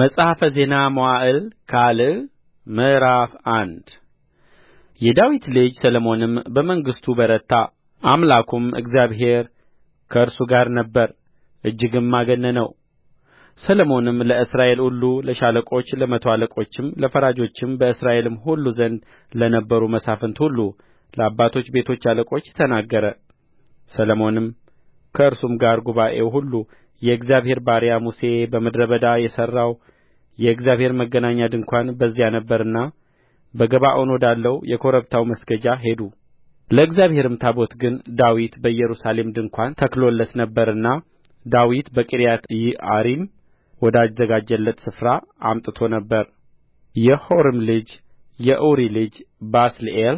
መጽሐፈ ዜና መዋዕል ካልዕ ምዕራፍ አንድ የዳዊት ልጅ ሰሎሞንም በመንግሥቱ በረታ አምላኩም እግዚአብሔር ከእርሱ ጋር ነበረ እጅግም አገነነው ሰሎሞንም ለእስራኤል ሁሉ ለሻለቆች ለመቶ አለቆችም ለፈራጆችም በእስራኤልም ሁሉ ዘንድ ለነበሩ መሳፍንት ሁሉ ለአባቶች ቤቶች አለቆች ተናገረ ሰሎሞንም ከእርሱም ጋር ጉባኤው ሁሉ የእግዚአብሔር ባሪያ ሙሴ በምድረ በዳ የሠራው የእግዚአብሔር መገናኛ ድንኳን በዚያ ነበረና በገባዖን ወዳለው የኮረብታው መስገጃ ሄዱ ለእግዚአብሔርም ታቦት ግን ዳዊት በኢየሩሳሌም ድንኳን ተክሎለት ነበርና ዳዊት በቂርያትይዓሪም ወዳዘጋጀለት ስፍራ አምጥቶ ነበር የሆርም ልጅ የኡሪ ልጅ ባስልኤል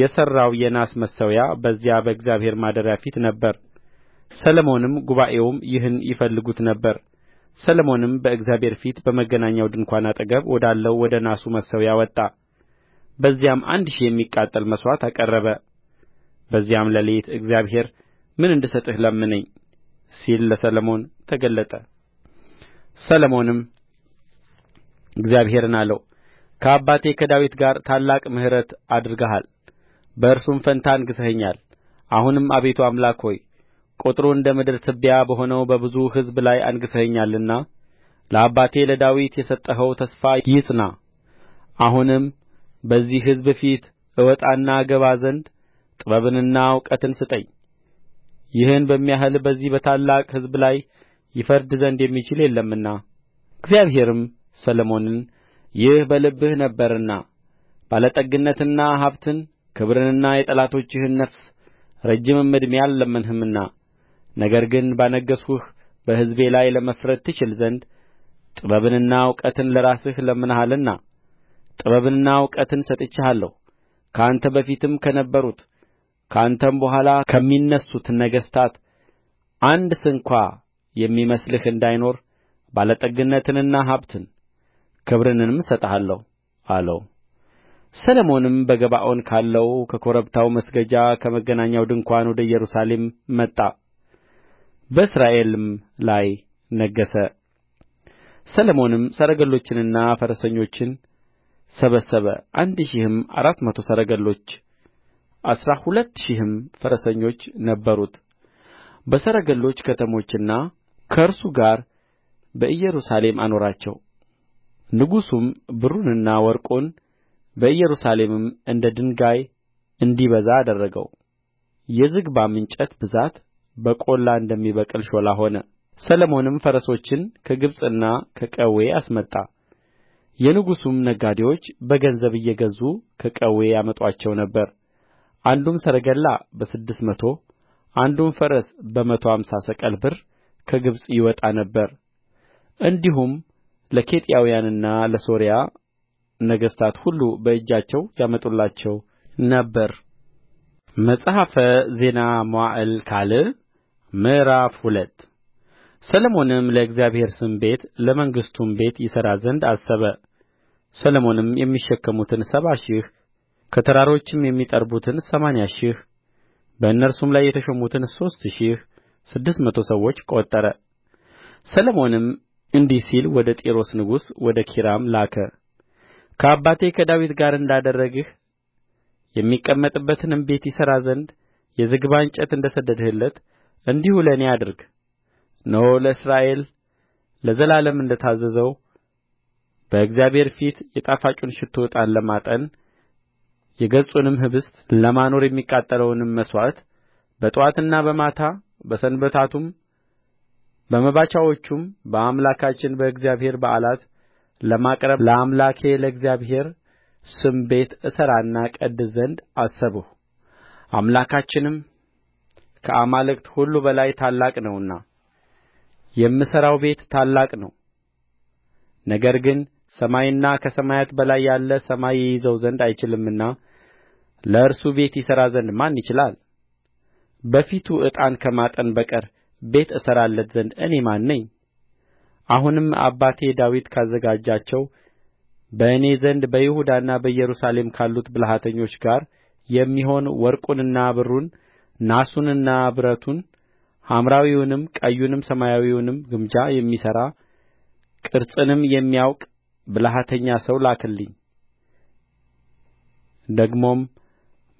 የሠራው የናስ መሠዊያ በዚያ በእግዚአብሔር ማደሪያ ፊት ነበር ሰሎሞንም ጉባኤውም ይህን ይፈልጉት ነበር ሰሎሞንም በእግዚአብሔር ፊት በመገናኛው ድንኳን አጠገብ ወዳለው ወደ ናሱ መሠዊያ ወጣ በዚያም አንድ ሺህ የሚቃጠል መሥዋዕት አቀረበ በዚያም ሌሊት እግዚአብሔር ምን እንድሰጥህ ለምነኝ ሲል ለሰሎሞን ተገለጠ ሰሎሞንም እግዚአብሔርን አለው ከአባቴ ከዳዊት ጋር ታላቅ ምሕረት አድርገሃል በእርሱም ፋንታ አንግሠኸኛል አሁንም አቤቱ አምላክ ሆይ ቍጥሩ እንደ ምድር ትቢያ በሆነው በብዙ ሕዝብ ላይ አንግሠኸኛልና ለአባቴ ለዳዊት የሰጠኸው ተስፋ ይጽና አሁንም በዚህ ሕዝብ ፊት እወጣና እገባ ዘንድ ጥበብንና እውቀትን ስጠኝ ይህን በሚያህል በዚህ በታላቅ ሕዝብ ላይ ይፈርድ ዘንድ የሚችል የለምና እግዚአብሔርም ሰሎሞንን ይህ በልብህ ነበርና ባለጠግነትና ሀብትን ክብርንና የጠላቶችህን ነፍስ ረጅምም ዕድሜ አልለመንህምና ነገር ግን ባነገሥሁህ በሕዝቤ ላይ ለመፍረድ ትችል ዘንድ ጥበብንና እውቀትን ለራስህ ለምነሃልና ጥበብንና እውቀትን ሰጥቼሃለሁ ከአንተ በፊትም ከነበሩት ከአንተም በኋላ ከሚነሡት ነገሥታት አንድ ስንኳ የሚመስልህ እንዳይኖር ባለጠግነትንና ሀብትን ክብርንም እሰጥሃለሁ አለው ሰሎሞንም በገባዖን ካለው ከኮረብታው መስገጃ ከመገናኛው ድንኳን ወደ ኢየሩሳሌም መጣ በእስራኤልም ላይ ነገሠ ሰሎሞንም ሰረገሎችንና ፈረሰኞችን ሰበሰበ አንድ ሺህም አራት መቶ ሰረገሎች አሥራ ሁለት ሺህም ፈረሰኞች ነበሩት በሰረገሎች ከተሞችና ከእርሱ ጋር በኢየሩሳሌም አኖራቸው ንጉሡም ብሩንና ወርቁን በኢየሩሳሌምም እንደ ድንጋይ እንዲበዛ አደረገው የዝግባም እንጨት ብዛት በቈላ እንደሚበቅል ሾላ ሆነ ሰሎሞንም ፈረሶችን ከግብጽና ከቀዌ አስመጣ የንጉሡም ነጋዴዎች በገንዘብ እየገዙ ከቀዌ ያመጡአቸው ነበር አንዱም ሰረገላ በስድስት መቶ አንዱም ፈረስ በመቶ አምሳ ሰቅል ብር ከግብጽ ይወጣ ነበር እንዲሁም ለኬጢያውያንና ለሶርያ ነገሥታት ሁሉ በእጃቸው ያመጡላቸው ነበር መጽሐፈ ዜና መዋዕል ካልዕ ምዕራፍ ሁለት ሰሎሞንም ለእግዚአብሔር ስም ቤት ለመንግሥቱም ቤት ይሠራ ዘንድ አሰበ ሰሎሞንም የሚሸከሙትን ሰባ ሺህ ከተራሮችም የሚጠርቡትን ሰማንያ ሺህ በእነርሱም ላይ የተሾሙትን ሦስት ሺህ ስድስት መቶ ሰዎች ቈጠረ። ሰሎሞንም እንዲህ ሲል ወደ ጢሮስ ንጉሥ ወደ ኪራም ላከ ከአባቴ ከዳዊት ጋር እንዳደረግህ የሚቀመጥበትንም ቤት ይሠራ ዘንድ የዝግባ እንጨት እንደ ሰደድህለት እንዲሁ ለእኔ አድርግ እነሆ ለእስራኤል ለዘላለም እንደ ታዘዘው በእግዚአብሔር ፊት የጣፋጩን ሽቱ ዕጣን ለማጠን የገጹንም ኅብስት ለማኖር የሚቃጠለውንም መሥዋዕት በጥዋትና በማታ በሰንበታቱም በመባቻዎቹም በአምላካችን በእግዚአብሔር በዓላት ለማቅረብ ለአምላኬ ለእግዚአብሔር ስም ቤት እሠራና እቀድስ ዘንድ አሰብሁ አምላካችንም ከአማልክት ሁሉ በላይ ታላቅ ነውና የምሠራው ቤት ታላቅ ነው ነገር ግን ሰማይና ከሰማያት በላይ ያለ ሰማይ ይይዘው ዘንድ አይችልምና ለእርሱ ቤት ይሠራ ዘንድ ማን ይችላል በፊቱ ዕጣን ከማጠን በቀር ቤት እሠራለት ዘንድ እኔ ማን ነኝ አሁንም አባቴ ዳዊት ካዘጋጃቸው በእኔ ዘንድ በይሁዳና በኢየሩሳሌም ካሉት ብልሃተኞች ጋር የሚሆን ወርቁንና ብሩን ናሱንና ብረቱን ሐምራዊውንም ቀዩንም ሰማያዊውንም ግምጃ የሚሠራ ቅርጽንም የሚያውቅ ብልሃተኛ ሰው ላክልኝ ደግሞም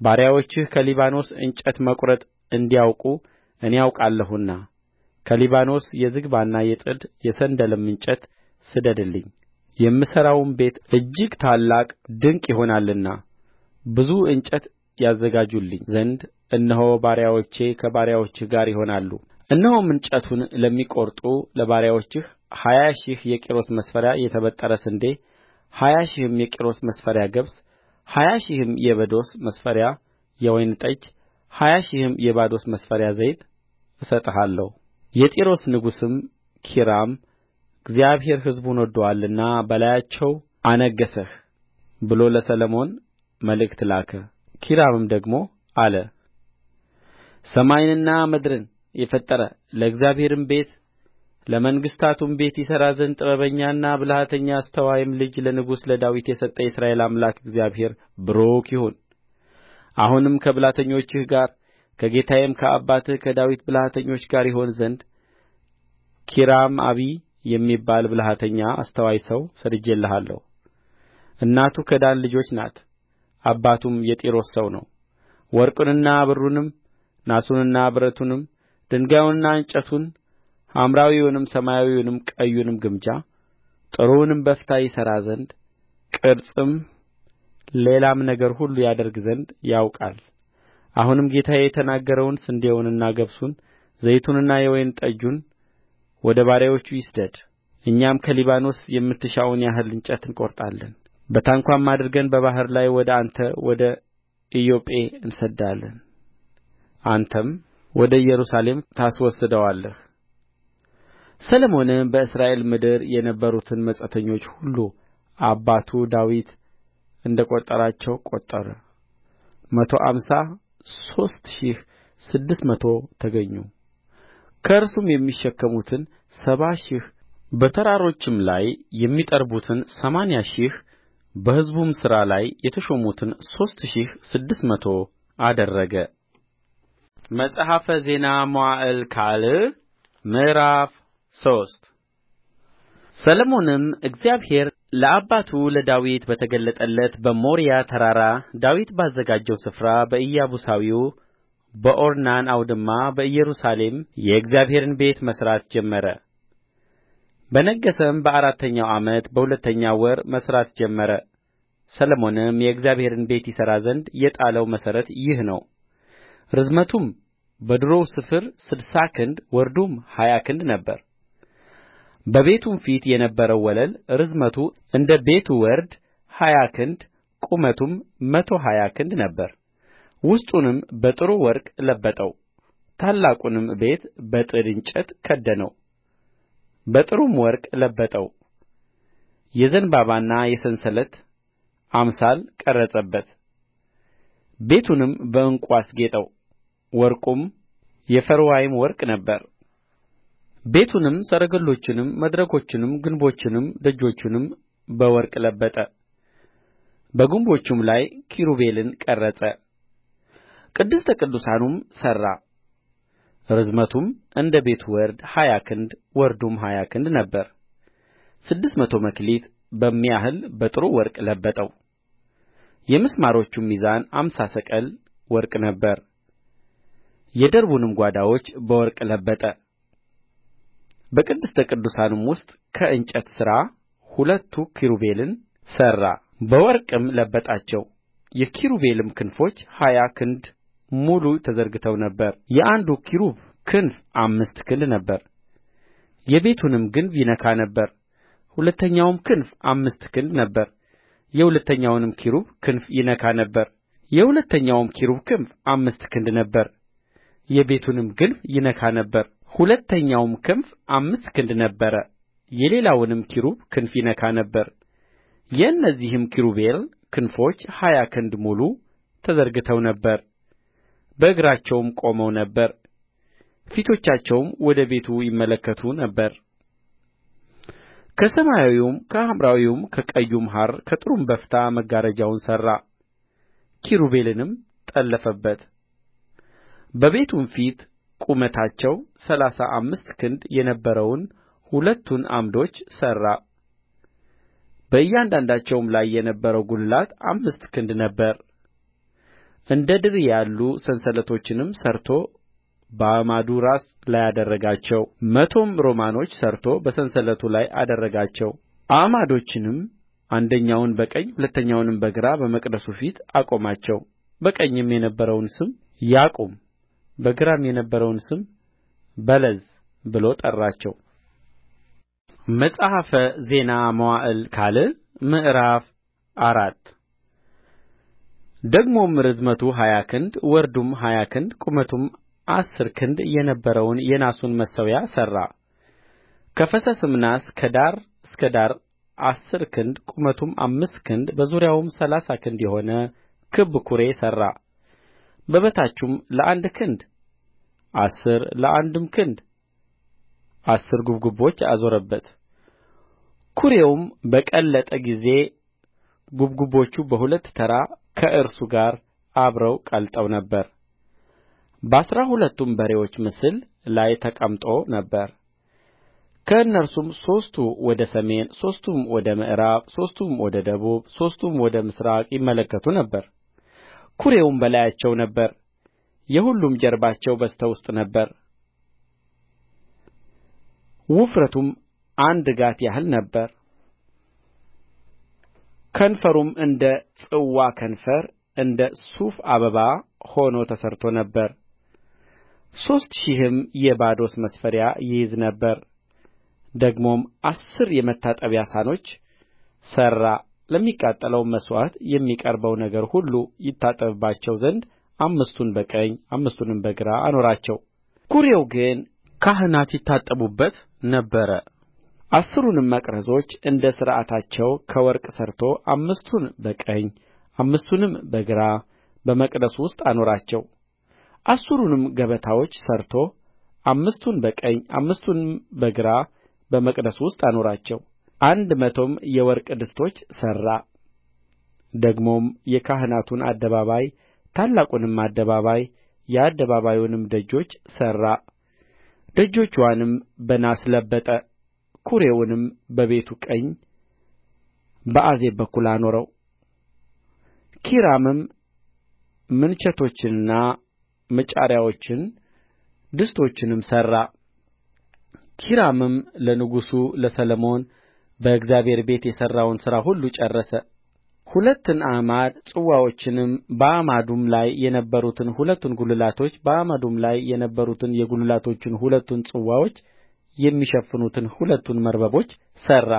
ባሪያዎችህ ከሊባኖስ እንጨት መቍረጥ እንዲያውቁ እኔ አውቃለሁና ከሊባኖስ የዝግባና የጥድ የሰንደልም እንጨት ስደድልኝ የምሠራውም ቤት እጅግ ታላቅ ድንቅ ይሆናልና ብዙ እንጨት ያዘጋጁልኝ ዘንድ እነሆ ባሪያዎቼ ከባሪያዎችህ ጋር ይሆናሉ እነሆም እንጨቱን ለሚቈርጡ ለባሪያዎችህ ሀያ ሺህ የቆሮስ መስፈሪያ የተበጠረ ስንዴ ሀያ ሺህም የቆሮስ መስፈሪያ ገብስ ሀያ ሺህም የባዶስ መስፈሪያ የወይን ጠጅ ሀያ ሺህም የባዶስ መስፈሪያ ዘይት እሰጥሃለሁ የጢሮስ ንጉሥም ኪራም እግዚአብሔር ሕዝቡን ወድዶአልና በላያቸው አነገሠህ ብሎ ለሰሎሞን መልእክት ላከ ኪራምም ደግሞ አለ ሰማይንና ምድርን የፈጠረ ለእግዚአብሔርም ቤት ለመንግሥቱም ቤት ይሠራ ዘንድ ጥበበኛና ብልሃተኛ አስተዋይም ልጅ ለንጉሡ ለዳዊት የሰጠ የእስራኤል አምላክ እግዚአብሔር ቡሩክ ይሁን አሁንም ከብልሃተኞችህ ጋር ከጌታዬም ከአባትህ ከዳዊት ብልሃተኞች ጋር ይሆን ዘንድ ኪራም አቢ የሚባል ብልሃተኛ አስተዋይ ሰው ሰድጄልሃለሁ እናቱ ከዳን ልጆች ናት አባቱም የጢሮስ ሰው ነው ወርቁንና ብሩንም ናሱንና ብረቱንም ድንጋዩንና እንጨቱን ሐምራዊውንም ሰማያዊውንም ቀዩንም ግምጃ ጥሩውንም በፍታ ይሠራ ዘንድ ቅርጽም ሌላም ነገር ሁሉ ያደርግ ዘንድ ያውቃል አሁንም ጌታዬ የተናገረውን ስንዴውንና ገብሱን ዘይቱንና የወይን ጠጁን ወደ ባሪያዎቹ ይስደድ እኛም ከሊባኖስ የምትሻውን ያህል እንጨት እንቈርጣለን በታንኳም አድርገን በባሕር ላይ ወደ አንተ ወደ ኢዮጴ እንሰድዳለን አንተም ወደ ኢየሩሳሌም ታስወስደዋለህ ሰሎሞንም በእስራኤል ምድር የነበሩትን መጻተኞች ሁሉ አባቱ ዳዊት እንደ ቈጠራቸው ቈጠረ መቶ አምሳ ሦስት ሺህ ስድስት መቶ ተገኙ ከእርሱም የሚሸከሙትን ሰባ ሺህ በተራሮችም ላይ የሚጠርቡትን ሰማንያ ሺህ በሕዝቡም ሥራ ላይ የተሾሙትን ሦስት ሺህ ስድስት መቶ አደረገ መጽሐፈ ዜና መዋዕል ካልዕ ምዕራፍ ሶስት ሰሎሞንም እግዚአብሔር ለአባቱ ለዳዊት በተገለጠለት በሞሪያ ተራራ ዳዊት ባዘጋጀው ስፍራ በኢያቡሳዊው በኦርናን አውድማ በኢየሩሳሌም የእግዚአብሔርን ቤት መሥራት ጀመረ በነገሠም በአራተኛው ዓመት በሁለተኛው ወር መሥራት ጀመረ ሰሎሞንም የእግዚአብሔርን ቤት ይሠራ ዘንድ የጣለው መሠረት ይህ ነው ርዝመቱም በዱሮው ስፍር ስድሳ ክንድ ወርዱም ሀያ ክንድ ነበረ በቤቱም ፊት የነበረው ወለል ርዝመቱ እንደ ቤቱ ወርድ ሀያ ክንድ ቁመቱም መቶ ሀያ ክንድ ነበረ ውስጡንም በጥሩ ወርቅ ለበጠው ታላቁንም ቤት በጥድ እንጨት ከደነው በጥሩም ወርቅ ለበጠው የዘንባባና የሰንሰለት አምሳል ቀረጸበት ቤቱንም በዕንቍ አስጌጠው ወርቁም የፈርዋይም ወርቅ ነበረ ቤቱንም ሰረገሎቹንም መድረኮቹንም ግንቦቹንም ደጆቹንም በወርቅ ለበጠ በግንቦቹም ላይ ኪሩቤልን ቀረጸ ቅድስተ ቅዱሳኑንም ሠራ ርዝመቱም እንደ ቤቱ ወርድ ሀያ ክንድ ወርዱም ሀያ ክንድ ነበረ ስድስት መቶ መክሊት በሚያህል በጥሩ ወርቅ ለበጠው የምስማሮቹም ሚዛን አምሳ ሰቅል ወርቅ ነበረ የደርቡንም ጓዳዎች በወርቅ ለበጠ በቅድስተ ቅዱሳኑም ውስጥ ከእንጨት ሥራ ሁለቱ ኪሩቤልን ሠራ በወርቅም ለበጣቸው የኪሩቤልም ክንፎች ሀያ ክንድ ሙሉ ተዘርግተው ነበር የአንዱ ኪሩብ ክንፍ አምስት ክንድ ነበረ የቤቱንም ግንብ ይነካ ነበር ሁለተኛውም ክንፍ አምስት ክንድ ነበረ የሁለተኛውንም ኪሩብ ክንፍ ይነካ ነበር የሁለተኛውም ኪሩብ ክንፍ አምስት ክንድ ነበረ የቤቱንም ግንብ ይነካ ነበር ሁለተኛውም ክንፍ አምስት ክንድ ነበረ የሌላውንም ኪሩብ ክንፍ ይነካ ነበር የእነዚህም ኪሩቤል ክንፎች ሀያ ክንድ ሙሉ ተዘርግተው ነበር በእግራቸውም ቆመው ነበር ፊቶቻቸውም ወደ ቤቱ ይመለከቱ ነበር ከሰማያዊውም ከሐምራዊውም ከቀዩም ሐር ከጥሩም በፍታ መጋረጃውን ሠራ ኪሩቤልንም ጠለፈበት በቤቱም ፊት ቁመታቸው ሠላሳ አምስት ክንድ የነበረውን ሁለቱን ዓምዶች ሠራ በእያንዳንዳቸውም ላይ የነበረው ጕልላት አምስት ክንድ ነበረ እንደ ድሪ ያሉ ሰንሰለቶችንም ሠርቶ በአዕማዱ ራስ ላይ አደረጋቸው መቶም ሮማኖች ሠርቶ በሰንሰለቱ ላይ አደረጋቸው አዕማዶቹንም አንደኛውን በቀኝ ሁለተኛውንም በግራ በመቅደሱ ፊት አቆማቸው በቀኝም የነበረውን ስም ያቁም በግራም የነበረውን ስም በለዝ ብሎ ጠራቸው መጽሐፈ ዜና መዋዕል ካልዕ ምዕራፍ አራት ደግሞም ርዝመቱ ሀያ ክንድ ወርዱም ሀያ ክንድ ቁመቱም አሥር ክንድ የነበረውን የናሱን መሠዊያ ሠራ ከፈሰስም ናስ ከዳር እስከ ዳር አሥር ክንድ ቁመቱም አምስት ክንድ በዙሪያውም ሠላሳ ክንድ የሆነ ክብ ኩሬ ሠራ በበታቹም ለአንድ ክንድ አሥር ለአንዱም ክንድ አሥር ጉብጉቦች አዞረበት ኵሬውም በቀለጠ ጊዜ ጉብጉቦቹ በሁለት ተራ ከእርሱ ጋር አብረው ቀልጠው ነበር በአሥራ ሁለቱም በሬዎች ምስል ላይ ተቀምጦ ነበር ከእነርሱም ሦስቱ ወደ ሰሜን ሦስቱም ወደ ምዕራብ ሦስቱም ወደ ደቡብ ሦስቱም ወደ ምሥራቅ ይመለከቱ ነበር ኵሬውም በላያቸው ነበር የሁሉም ጀርባቸው በስተ ውስጥ ነበረ ውፍረቱም አንድ ጋት ያህል ነበረ ከንፈሩም እንደ ጽዋ ከንፈር እንደ ሱፍ አበባ ሆኖ ተሠርቶ ነበር ሦስት ሺህም የባዶስ መስፈሪያ ይይዝ ነበር ደግሞም አሥር የመታጠቢያ ሳህኖች ሠራ ለሚቃጠለውም መሥዋዕት የሚቀርበው ነገር ሁሉ ይታጠብባቸው ዘንድ አምስቱን በቀኝ አምስቱንም በግራ አኖራቸው ኵሬው ግን ካህናት ይታጠቡበት ነበረ አሥሩንም መቅረዞች እንደ ሥርዓታቸው ከወርቅ ሠርቶ አምስቱን በቀኝ አምስቱንም በግራ በመቅደሱ ውስጥ አኖራቸው አሥሩንም ገበታዎች ሠርቶ አምስቱን በቀኝ አምስቱንም በግራ በመቅደሱ ውስጥ አኖራቸው አንድ መቶም የወርቅ ድስቶች ሠራ ደግሞም የካህናቱን አደባባይ ታላቁንም አደባባይ የአደባባዩንም ደጆች ሠራ ደጆችዋንም በናስ ለበጠ ኵሬውንም በቤቱ ቀኝ በአዜብ በኩል አኖረው ኪራምም ምንቸቶችንና መጫሪያዎችን ድስቶችንም ሠራ ኪራምም ለንጉሡ ለሰሎሞን በእግዚአብሔር ቤት የሠራውን ሥራ ሁሉ ጨረሰ ሁለቱን አዕማድ ጽዋዎችንም በአዕማዱም ላይ የነበሩትን ሁለቱን ጉልላቶች በአዕማዱም ላይ የነበሩትን የጉልላቶቹን ሁለቱን ጽዋዎች የሚሸፍኑትን ሁለቱን መርበቦች ሠራ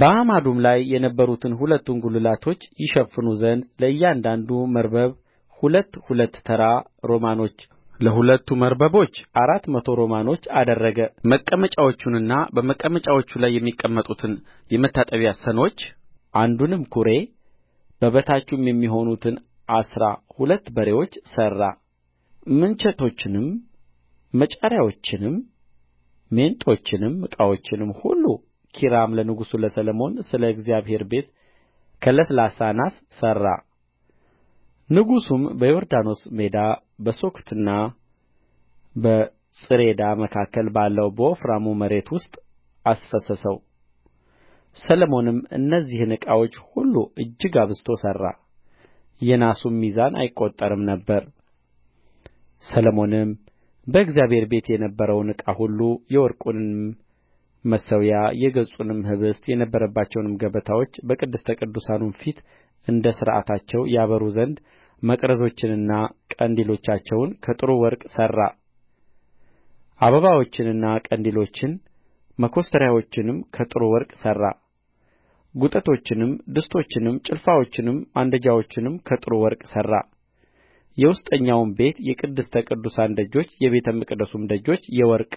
በአዕማዱም ላይ የነበሩትን ሁለቱን ጕልላቶች ይሸፍኑ ዘንድ ለእያንዳንዱ መርበብ ሁለት ሁለት ተራ ሮማኖች ለሁለቱ መርበቦች አራት መቶ ሮማኖች አደረገ መቀመጫዎቹንና በመቀመጫዎቹ ላይ የሚቀመጡትን የመታጠቢያ ሰኖች አንዱንም ኵሬ በበታቹም የሚሆኑትን አሥራ ሁለት በሬዎች ሠራ ምንቸቶቹንም መጫሪያዎቹንም ሜንጦቹንም ዕቃዎቹንም ሁሉ ኪራም ለንጉሡ ለሰሎሞን ስለ እግዚአብሔር ቤት ከለስላሳ ናስ ሠራ ንጉሡም በዮርዳኖስ ሜዳ በሱኮትና በጽሬዳ መካከል ባለው በወፍራሙ መሬት ውስጥ አስፈሰሰው ሰሎሞንም እነዚህን ዕቃዎች ሁሉ እጅግ አብዝቶ ሠራ የናሱም ሚዛን አይቈጠርም ነበር ሰሎሞንም በእግዚአብሔር ቤት የነበረውን ዕቃ ሁሉ የወርቁንም መሠዊያ የገጹንም ኅብስት የነበረባቸውንም ገበታዎች በቅድስተ ቅዱሳኑም ፊት እንደ ሥርዓታቸው ያበሩ ዘንድ መቅረዞችንና ቀንዲሎቻቸውን ከጥሩ ወርቅ ሠራ አበባዎቹንና ቀንዲሎቹን መኰስተሪያዎቹንም ከጥሩ ወርቅ ሠራ ጕጠቶቹንም ድስቶቹንም ጭልፋዎቹንም ማንደጃዎቹንም ከጥሩ ወርቅ ሠራ የውስጠኛውም ቤት የቅድስተ ቅዱሳን ደጆች የቤተ መቅደሱም ደጆች የወርቅ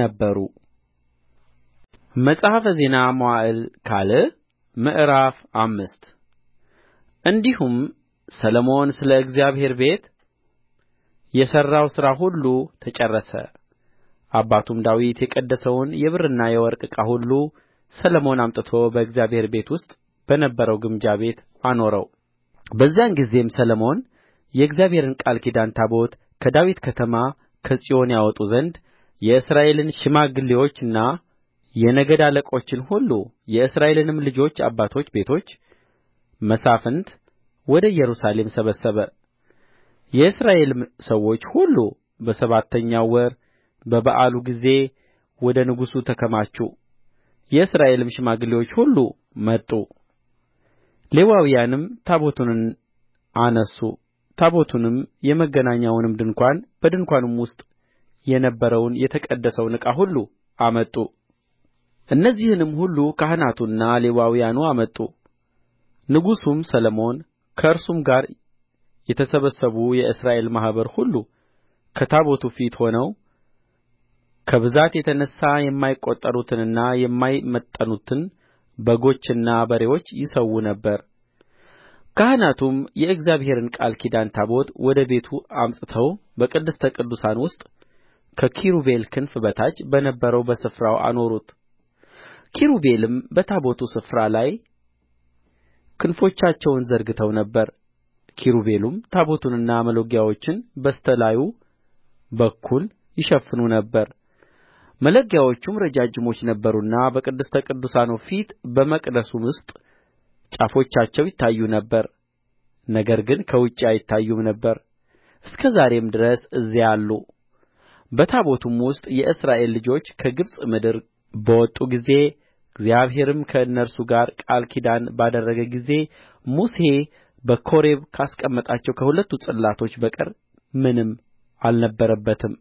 ነበሩ መጽሐፈ ዜና መዋዕል ካልዕ ምዕራፍ አምስት እንዲሁም ሰሎሞን ስለ እግዚአብሔር ቤት የሠራው ሥራ ሁሉ ተጨረሰ አባቱም ዳዊት የቀደሰውን የብርና የወርቅ ዕቃ ሁሉ ሰሎሞን አምጥቶ በእግዚአብሔር ቤት ውስጥ በነበረው ግምጃ ቤት አኖረው በዚያን ጊዜም ሰሎሞን የእግዚአብሔርን ቃል ኪዳን ታቦት ከዳዊት ከተማ ከጽዮን ያወጡ ዘንድ የእስራኤልን ሽማግሌዎችና የነገድ አለቆችን ሁሉ የእስራኤልንም ልጆች አባቶች ቤቶች መሳፍንት ወደ ኢየሩሳሌም ሰበሰበ። የእስራኤልም ሰዎች ሁሉ በሰባተኛው ወር በበዓሉ ጊዜ ወደ ንጉሡ ተከማቹ። የእስራኤልም ሽማግሌዎች ሁሉ መጡ። ሌዋውያንም ታቦቱን አነሡ ታቦቱንም የመገናኛውንም ድንኳን በድንኳኑም ውስጥ የነበረውን የተቀደሰውን ዕቃ ሁሉ አመጡ እነዚህንም ሁሉ ካህናቱና ሌዋውያኑ አመጡ ንጉሡም ሰሎሞን ከእርሱም ጋር የተሰበሰቡ የእስራኤል ማኅበር ሁሉ ከታቦቱ ፊት ሆነው ከብዛት የተነሣ የማይቈጠሩትንና የማይመጠኑትን በጎችና በሬዎች ይሠዉ ነበር ካህናቱም የእግዚአብሔርን ቃል ኪዳን ታቦት ወደ ቤቱ አምጥተው በቅድስተ ቅዱሳን ውስጥ ከኪሩቤል ክንፍ በታች በነበረው በስፍራው አኖሩት ኪሩቤልም በታቦቱ ስፍራ ላይ ክንፎቻቸውን ዘርግተው ነበር ኪሩቤልም ታቦቱንና መሎጊያዎቹን በስተ ላዩ በኩል ይሸፍኑ ነበር መሎጊያዎቹም ረጃጅሞች ነበሩና በቅድስተ ቅዱሳኑ ፊት በመቅደሱም ውስጥ ጫፎቻቸው ይታዩ ነበር ነገር ግን ከውጭ አይታዩም ነበር እስከ ዛሬም ድረስ እዚያ አሉ በታቦቱም ውስጥ የእስራኤል ልጆች ከግብጽ ምድር በወጡ ጊዜ እግዚአብሔርም ከእነርሱ ጋር ቃል ኪዳን ባደረገ ጊዜ ሙሴ በኮሬብ ካስቀመጣቸው ከሁለቱ ጽላቶች በቀር ምንም አልነበረበትም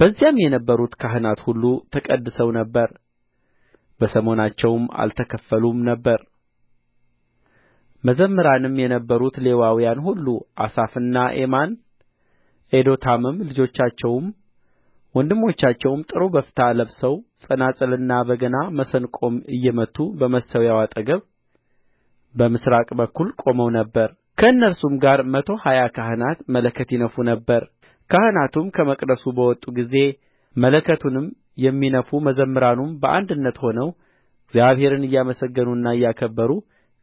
በዚያም የነበሩት ካህናት ሁሉ ተቀድሰው ነበር በሰሞናቸውም አልተከፈሉም ነበር መዘምራንም የነበሩት ሌዋውያን ሁሉ አሳፍና ኤማን ኤዶታምም ልጆቻቸውም ወንድሞቻቸውም ጥሩ በፍታ ለብሰው ጸናጽልና በገና መሰንቆም እየመቱ በመሠዊያው አጠገብ በምሥራቅ በኩል ቆመው ነበር ከእነርሱም ጋር መቶ ሀያ ካህናት መለከት ይነፉ ነበር ካህናቱም ከመቅደሱ በወጡ ጊዜ መለከቱንም የሚነፉ መዘምራኑም በአንድነት ሆነው እግዚአብሔርን እያመሰገኑና እያከበሩ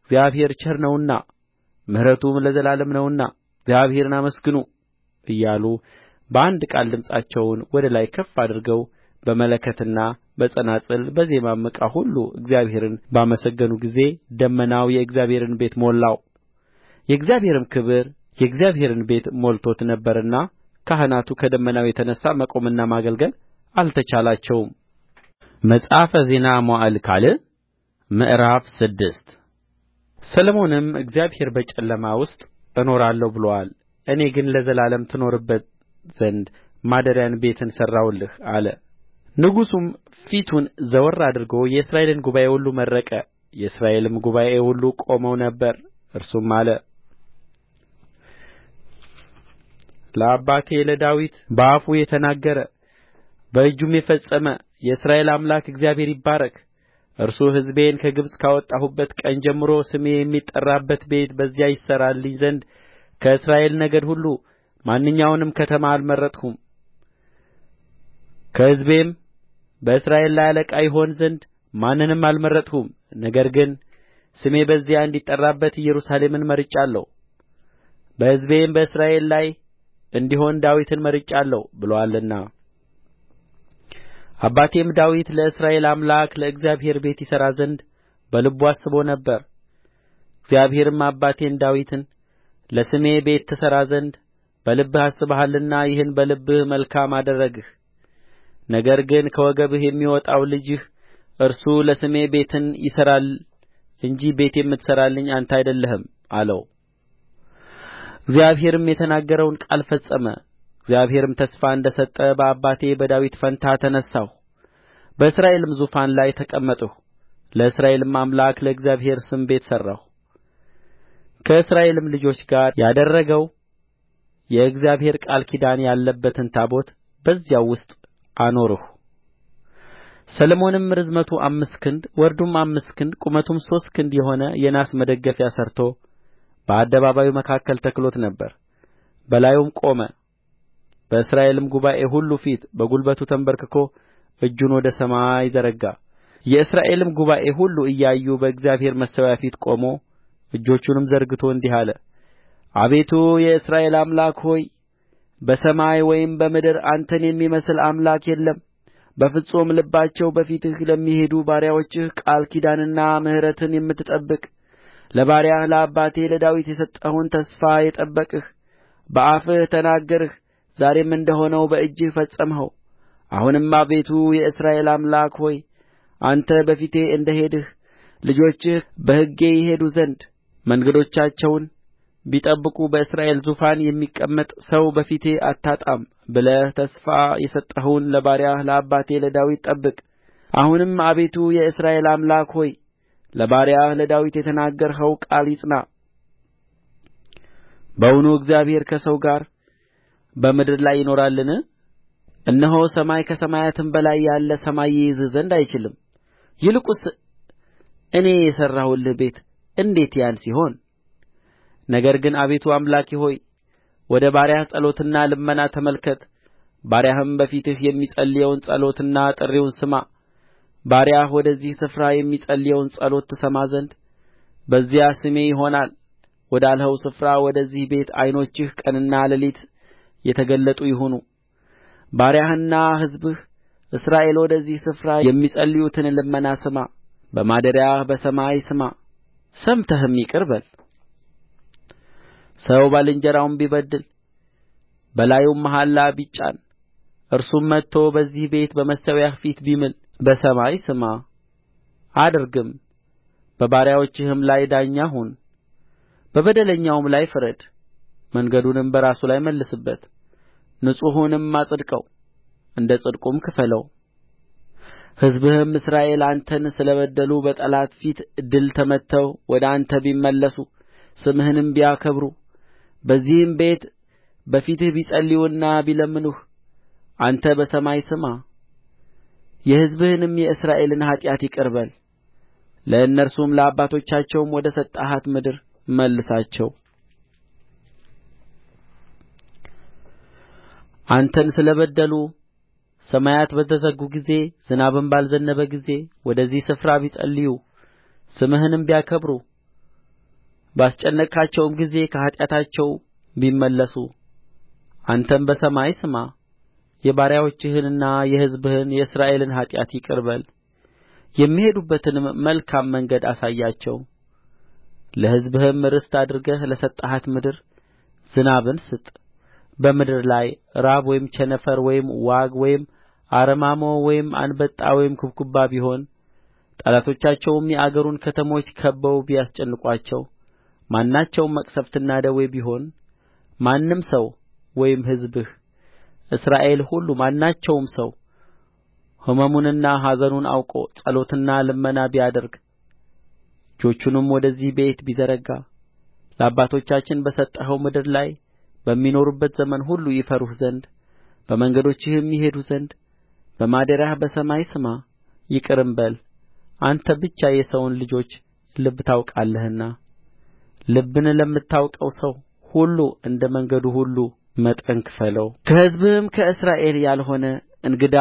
እግዚአብሔር ቸር ነውና ምሕረቱም ለዘላለም ነውና እግዚአብሔርን አመስግኑ እያሉ በአንድ ቃል ድምፃቸውን ወደ ላይ ከፍ አድርገው በመለከትና በጸናጽል በዜማም ዕቃ ሁሉ እግዚአብሔርን ባመሰገኑ ጊዜ ደመናው የእግዚአብሔርን ቤት ሞላው የእግዚአብሔርም ክብር የእግዚአብሔርን ቤት ሞልቶት ነበርና ካህናቱ ከደመናው የተነሣ መቆምና ማገልገል አልተቻላቸውም። መጽሐፈ ዜና መዋዕል ካልዕ ምዕራፍ ስድስት ሰሎሞንም እግዚአብሔር በጨለማ ውስጥ እኖራለሁ ብሎአል፣ እኔ ግን ለዘላለም ትኖርበት ዘንድ ማደሪያን ቤትን ሠራሁልህ አለ። ንጉሡም ፊቱን ዘወር አድርጎ የእስራኤልን ጉባኤ ሁሉ መረቀ። የእስራኤልም ጉባኤ ሁሉ ቆመው ነበር። እርሱም አለ ለአባቴ ለዳዊት በአፉ የተናገረ በእጁም የፈጸመ የእስራኤል አምላክ እግዚአብሔር ይባረክ እርሱ ሕዝቤን ከግብጽ ካወጣሁበት ቀን ጀምሮ ስሜ የሚጠራበት ቤት በዚያ ይሠራልኝ ዘንድ ከእስራኤል ነገድ ሁሉ ማንኛውንም ከተማ አልመረጥሁም ከሕዝቤም በእስራኤል ላይ አለቃ ይሆን ዘንድ ማንንም አልመረጥሁም ነገር ግን ስሜ በዚያ እንዲጠራበት ኢየሩሳሌምን መርጫለሁ በሕዝቤም በእስራኤል ላይ እንዲሆን ዳዊትን መርጫለሁ ብሎአልና አባቴም ዳዊት ለእስራኤል አምላክ ለእግዚአብሔር ቤት ይሠራ ዘንድ በልቡ አስቦ ነበር እግዚአብሔርም አባቴን ዳዊትን ለስሜ ቤት ትሠራ ዘንድ በልብህ አስበሃልና ይህን በልብህ መልካም አደረግህ ነገር ግን ከወገብህ የሚወጣው ልጅህ እርሱ ለስሜ ቤትን ይሠራል እንጂ ቤት የምትሠራልኝ አንተ አይደለህም አለው እግዚአብሔርም የተናገረውን ቃል ፈጸመ እግዚአብሔርም ተስፋ እንደ ሰጠ በአባቴ በዳዊት ፋንታ ተነሣሁ በእስራኤልም ዙፋን ላይ ተቀመጥሁ ለእስራኤልም አምላክ ለእግዚአብሔር ስም ቤት ሠራሁ ከእስራኤልም ልጆች ጋር ያደረገው የእግዚአብሔር ቃል ኪዳን ያለበትን ታቦት በዚያው ውስጥ አኖርሁ ሰሎሞንም ርዝመቱ አምስት ክንድ ወርዱም አምስት ክንድ ቁመቱም ሦስት ክንድ የሆነ የናስ መደገፊያ ሠርቶ በአደባባዩ መካከል ተክሎት ነበር በላዩም ቆመ በእስራኤልም ጉባኤ ሁሉ ፊት በጕልበቱ ተንበርክኮ እጁን ወደ ሰማይ ዘረጋ የእስራኤልም ጉባኤ ሁሉ እያዩ በእግዚአብሔር መሠዊያ ፊት ቆሞ እጆቹንም ዘርግቶ እንዲህ አለ አቤቱ የእስራኤል አምላክ ሆይ በሰማይ ወይም በምድር አንተን የሚመስል አምላክ የለም በፍጹም ልባቸው በፊትህ ለሚሄዱ ባሪያዎችህ ቃል ኪዳንና ምሕረትን የምትጠብቅ ለባሪያህ ለአባቴ ለዳዊት የሰጠኸውን ተስፋ የጠበቅህ በአፍህ ተናገርህ ዛሬም እንደ ሆነው በእጅህ ፈጸምኸው አሁንም አቤቱ የእስራኤል አምላክ ሆይ አንተ በፊቴ እንደ ሄድህ ልጆችህ በሕጌ ይሄዱ ዘንድ መንገዶቻቸውን ቢጠብቁ በእስራኤል ዙፋን የሚቀመጥ ሰው በፊቴ አታጣም ብለህ ተስፋ የሰጠኸውን ለባሪያህ ለአባቴ ለዳዊት ጠብቅ አሁንም አቤቱ የእስራኤል አምላክ ሆይ ለባሪያህ ለዳዊት የተናገርኸው ቃል ይጽና በውኑ እግዚአብሔር ከሰው ጋር በምድር ላይ ይኖራልን እነሆ ሰማይ ከሰማያትም በላይ ያለ ሰማይ ይይዝህ ዘንድ አይችልም ይልቁንስ እኔ የሠራሁልህ ቤት እንዴት ያን ሲሆን ነገር ግን አቤቱ አምላኬ ሆይ ወደ ባሪያህ ጸሎትና ልመና ተመልከት ባሪያህም በፊትህ የሚጸልየውን ጸሎትና ጥሪውን ስማ ባሪያህ ወደዚህ ስፍራ የሚጸልየውን ጸሎት ትሰማ ዘንድ በዚያ ስሜ ይሆናል ወዳልኸው ስፍራ ወደዚህ ቤት ዓይኖችህ ቀንና ሌሊት የተገለጡ ይሁኑ ባሪያህና ሕዝብህ እስራኤል ወደዚህ ስፍራ የሚጸልዩትን ልመና ስማ በማደሪያህ በሰማይ ስማ ሰምተህም ይቅር በል ሰው ባልንጀራውን ቢበድል በላዩም መሐላ ቢጫን እርሱም መጥቶ በዚህ ቤት በመሠዊያህ ፊት ቢምል በሰማይ ስማ አድርግም በባሪያዎችህም ላይ ዳኛ ሁን በበደለኛውም ላይ ፍረድ መንገዱንም በራሱ ላይ መልስበት ንጹሑንም አጽድቀው እንደ ጽድቁም ክፈለው ሕዝብህም እስራኤል አንተን ስለ በደሉ በጠላት ፊት ድል ተመትተው ወደ አንተ ቢመለሱ ስምህንም ቢያከብሩ በዚህም ቤት በፊትህ ቢጸልዩና ቢለምኑህ አንተ በሰማይ ስማ የሕዝብህንም የእስራኤልን ኃጢአት ይቅር በል ለእነርሱም ለአባቶቻቸውም ወደ ሰጠሃት ምድር መልሳቸው አንተን ስለ በደሉ ሰማያት በተዘጉ ጊዜ ዝናብም ባልዘነበ ጊዜ ወደዚህ ስፍራ ቢጸልዩ ስምህንም ቢያከብሩ ባስጨነቅሃቸውም ጊዜ ከኃጢአታቸው ቢመለሱ አንተም በሰማይ ስማ የባሪያዎችህንና የሕዝብህን የእስራኤልን ኃጢአት ይቅር በል የሚሄዱበትንም መልካም መንገድ አሳያቸው ለሕዝብህም ርስት አድርገህ ለሰጠሃት ምድር ዝናብን ስጥ በምድር ላይ ራብ ወይም ቸነፈር ወይም ዋግ ወይም አረማሞ ወይም አንበጣ ወይም ኩብኩባ ቢሆን ጠላቶቻቸውም የአገሩን ከተሞች ከብበው ቢያስጨንቋቸው ማናቸውም መቅሠፍትና ደዌ ቢሆን ማንም ሰው ወይም ሕዝብህ እስራኤል ሁሉ ማናቸውም ሰው ሕመሙንና ኀዘኑን አውቆ ጸሎትና ልመና ቢያደርግ እጆቹንም ወደዚህ ቤት ቢዘረጋ ለአባቶቻችን በሰጠኸው ምድር ላይ በሚኖሩበት ዘመን ሁሉ ይፈሩህ ዘንድ በመንገዶችህም ይሄዱ ዘንድ በማደሪያህ በሰማይ ስማ ይቅርም በል አንተ ብቻ የሰውን ልጆች ልብ ታውቃለህና ልብን ለምታውቀው ሰው ሁሉ እንደ መንገዱ ሁሉ መጠን ክፈለው ከሕዝብህም ከእስራኤል ያልሆነ እንግዳ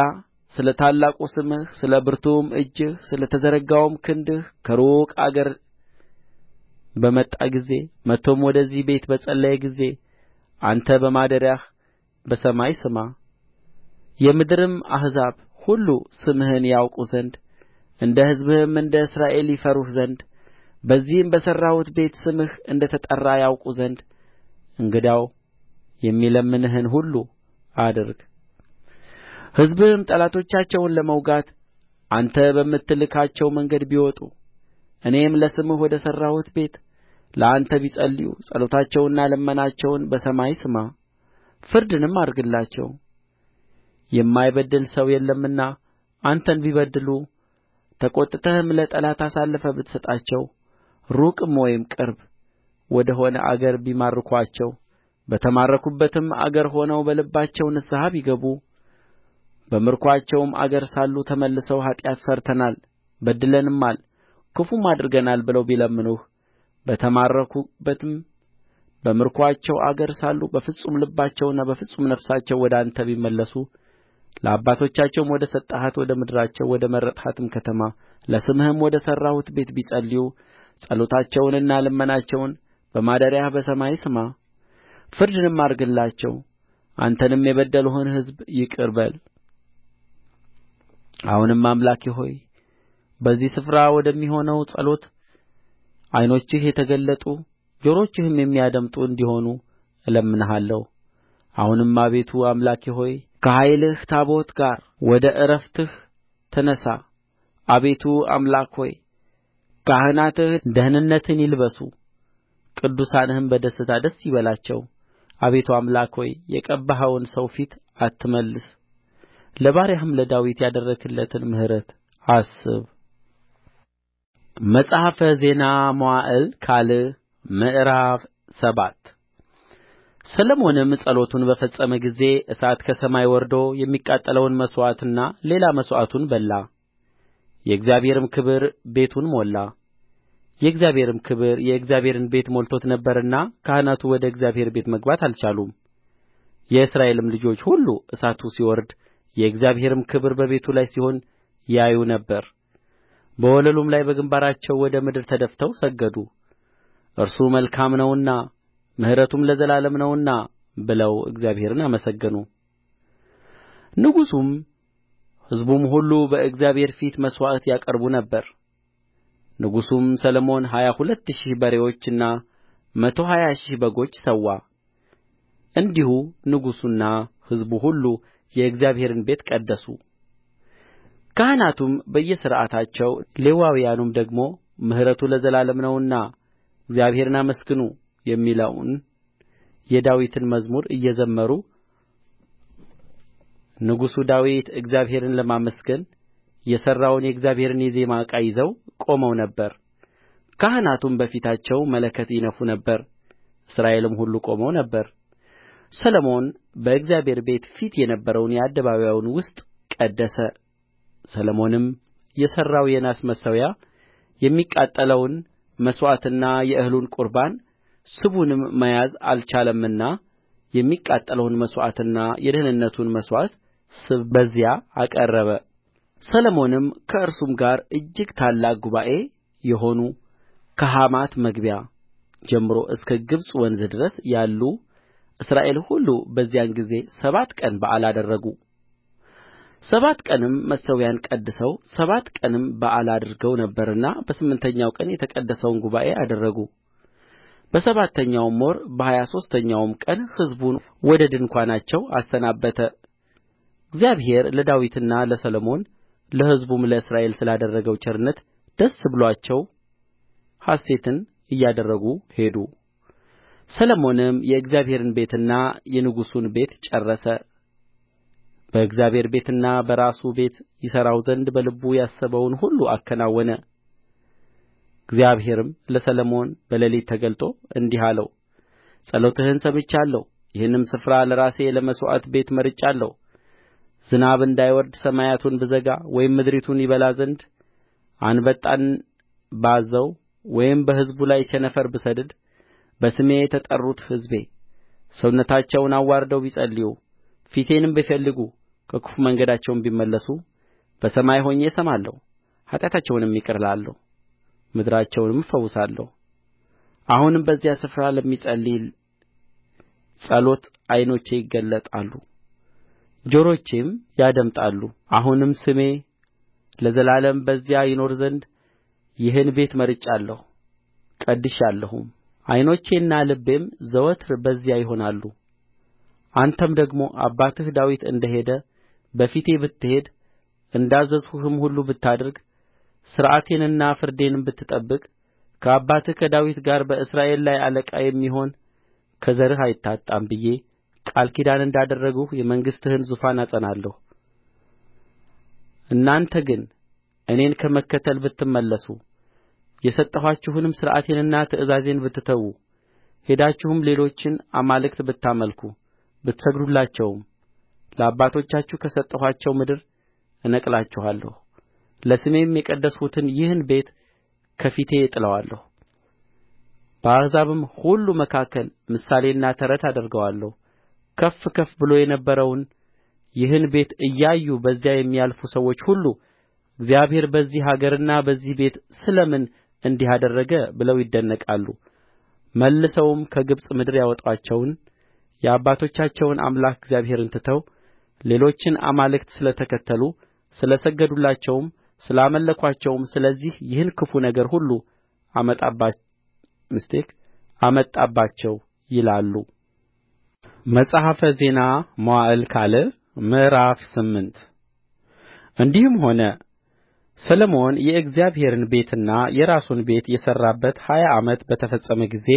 ስለ ታላቁ ስምህ ስለ ብርቱውም እጅህ ስለ ተዘረጋውም ክንድህ ከሩቅ አገር በመጣ ጊዜ መጥቶም ወደዚህ ቤት በጸለየ ጊዜ አንተ በማደሪያህ በሰማይ ስማ የምድርም አሕዛብ ሁሉ ስምህን ያውቁ ዘንድ እንደ ሕዝብህም እንደ እስራኤል ይፈሩህ ዘንድ በዚህም በሠራሁት ቤት ስምህ እንደ ተጠራ ያውቁ ዘንድ እንግዳው የሚለምንህን ሁሉ አድርግ ሕዝብህም ጠላቶቻቸውን ለመውጋት አንተ በምትልካቸው መንገድ ቢወጡ እኔም ለስምህ ወደ ሠራሁት ቤት ለአንተ ቢጸልዩ ጸሎታቸውንና ልመናቸውን በሰማይ ስማ ፍርድንም አድርግላቸው የማይበድል ሰው የለምና አንተን ቢበድሉ ተቈጥተህም ለጠላት አሳልፈህ ብትሰጣቸው ሩቅም ወይም ቅርብ ወደ ሆነ አገር ቢማርኩአቸው በተማረኩበትም አገር ሆነው በልባቸው ንስሐ ቢገቡ በምርኮአቸውም አገር ሳሉ ተመልሰው ኃጢአት ሠርተናል በድለንማል ክፉም አድርገናል ብለው ቢለምኑህ በተማረኩበትም በምርኮአቸው አገር ሳሉ በፍጹም ልባቸውና በፍጹም ነፍሳቸው ወደ አንተ ቢመለሱ ለአባቶቻቸውም ወደ ሰጠሃት ወደ ምድራቸው ወደ መረጥሃትም ከተማ ለስምህም ወደ ሠራሁት ቤት ቢጸልዩ ጸሎታቸውንና ልመናቸውን በማደሪያህ በሰማይ ስማ ፍርድንም አድርግላቸው አንተንም የበደሉህን ሕዝብ ይቅር በል አሁንም አምላኬ ሆይ በዚህ ስፍራ ወደሚሆነው ጸሎት ዓይኖችህ የተገለጡ ጆሮችህም የሚያደምጡ እንዲሆኑ እለምንሃለሁ አሁንም አቤቱ አምላኬ ሆይ ከኃይልህ ታቦት ጋር ወደ ዕረፍትህ ተነሣ አቤቱ አምላክ ሆይ ካህናትህ ደኅንነትን ይልበሱ ቅዱሳንህም በደስታ ደስ ይበላቸው አቤቱ አምላክ ሆይ የቀባኸውን ሰው ፊት አትመልስ ለባሪያህም ለዳዊት ያደረግህለትን ምሕረት አስብ መጽሐፈ ዜና መዋዕል ካልዕ ምዕራፍ ሰባት ሰሎሞንም ጸሎቱን በፈጸመ ጊዜ እሳት ከሰማይ ወርዶ የሚቃጠለውን መሥዋዕትና ሌላ መሥዋዕቱን በላ። የእግዚአብሔርም ክብር ቤቱን ሞላ። የእግዚአብሔርም ክብር የእግዚአብሔርን ቤት ሞልቶት ነበርና ካህናቱ ወደ እግዚአብሔር ቤት መግባት አልቻሉም። የእስራኤልም ልጆች ሁሉ እሳቱ ሲወርድ የእግዚአብሔርም ክብር በቤቱ ላይ ሲሆን ያዩ ነበር። በወለሉም ላይ በግምባራቸው ወደ ምድር ተደፍተው ሰገዱ እርሱ መልካም ነውና ምሕረቱም ለዘላለም ነውና ብለው እግዚአብሔርን አመሰገኑ ንጉሡም ሕዝቡም ሁሉ በእግዚአብሔር ፊት መሥዋዕት ያቀርቡ ነበር ንጉሡም ሰሎሞን ሀያ ሁለት ሺህ በሬዎችና መቶ ሀያ ሺህ በጎች ሠዋ እንዲሁ ንጉሡና ሕዝቡ ሁሉ የእግዚአብሔርን ቤት ቀደሱ ካህናቱም በየሥርዓታቸው ሌዋውያኑም ደግሞ ምሕረቱ ለዘላለም ነውና እግዚአብሔርን አመስግኑ የሚለውን የዳዊትን መዝሙር እየዘመሩ ንጉሡ ዳዊት እግዚአብሔርን ለማመስገን የሠራውን የእግዚአብሔርን የዜማ ዕቃ ይዘው ቆመው ነበር። ካህናቱም በፊታቸው መለከት ይነፉ ነበር፣ እስራኤልም ሁሉ ቆመው ነበር። ሰሎሞን በእግዚአብሔር ቤት ፊት የነበረውን የአደባባዩን ውስጥ ቀደሰ። ሰሎሞንም የሠራው የናስ መሠዊያ የሚቃጠለውን መሥዋዕትና የእህሉን ቍርባን ስቡንም መያዝ አልቻለምና የሚቃጠለውን መሥዋዕትና የደኅንነቱን መሥዋዕት ስብ በዚያ አቀረበ ሰሎሞንም ከእርሱም ጋር እጅግ ታላቅ ጉባኤ የሆኑ ከሐማት መግቢያ ጀምሮ እስከ ግብጽ ወንዝ ድረስ ያሉ እስራኤል ሁሉ በዚያን ጊዜ ሰባት ቀን በዓል አደረጉ ሰባት ቀንም መሠዊያውን ቀድሰው ሰባት ቀንም በዓል አድርገው ነበርና በስምንተኛው ቀን የተቀደሰውን ጉባኤ አደረጉ በሰባተኛውም ወር በሀያ ሦስተኛውም ቀን ሕዝቡን ወደ ድንኳናቸው አሰናበተ እግዚአብሔር ለዳዊትና ለሰሎሞን ለሕዝቡም ለእስራኤል ስላደረገው ቸርነት ደስ ብሎአቸው ሐሤትን እያደረጉ ሄዱ ሰሎሞንም የእግዚአብሔርን ቤትና የንጉሡን ቤት ጨረሰ በእግዚአብሔር ቤትና በራሱ ቤት ይሠራው ዘንድ በልቡ ያሰበውን ሁሉ አከናወነ እግዚአብሔርም ለሰሎሞን በሌሊት ተገልጦ እንዲህ አለው ጸሎትህን ሰምቻለሁ ይህንም ስፍራ ለራሴ ለመሥዋዕት ቤት መርጫለሁ ዝናብ እንዳይወርድ ሰማያቱን ብዘጋ ወይም ምድሪቱን ይበላ ዘንድ አንበጣን ባዝዘው ወይም በሕዝቡ ላይ ቸነፈር ብሰድድ በስሜ የተጠሩት ሕዝቤ ሰውነታቸውን አዋርደው ቢጸልዩ ፊቴንም ቢፈልጉ ከክፉ መንገዳቸውም ቢመለሱ በሰማይ ሆኜ እሰማለሁ ኃጢአታቸውንም ይቅር እላለሁ ምድራቸውንም እፈውሳለሁ አሁንም በዚያ ስፍራ ለሚጸለይ ጸሎት ዓይኖቼ ይገለጣሉ ጆሮቼም ያደምጣሉ አሁንም ስሜ ለዘላለም በዚያ ይኖር ዘንድ ይህን ቤት መርጫለሁ ቀድሻለሁም ዓይኖቼና ልቤም ዘወትር በዚያ ይሆናሉ አንተም ደግሞ አባትህ ዳዊት እንደ ሄደ በፊቴ ብትሄድ እንዳዘዝሁህም ሁሉ ብታደርግ ሥርዓቴንና ፍርዴንም ብትጠብቅ ከአባትህ ከዳዊት ጋር በእስራኤል ላይ አለቃ የሚሆን ከዘርህ አይታጣም ብዬ ቃል ኪዳን እንዳደረግሁ የመንግሥትህን ዙፋን አጸናለሁ እናንተ ግን እኔን ከመከተል ብትመለሱ የሰጠኋችሁንም ሥርዓቴንና ትእዛዜን ብትተዉ ሄዳችሁም ሌሎችን አማልክት ብታመልኩ ብትሰግዱላቸውም ለአባቶቻችሁ ከሰጠኋቸው ምድር እነቅላችኋለሁ ለስሜም የቀደስሁትን ይህን ቤት ከፊቴ እጥለዋለሁ በአሕዛብም ሁሉ መካከል ምሳሌና ተረት አደርገዋለሁ ከፍ ከፍ ብሎ የነበረውን ይህን ቤት እያዩ በዚያ የሚያልፉ ሰዎች ሁሉ እግዚአብሔር በዚህ አገርና በዚህ ቤት ስለ ምን እንዲህ አደረገ ብለው ይደነቃሉ መልሰውም ከግብጽ ምድር ያወጣቸውን የአባቶቻቸውን አምላክ እግዚአብሔርን ትተው ሌሎችን አማልክት ስለ ተከተሉ ስለ ሰገዱላቸውም ስላመለኩአቸውም ስለዚህ ይህን ክፉ ነገር ሁሉ አመጣባቸው ይላሉ መጽሐፈ ዜና መዋዕል ካልዕ ምዕራፍ ስምንት እንዲህም ሆነ ሰሎሞን የእግዚአብሔርን ቤትና የራሱን ቤት የሠራበት ሀያ ዓመት በተፈጸመ ጊዜ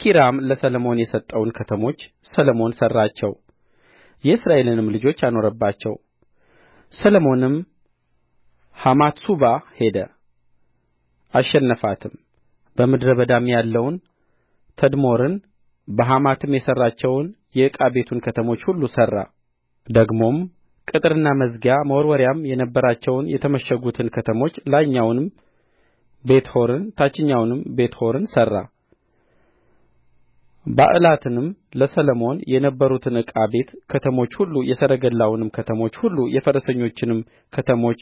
ኪራም ለሰሎሞን የሰጠውን ከተሞች ሰሎሞን ሠራቸው የእስራኤልንም ልጆች አኖረባቸው ሰሎሞንም ሐማትሱባ ሄደ አሸነፋትም በምድረ በዳም ያለውን ተድሞርን በሐማትም የሠራቸውን የዕቃ ቤቱን ከተሞች ሁሉ ሠራ ደግሞም ቅጥርና መዝጊያ መወርወሪያም የነበራቸውን የተመሸጉትን ከተሞች ላይኛውንም ቤትሖሮን ታችኛውንም ቤትሖሮን ሠራ ባዕላትንም ለሰሎሞን የነበሩትን ዕቃ ቤት ከተሞች ሁሉ የሰረገላውንም ከተሞች ሁሉ የፈረሰኞችንም ከተሞች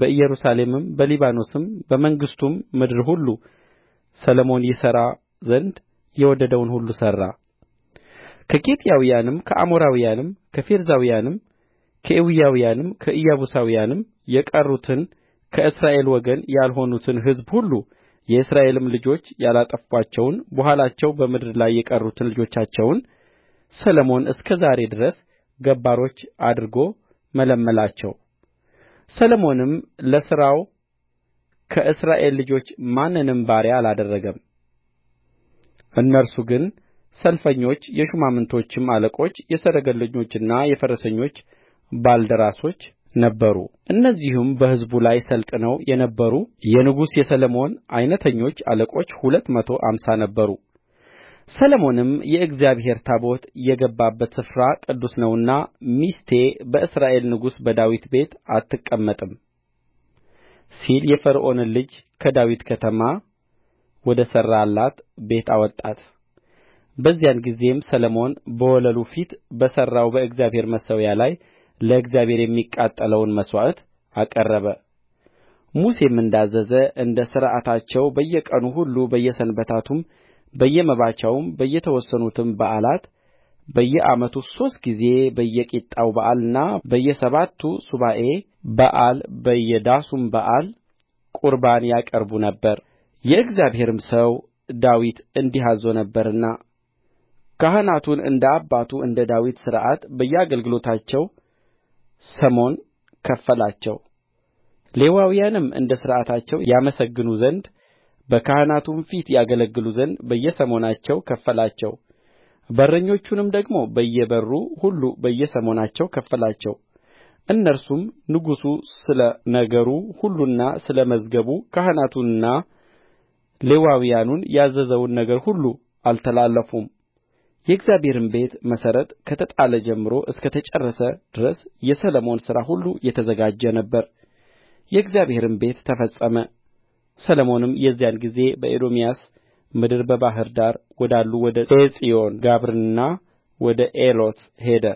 በኢየሩሳሌምም በሊባኖስም በመንግሥቱም ምድር ሁሉ ሰሎሞን ይሠራ ዘንድ የወደደውን ሁሉ ሠራ ከኬጢያውያንም ከአሞራውያንም ከፌርዛውያንም ከኤዊያውያንም ከኢያቡሳውያንም የቀሩትን ከእስራኤል ወገን ያልሆኑትን ሕዝብ ሁሉ የእስራኤልም ልጆች ያላጠፉአቸውን በኋላቸው በምድር ላይ የቀሩትን ልጆቻቸውን ሰሎሞን እስከ ዛሬ ድረስ ገባሮች አድርጎ መለመላቸው ሰሎሞንም ለሥራው ከእስራኤል ልጆች ማንንም ባሪያ አላደረገም እነርሱ ግን ሰልፈኞች የሹማምቶችም አለቆች የሰረገለኞችና የፈረሰኞች ባልደራሶች ነበሩ እነዚህም በሕዝቡ ላይ ሠልጥነው የነበሩ የንጉሡ የሰሎሞን ዓይነተኞች አለቆች ሁለት መቶ አምሳ ነበሩ ሰሎሞንም የእግዚአብሔር ታቦት የገባበት ስፍራ ቅዱስ ነውና ሚስቴ በእስራኤል ንጉሥ በዳዊት ቤት አትቀመጥም ሲል የፈርዖንን ልጅ ከዳዊት ከተማ ወደ ሠራላት ቤት አወጣት በዚያን ጊዜም ሰሎሞን በወለሉ ፊት በሠራው በእግዚአብሔር መሠዊያ ላይ ለእግዚአብሔር የሚቃጠለውን መሥዋዕት አቀረበ ሙሴም እንዳዘዘ እንደ ሥርዓታቸው በየቀኑ ሁሉ በየሰንበታቱም በየመባቻዎቹም በየተወሰኑትም በዓላት በየዓመቱ ሦስት ጊዜ በየቂጣው በዓልና በየሰባቱ ሱባዔ በዓል በየዳሱም በዓል ቁርባን ያቀርቡ ነበር። የእግዚአብሔርም ሰው ዳዊት እንዲህ አዝዞ ነበርና ካህናቱን እንደ አባቱ እንደ ዳዊት ሥርዓት በየአገልግሎታቸው ሰሞን ከፈላቸው ሌዋውያንም እንደ ሥርዓታቸው ያመሰግኑ ዘንድ በካህናቱም ፊት ያገለግሉ ዘንድ በየሰሞናቸው ከፈላቸው በረኞቹንም ደግሞ በየበሩ ሁሉ በየሰሞናቸው ከፈላቸው እነርሱም ንጉሡ ስለ ነገሩ ሁሉና ስለ መዝገቡ ካህናቱንና ሌዋውያኑን ያዘዘውን ነገር ሁሉ አልተላለፉም የእግዚአብሔርም ቤት መሠረት ከተጣለ ጀምሮ እስከ ተጨረሰ ድረስ የሰሎሞን ሥራ ሁሉ የተዘጋጀ ነበረ የእግዚአብሔርም ቤት ተፈጸመ ሰሎሞንም የዚያን ጊዜ በኤዶምያስ ምድር በባሕር ዳር ወዳሉ ወደ ዔጽዮንጋብርና ወደ ኤሎት ሄደ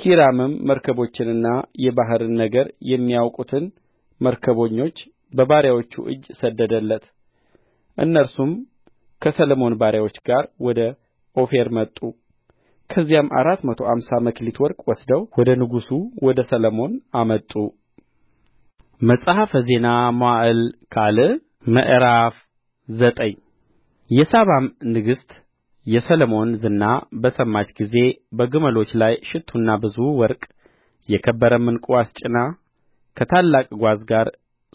ኪራምም መርከቦችንና የባሕርን ነገር የሚያውቁትን መርከበኞች በባሪያዎቹ እጅ ሰደደለት እነርሱም ከሰሎሞን ባሪያዎች ጋር ወደ ኦፌር መጡ ከዚያም አራት መቶ አምሳ መክሊት ወርቅ ወስደው ወደ ንጉሡ ወደ ሰሎሞን አመጡ መጽሐፈ ዜና መዋዕል ካልዕ ምዕራፍ ዘጠኝ የሳባም ንግሥት የሰሎሞን ዝና በሰማች ጊዜ በግመሎች ላይ ሽቱና ብዙ ወርቅ የከበረም ዕንቍ አስጭና ከታላቅ ጓዝ ጋር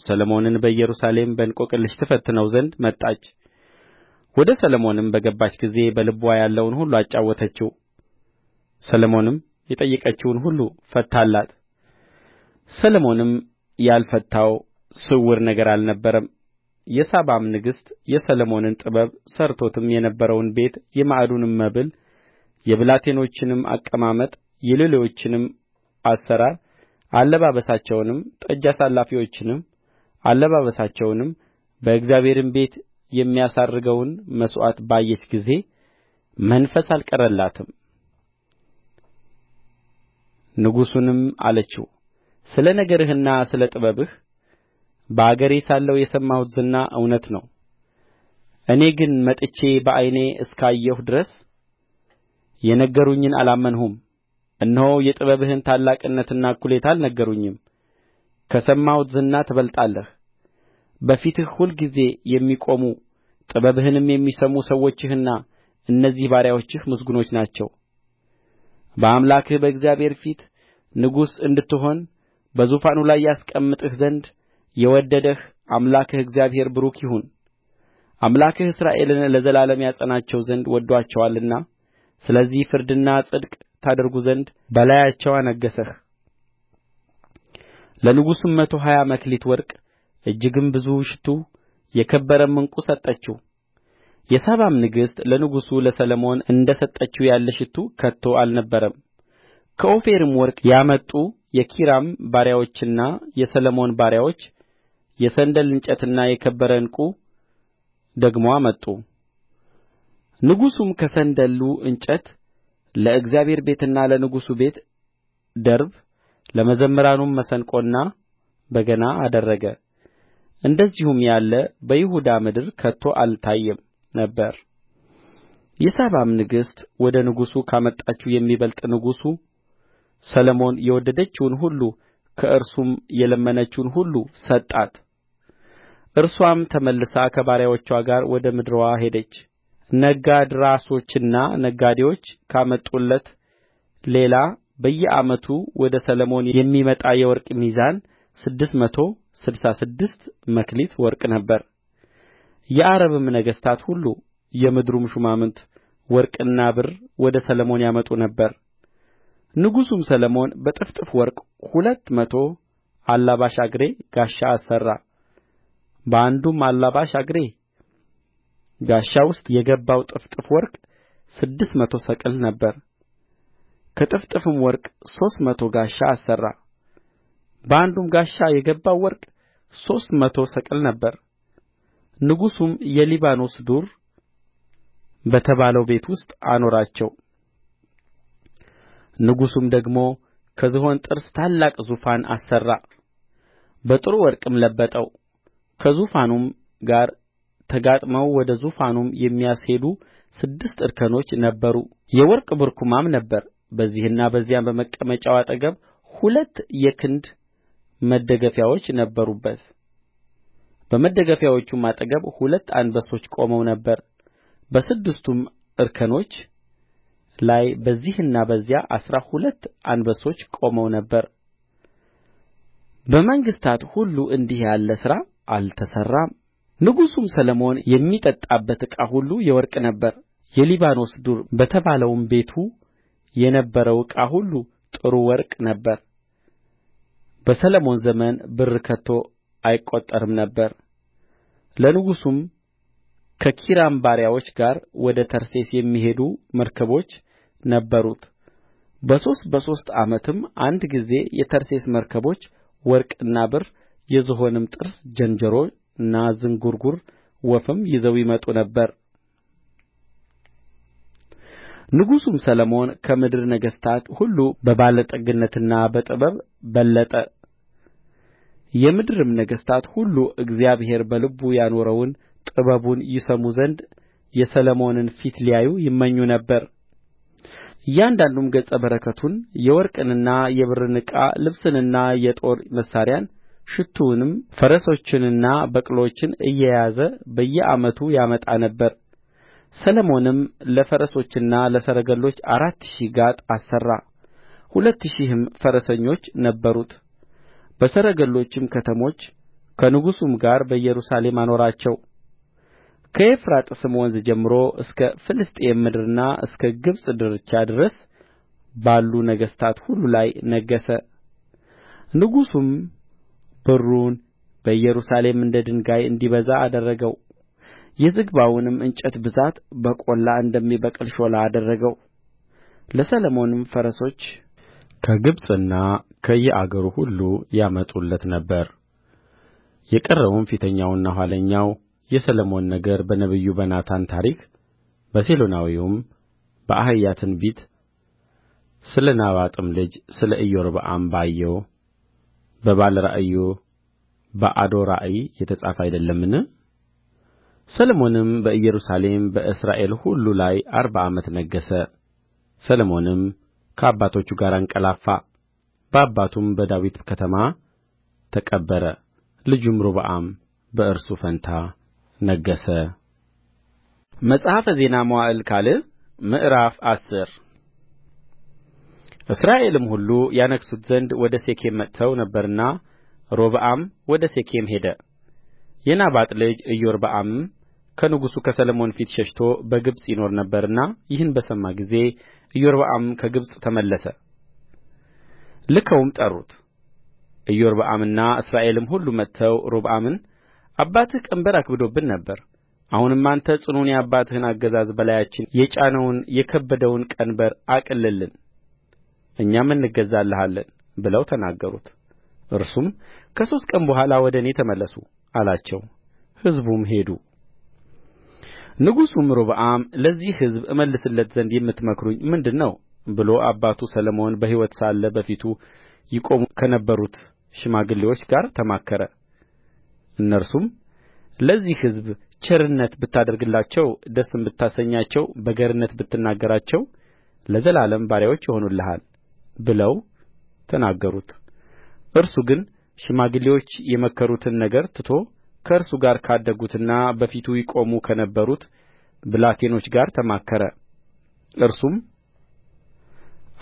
ሰሎሞንን በኢየሩሳሌም በእንቆቅልሽ ትፈትነው ዘንድ መጣች ወደ ሰሎሞንም በገባች ጊዜ በልብዋ ያለውን ሁሉ አጫወተችው ሰሎሞንም የጠየቀችውን ሁሉ ፈታላት ሰሎሞንም ያልፈታው ስውር ነገር አልነበረም የሳባም ንግሥት የሰሎሞንን ጥበብ ሠርቶትም የነበረውን ቤት የማዕዱንም መብል የብላቴኖችንም አቀማመጥ የሎሌዎችንም አሠራር አለባበሳቸውንም ጠጅ አሳላፊዎችንም አለባበሳቸውንም በእግዚአብሔርም ቤት የሚያሳርገውን መሥዋዕት ባየች ጊዜ መንፈስ አልቀረላትም ንጉሡንም አለችው ስለ ነገርህና ስለ ጥበብህ በአገሬ ሳለሁ የሰማሁት ዝና እውነት ነው እኔ ግን መጥቼ በዓይኔ እስካየሁ ድረስ የነገሩኝን አላመንሁም እነሆ የጥበብህን ታላቅነትና እኵሌታ አልነገሩኝም ከሰማሁት ዝና ትበልጣለህ በፊትህ ሁልጊዜ የሚቆሙ ጥበብህንም የሚሰሙ ሰዎችህና እነዚህ ባሪያዎችህ ምስጉኖች ናቸው በአምላክህ በእግዚአብሔር ፊት ንጉሥ እንድትሆን በዙፋኑ ላይ ያስቀምጥህ ዘንድ የወደደህ አምላክህ እግዚአብሔር ቡሩክ ይሁን አምላክህ እስራኤልን ለዘላለም ያጸናቸው ዘንድ ወድዶአቸዋልና ስለዚህ ፍርድና ጽድቅ ታደርጉ ዘንድ በላያቸው አነገሠህ ለንጉሡም መቶ ሀያ መክሊት ወርቅ እጅግም ብዙ ሽቱ የከበረም ዕንቍ ሰጠችው የሳባም ንግሥት ለንጉሡ ለሰሎሞን እንደ ሰጠችው ያለ ሽቱ ከቶ አልነበረም ከኦፊርም ወርቅ ያመጡ የኪራም ባሪያዎችና የሰሎሞን ባሪያዎች የሰንደል እንጨትና የከበረ ዕንቍ ደግሞ አመጡ ንጉሡም ከሰንደሉ እንጨት ለእግዚአብሔር ቤትና ለንጉሡ ቤት ደርብ ለመዘምራኑም መሰንቆና በገና አደረገ እንደዚሁም ያለ በይሁዳ ምድር ከቶ አልታየም ነበር የሳባም ንግሥት ወደ ንጉሡ ካመጣችው የሚበልጥ ንጉሡ ሰሎሞን የወደደችውን ሁሉ ከእርሱም የለመነችውን ሁሉ ሰጣት እርስዋም ተመልሳ ከባሪያዎችዋ ጋር ወደ ምድርዋ ሄደች ነጋድራሶችና ነጋዴዎች ካመጡለት ሌላ በየዓመቱ ወደ ሰሎሞን የሚመጣ የወርቅ ሚዛን ስድስት መቶ ስድሳ ስድስት መክሊት ወርቅ ነበረ የዓረብም ነገሥታት ሁሉ የምድሩም ሹማምት ወርቅና ብር ወደ ሰሎሞን ያመጡ ነበር ንጉሡም ሰሎሞን በጥፍጥፍ ወርቅ ሁለት መቶ አላባሽ አግሬ ጋሻ አሠራ በአንዱም አላባሽ አግሬ ጋሻ ውስጥ የገባው ጥፍጥፍ ወርቅ ስድስት መቶ ሰቅል ነበር ከጥፍጥፍም ወርቅ ሦስት መቶ ጋሻ አሠራ በአንዱም ጋሻ የገባው ወርቅ ሦስት መቶ ሰቅል ነበረ ንጉሡም የሊባኖስ ዱር በተባለው ቤት ውስጥ አኖራቸው ንጉሡም ደግሞ ከዝሆን ጥርስ ታላቅ ዙፋን አሠራ በጥሩ ወርቅም ለበጠው ከዙፋኑም ጋር ተጋጥመው ወደ ዙፋኑም የሚያስሄዱ ስድስት እርከኖች ነበሩ የወርቅ ብርኩማም ነበረ በዚህና በዚያም በመቀመጫው አጠገብ ሁለት የክንድ መደገፊያዎች ነበሩበት በመደገፊያዎቹም አጠገብ ሁለት አንበሶች ቆመው ነበር በስድስቱም እርከኖች ላይ በዚህና በዚያ አሥራ ሁለት አንበሶች ቆመው ነበር በመንግሥታት ሁሉ እንዲህ ያለ ሥራ አልተሠራም ንጉሡም ሰሎሞን የሚጠጣበት ዕቃ ሁሉ የወርቅ ነበረ የሊባኖስ ዱር በተባለውም ቤቱ የነበረው ዕቃ ሁሉ ጥሩ ወርቅ ነበረ በሰሎሞን ዘመን ብር ከቶ አይቈጠርም ነበር ለንጉሡም ከኪራም ባሪያዎች ጋር ወደ ተርሴስ የሚሄዱ መርከቦች ነበሩት በሦስት በሦስት ዓመትም አንድ ጊዜ የተርሴስ መርከቦች ወርቅና ብር የዝሆንም ጥርስ ዝንጀሮና ዝንጕርጕር ወፍም ይዘው ይመጡ ነበር ንጉሡም ሰሎሞን ከምድር ነገሥታት ሁሉ በባለጠግነትና በጥበብ በለጠ የምድርም ነገሥታት ሁሉ እግዚአብሔር በልቡ ያኖረውን ጥበቡን ይሰሙ ዘንድ የሰሎሞንን ፊት ሊያዩ ይመኙ ነበር እያንዳንዱም ገጸ በረከቱን የወርቅንና የብርን ዕቃ ልብስንና የጦር መሣሪያን ሽቱውንም ፈረሶችንና በቅሎችን እየያዘ በየዓመቱ ያመጣ ነበር ሰሎሞንም ለፈረሶችና ለሰረገሎች አራት ሺህ ጋጥ አሠራ ሁለት ሺህም ፈረሰኞች ነበሩት በሰረገሎችም ከተሞች ከንጉሡም ጋር በኢየሩሳሌም አኖራቸው ከኤፍራጥስም ወንዝ ጀምሮ እስከ ፍልስጥኤም ምድርና እስከ ግብጽ ዳርቻ ድረስ ባሉ ነገሥታት ሁሉ ላይ ነገሠ ንጉሡም ብሩን በኢየሩሳሌም እንደ ድንጋይ እንዲበዛ አደረገው የዝግባውንም እንጨት ብዛት በቈላ እንደሚበቅል ሾላ አደረገው ለሰሎሞንም ፈረሶች ከግብጽና ከየአገሩ ሁሉ ያመጡለት ነበር የቀረውም ፊተኛውና ኋለኛው የሰሎሞን ነገር በነቢዩ በናታን ታሪክ በሴሎናዊውም በአህያ ትንቢት ስለ ናባጥም ልጅ ስለ ኢዮርብዓም ባየው በባለ ራእዩ በአዶ ራእይ የተጻፈ አይደለምን ሰሎሞንም በኢየሩሳሌም በእስራኤል ሁሉ ላይ አርባ ዓመት ነገሠ ሰሎሞንም ከአባቶቹ ጋር አንቀላፋ በአባቱም በዳዊት ከተማ ተቀበረ ልጁም ሮብዓም በእርሱ ፋንታ ነገሠ መጽሐፈ ዜና መዋዕል ካልዕ ምዕራፍ አስር እስራኤልም ሁሉ ያነግሡት ዘንድ ወደ ሴኬም መጥተው ነበርና ሮብዓም ወደ ሴኬም ሄደ የናባጥ ልጅ ኢዮርብዓምም ከንጉሡ ከሰሎሞን ፊት ሸሽቶ በግብጽ ይኖር ነበርና ይህን በሰማ ጊዜ ኢዮርብዓም ከግብጽ ተመለሰ ልከውም ጠሩት ኢዮርብዓምና እስራኤልም ሁሉ መጥተው ሮብዓምን አባትህ ቀንበር አክብዶብን ነበር አሁንም አንተ ጽኑውን የአባትህን አገዛዝ በላያችን የጫነውን የከበደውን ቀንበር አቅልልልን እኛም እንገዛልሃለን ብለው ተናገሩት እርሱም ከሦስት ቀን በኋላ ወደ እኔ ተመለሱ አላቸው ሕዝቡም ሄዱ ንጉሡም ሮብዓም ለዚህ ሕዝብ እመልስለት ዘንድ የምትመክሩኝ ምንድር ነው ብሎ አባቱ ሰሎሞን በሕይወት ሳለ በፊቱ ይቆሙ ከነበሩት ሽማግሌዎች ጋር ተማከረ እነርሱም ለዚህ ሕዝብ ቸርነት ብታደርግላቸው ደስም ብታሰኛቸው በገርነት ብትናገራቸው ለዘላለም ባሪያዎች ይሆኑልሃል ብለው ተናገሩት እርሱ ግን ሽማግሌዎች የመከሩትን ነገር ትቶ ከእርሱ ጋር ካደጉትና በፊቱ ይቆሙ ከነበሩት ብላቴኖች ጋር ተማከረ እርሱም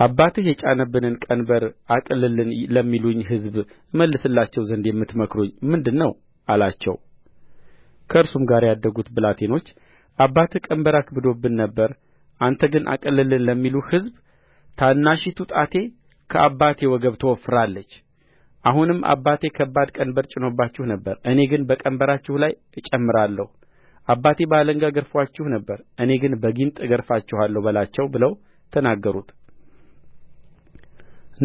አባትህ የጫነብንን ቀንበር አቅልልልን ለሚሉኝ ሕዝብ እመልስላቸው ዘንድ የምትመክሩኝ ምንድር ነው አላቸው ከእርሱም ጋር ያደጉት ብላቴኖች አባትህ ቀንበር አክብዶብን ነበር አንተ ግን አቅልልልን ለሚሉህ ሕዝብ ታናሺቱ ጣቴ ከአባቴ ወገብ ትወፍራለች አሁንም አባቴ ከባድ ቀንበር ጭኖባችሁ ነበር እኔ ግን በቀንበራችሁ ላይ እጨምራለሁ አባቴ በአለንጋ ገርፎአችሁ ነበር እኔ ግን በጊንጥ እገርፋችኋለሁ በላቸው ብለው ተናገሩት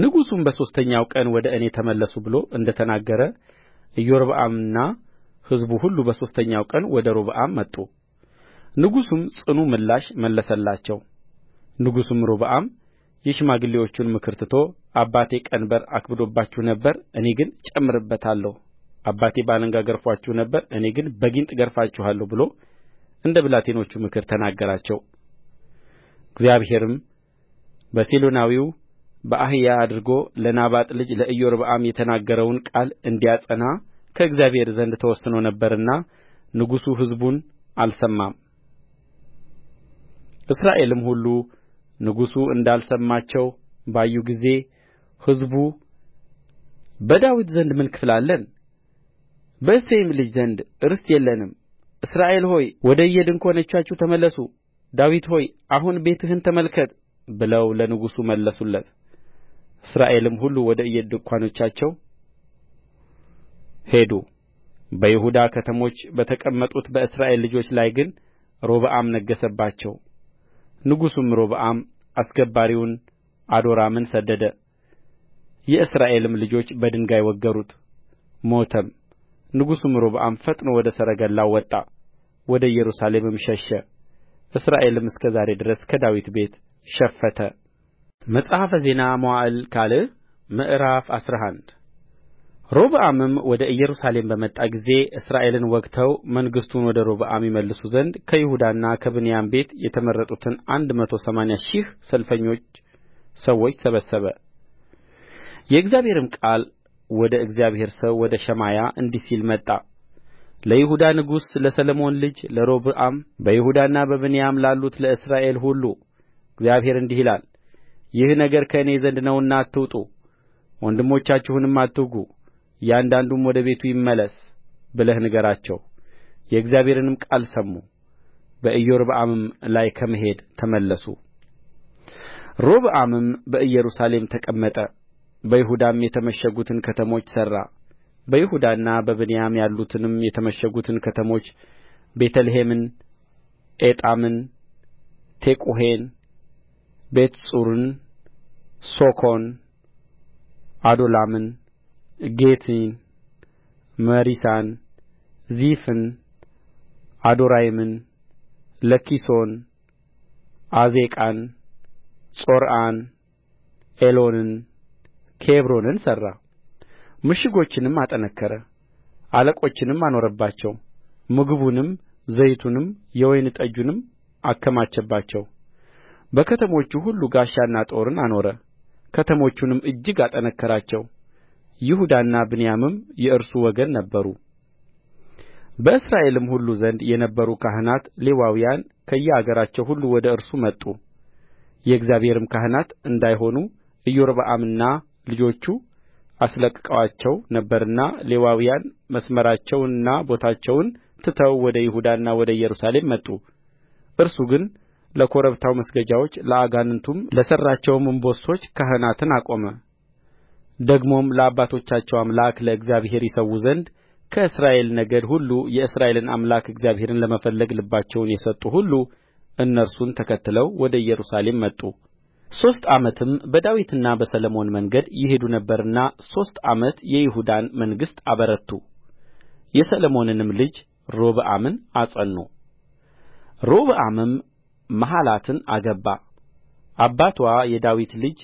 ንጉሡም በሦስተኛው ቀን ወደ እኔ ተመለሱ ብሎ እንደ ተናገረ ኢዮርብዓምና ሕዝቡ ሁሉ በሦስተኛው ቀን ወደ ሮብዓም መጡ ንጉሡም ጽኑ ምላሽ መለሰላቸው ንጉሡም ሮብዓም የሽማግሌዎቹን ምክር ትቶ አባቴ ቀንበር አክብዶባችሁ ነበር እኔ ግን እጨምርበታለሁ አባቴ በአለንጋ ገርፎአችሁ ነበር እኔ ግን በጊንጥ እገርፋችኋለሁ ብሎ እንደ ብላቴኖቹ ምክር ተናገራቸው እግዚአብሔርም በሴሎናዊው በአሒያ አድርጎ ለናባጥ ልጅ ለኢዮርብዓም የተናገረውን ቃል እንዲያጸና ከእግዚአብሔር ዘንድ ተወስኖ ነበርና ንጉሡ ሕዝቡን አልሰማም እስራኤልም ሁሉ ንጉሡ እንዳልሰማቸው ባዩ ጊዜ ሕዝቡ በዳዊት ዘንድ ምን ክፍል አለን በእሴይም ልጅ ዘንድ ርስት የለንም እስራኤል ሆይ ወደ እየድንኳኖቻችሁ ተመለሱ ዳዊት ሆይ አሁን ቤትህን ተመልከት ብለው ለንጉሡ መለሱለት እስራኤልም ሁሉ ወደ እየድንኳኖቻቸው ሄዱ በይሁዳ ከተሞች በተቀመጡት በእስራኤል ልጆች ላይ ግን ሮብዓም ነገሠባቸው ንጉሡም ሮብዓም አስገባሪውን አዶራምን ሰደደ የእስራኤልም ልጆች በድንጋይ ወገሩት ሞተም ንጉሡም ሮብዓም ፈጥኖ ወደ ሰረገላው ወጣ ወደ ኢየሩሳሌምም ሸሸ እስራኤልም እስከ ዛሬ ድረስ ከዳዊት ቤት ሸፈተ መጽሐፈ ዜና መዋዕል ካልዕ ምዕራፍ አስራ አንድ ሮብዓምም ወደ ኢየሩሳሌም በመጣ ጊዜ እስራኤልን ወግተው መንግሥቱን ወደ ሮብዓም ይመልሱ ዘንድ ከይሁዳና ከብንያም ቤት የተመረጡትን አንድ መቶ ሰማንያ ሺህ ሰልፈኞች ሰዎች ሰበሰበ የእግዚአብሔርም ቃል ወደ እግዚአብሔር ሰው ወደ ሸማያ እንዲህ ሲል መጣ ለይሁዳ ንጉሥ ለሰሎሞን ልጅ ለሮብዓም በይሁዳና በብንያም ላሉት ለእስራኤል ሁሉ እግዚአብሔር እንዲህ ይላል ይህ ነገር ከእኔ ዘንድ ነውና አትውጡ ወንድሞቻችሁንም አትውጉ እያንዳንዱም ወደ ቤቱ ይመለስ ብለህ ንገራቸው የእግዚአብሔርንም ቃል ሰሙ በኢዮርብዓምም ላይ ከመሄድ ተመለሱ ሮብዓምም በኢየሩሳሌም ተቀመጠ በይሁዳም የተመሸጉትን ከተሞች ሠራ በይሁዳና በብንያም ያሉትንም የተመሸጉትን ከተሞች ቤተ ልሔምን ኤጣምን ቴቁሔን ቤትጹርን ሶኮን አዶላምን ጌትን መሪሳን ዚፍን አዶራይምን ለኪሶን ዓዜቃን ጾርዓን ኤሎንን ኬብሮንን ሠራ ምሽጎችንም አጠነከረ አለቆችንም አኖረባቸው ምግቡንም ዘይቱንም የወይን ጠጁንም አከማቸባቸው በከተሞቹ ሁሉ ጋሻና ጦርን አኖረ ከተሞቹንም እጅግ አጠነከራቸው ይሁዳና ብንያምም የእርሱ ወገን ነበሩ በእስራኤልም ሁሉ ዘንድ የነበሩ ካህናት ሌዋውያን ከየአገራቸው ሁሉ ወደ እርሱ መጡ የእግዚአብሔርም ካህናት እንዳይሆኑ ኢዮርብዓምና ልጆቹ አስለቅቀዋቸው ነበርና ሌዋውያን መስመራቸውንና ቦታቸውን ትተው ወደ ይሁዳና ወደ ኢየሩሳሌም መጡ እርሱ ግን ለኮረብታው መስገጃዎች ለአጋንንቱም ለሠራቸውም እምቦሶች ካህናትን አቆመ ደግሞም ለአባቶቻቸው አምላክ ለእግዚአብሔር ይሠዉ ዘንድ ከእስራኤል ነገድ ሁሉ የእስራኤልን አምላክ እግዚአብሔርን ለመፈለግ ልባቸውን የሰጡ ሁሉ እነርሱን ተከትለው ወደ ኢየሩሳሌም መጡ ሦስት ዓመትም በዳዊትና በሰሎሞን መንገድ ይሄዱ ነበርና ሦስት ዓመት የይሁዳን መንግሥት አበረቱ የሰሎሞንንም ልጅ ሮብዓምን አጸኑ ሮብዓምም መሐላትን አገባ አባትዋ የዳዊት ልጅ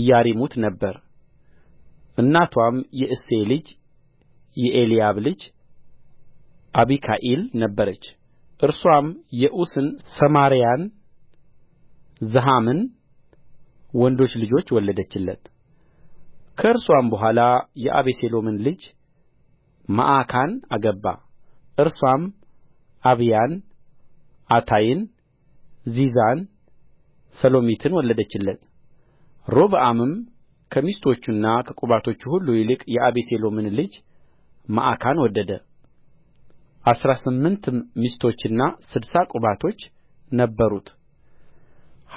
ኢያሪሙት ነበር እናትዋም የእሴይ ልጅ የኤልያብ ልጅ አቢካኢል ነበረች እርስዋም የዑስን ሰማርያን ዘሃምን ወንዶች ልጆች ወለደችለት ከእርስዋም በኋላ የአቤሴሎምን ልጅ መዓካን አገባ እርሷም አብያን አታይን ዚዛን ሰሎሚትን ወለደችለት ሮብዓምም ከሚስቶቹና ከቁባቶቹ ሁሉ ይልቅ የአቤሴሎምን ልጅ መዓካን ወደደ አሥራ ስምንትም ሚስቶችና ስድሳ ቁባቶች ነበሩት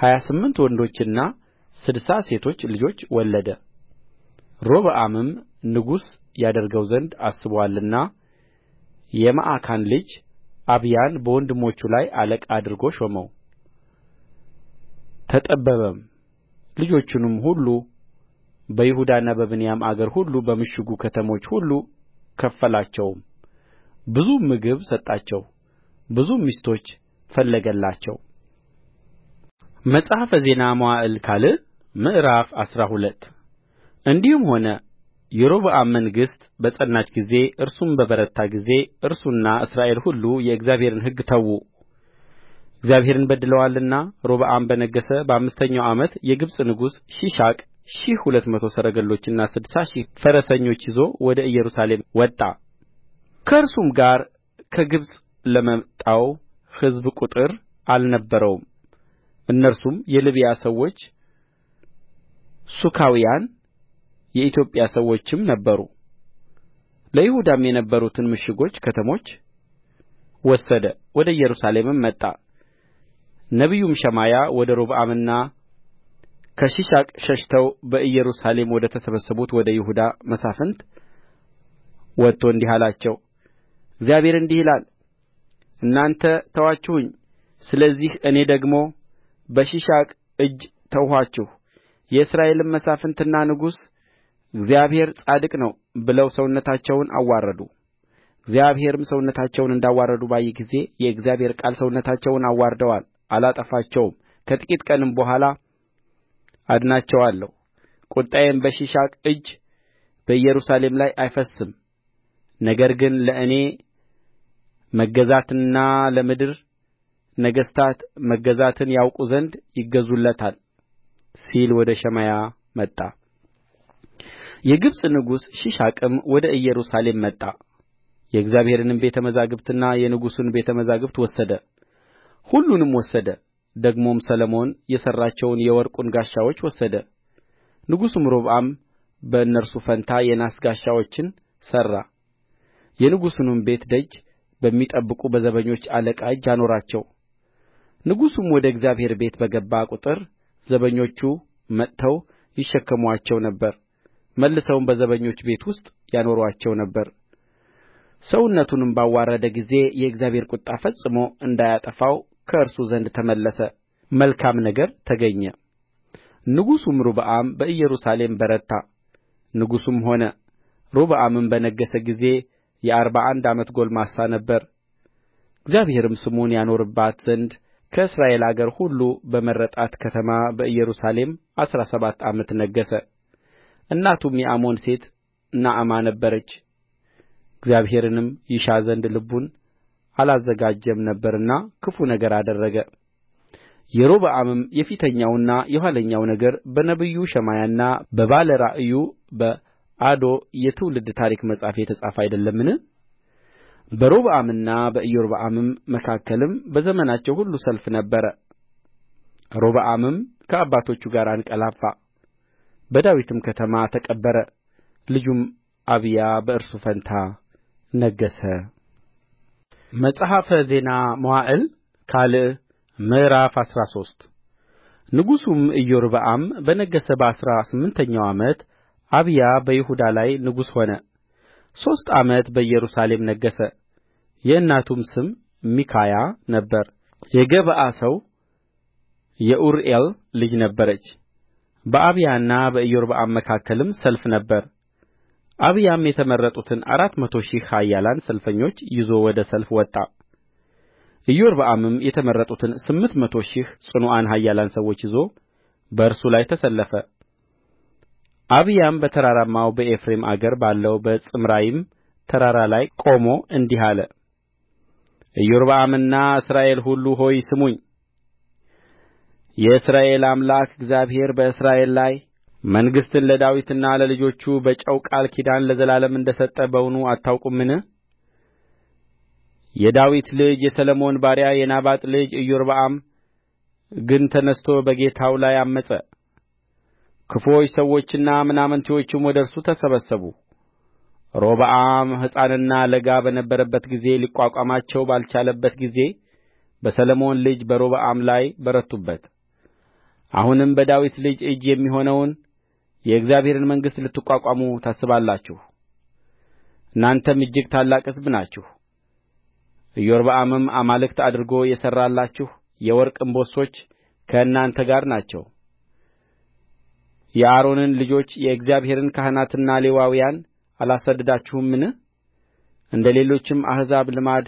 ሀያ ስምንት ወንዶችና ስድሳ ሴቶች ልጆች ወለደ ሮብዓምም ንጉሥ ያደርገው ዘንድ አስቦአልና የመዓካን ልጅ አብያን በወንድሞቹ ላይ አለቃ አድርጎ ሾመው ተጠበበም ልጆቹንም ሁሉ በይሁዳና በብንያም አገር ሁሉ በምሽጉ ከተሞች ሁሉ ከፈላቸውም ብዙም ምግብ ሰጣቸው ብዙም ሚስቶች ፈለገላቸው መጽሐፈ ዜና መዋዕል ካልዕ ምዕራፍ አስራ ሁለት እንዲህም ሆነ የሮብዓም መንግሥት በጸናች ጊዜ እርሱም በበረታ ጊዜ እርሱና እስራኤል ሁሉ የእግዚአብሔርን ሕግ ተዉ። እግዚአብሔርን በድለዋልና ሮብዓም በነገሠ በአምስተኛው ዓመት የግብጽ ንጉሥ ሺሻቅ ሺህ ሁለት መቶ ሰረገሎችና ስድሳ ሺህ ፈረሰኞች ይዞ ወደ ኢየሩሳሌም ወጣ ከእርሱም ጋር ከግብጽ ለመጣው ሕዝብ ቍጥር አልነበረውም እነርሱም የልብያ ሰዎች ሱካውያን የኢትዮጵያ ሰዎችም ነበሩ ለይሁዳም የነበሩትን ምሽጎች ከተሞች ወሰደ ወደ ኢየሩሳሌምም መጣ ነቢዩም ሸማያ ወደ ሮብዓምና ከሺሻቅ ሸሽተው በኢየሩሳሌም ወደ ተሰበሰቡት ወደ ይሁዳ መሳፍንት ወጥቶ እንዲህ አላቸው እግዚአብሔር እንዲህ ይላል እናንተ ተዋችሁኝ ስለዚህ እኔ ደግሞ በሺሻቅ እጅ ተውኋችሁ የእስራኤልም መሳፍንትና ንጉሥ እግዚአብሔር ጻድቅ ነው ብለው ሰውነታቸውን አዋረዱ እግዚአብሔርም ሰውነታቸውን እንዳዋረዱ ባየ ጊዜ የእግዚአብሔር ቃል ሰውነታቸውን አዋርደዋል አላጠፋቸውም ከጥቂት ቀንም በኋላ አድናቸዋለሁ ቍጣዬም በሺሻቅ እጅ በኢየሩሳሌም ላይ አይፈስስም ነገር ግን ለእኔ መገዛትንና ለምድር ነገሥታት መገዛትን ያውቁ ዘንድ ይገዙለታል ሲል ወደ ሸማያ መጣ የግብጽ ንጉሥ ሺሻቅም ወደ ኢየሩሳሌም መጣ የእግዚአብሔርንም ቤተ መዛግብትና የንጉሡን ቤተ መዛግብት ወሰደ ሁሉንም ወሰደ ደግሞም ሰሎሞን የሠራቸውን የወርቁን ጋሻዎች ወሰደ ንጉሡም ሮብዓም በእነርሱ ፋንታ የናስ ጋሻዎችን ሠራ የንጉሡንም ቤት ደጅ በሚጠብቁ በዘበኞች አለቃ እጅ አኖራቸው ንጉሡም ወደ እግዚአብሔር ቤት በገባ ቍጥር ዘበኞቹ መጥተው ይሸከሙአቸው ነበር መልሰውም በዘበኞች ቤት ውስጥ ያኖሩአቸው ነበር ሰውነቱንም ባዋረደ ጊዜ የእግዚአብሔር ቍጣ ፈጽሞ እንዳያጠፋው ከእርሱ ዘንድ ተመለሰ መልካም ነገር ተገኘ ንጉሡም ሮብዓም በኢየሩሳሌም በረታ ንጉሥም ሆነ ሮብዓምም በነገሠ ጊዜ የአርባ አንድ ዓመት ጕልማሳ ነበረ እግዚአብሔርም ስሙን ያኖርባት ዘንድ ከእስራኤል አገር ሁሉ በመረጣት ከተማ በኢየሩሳሌም አሥራ ሰባት ዓመት ነገሠ እናቱም የአሞን ሴት ናዕማ ነበረች እግዚአብሔርንም ይሻ ዘንድ ልቡን አላዘጋጀም ነበርና ክፉ ነገር አደረገ የሮብዓምም የፊተኛውና የኋለኛው ነገር በነቢዩ ሸማያና በባለ ራእዩ በአዶ የትውልድ ታሪክ መጽሐፍ የተጻፈ አይደለምን በሮብዓምና በኢዮርብዓምም መካከልም በዘመናቸው ሁሉ ሰልፍ ነበረ ሮብዓምም ከአባቶቹ ጋር አንቀላፋ በዳዊትም ከተማ ተቀበረ ልጁም አብያ በእርሱ ፋንታ ነገሠ መጽሐፈ ዜና መዋዕል ካልዕ ምዕራፍ አስራ ሶስት ንጉሡም ኢዮርብዓም በነገሠ በአሥራ ስምንተኛው ዓመት አብያ በይሁዳ ላይ ንጉሥ ሆነ ሦስት ዓመት በኢየሩሳሌም ነገሠ። የእናቱም ስም ሚካያ ነበር። የገብዓ ሰው የኡርኤል ልጅ ነበረች። በአብያና በኢዮርብዓም መካከልም ሰልፍ ነበረ። አብያም የተመረጡትን አራት መቶ ሺህ ኃያላን ሰልፈኞች ይዞ ወደ ሰልፍ ወጣ ኢዮርብዓምም የተመረጡትን ስምንት መቶ ሺህ ጽኑዓን ኃያላን ሰዎች ይዞ በእርሱ ላይ ተሰለፈ አብያም በተራራማው በኤፍሬም አገር ባለው በጽማራይም ተራራ ላይ ቆሞ እንዲህ አለ ኢዮርብዓምና እስራኤል ሁሉ ሆይ ስሙኝ የእስራኤል አምላክ እግዚአብሔር በእስራኤል ላይ መንግሥትን ለዳዊትና ለልጆቹ በጨው ቃል ኪዳን ለዘላለም እንደ ሰጠ በውኑ አታውቁምን የዳዊት ልጅ የሰሎሞን ባሪያ የናባጥ ልጅ ኢዮርብዓም ግን ተነሥቶ በጌታው ላይ ዐመፀ ክፉዎች ሰዎችና ምናምንቴዎችም ወደ እርሱ ተሰበሰቡ ሮብዓም ሕፃንና ለጋ በነበረበት ጊዜ ሊቋቋማቸው ባልቻለበት ጊዜ በሰሎሞን ልጅ በሮብዓም ላይ በረቱበት አሁንም በዳዊት ልጅ እጅ የሚሆነውን የእግዚአብሔርን መንግሥት ልትቋቋሙ ታስባላችሁ እናንተም እጅግ ታላቅ ሕዝብ ናችሁ ኢዮርብዓምም አማልክት አድርጎ የሠራላችሁ የወርቅ እምቦሶች ከእናንተ ጋር ናቸው የአሮንን ልጆች የእግዚአብሔርን ካህናትና ሌዋውያን አላሳደዳችሁምን እንደ ሌሎችም አሕዛብ ልማድ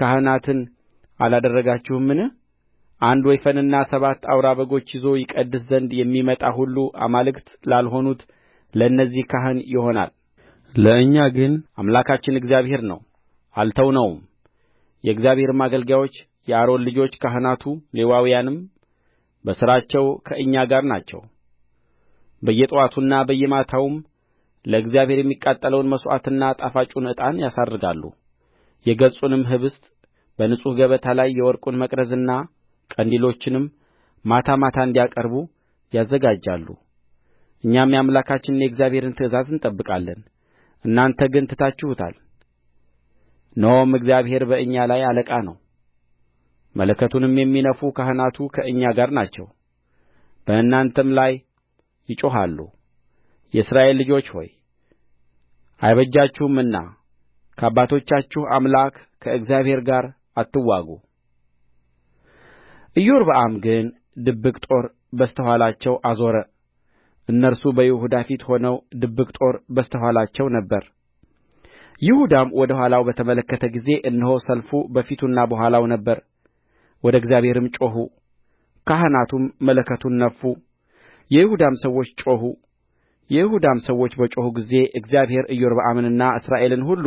ካህናትን አላደረጋችሁምን አንድ ወይፈንና ሰባት አውራ በጎች ይዞ ይቀድስ ዘንድ የሚመጣ ሁሉ አማልክት ላልሆኑት ለእነዚህ ካህን ይሆናል ለእኛ ግን አምላካችን እግዚአብሔር ነው አልተውነውም የእግዚአብሔርም አገልጋዮች የአሮን ልጆች ካህናቱ ሌዋውያንም በሥራቸው ከእኛ ጋር ናቸው በየጥዋቱና በየማታውም ለእግዚአብሔር የሚቃጠለውን መሥዋዕትና ጣፋጩን ዕጣን ያሳርጋሉ የገጹንም ኅብስት በንጹሕ ገበታ ላይ የወርቁን መቅረዝና ቀንዲሎችንም ማታ ማታ እንዲያቀርቡ ያዘጋጃሉ እኛም የአምላካችንን የእግዚአብሔርን ትእዛዝ እንጠብቃለን እናንተ ግን ትታችሁታል እነሆም እግዚአብሔር በእኛ ላይ አለቃ ነው መለከቱንም የሚነፉ ካህናቱ ከእኛ ጋር ናቸው በእናንተም ላይ ይጮኻሉ የእስራኤል ልጆች ሆይ አይበጃችሁምና ከአባቶቻችሁ አምላክ ከእግዚአብሔር ጋር አትዋጉ ኢዮርብዓም ግን ድብቅ ጦር በስተ ኋላቸው አዞረ እነርሱ በይሁዳ ፊት ሆነው ድብቅ ጦር በስተ ኋላቸው ነበረ ይሁዳም ወደ ኋላው በተመለከተ ጊዜ እነሆ ሰልፉ በፊቱና በኋላው ነበረ ወደ እግዚአብሔርም ጮኹ ካህናቱም መለከቱን ነፉ የይሁዳም ሰዎች ጮኹ የይሁዳም ሰዎች በጮኹ ጊዜ እግዚአብሔር ኢዮርብዓምንና እስራኤልን ሁሉ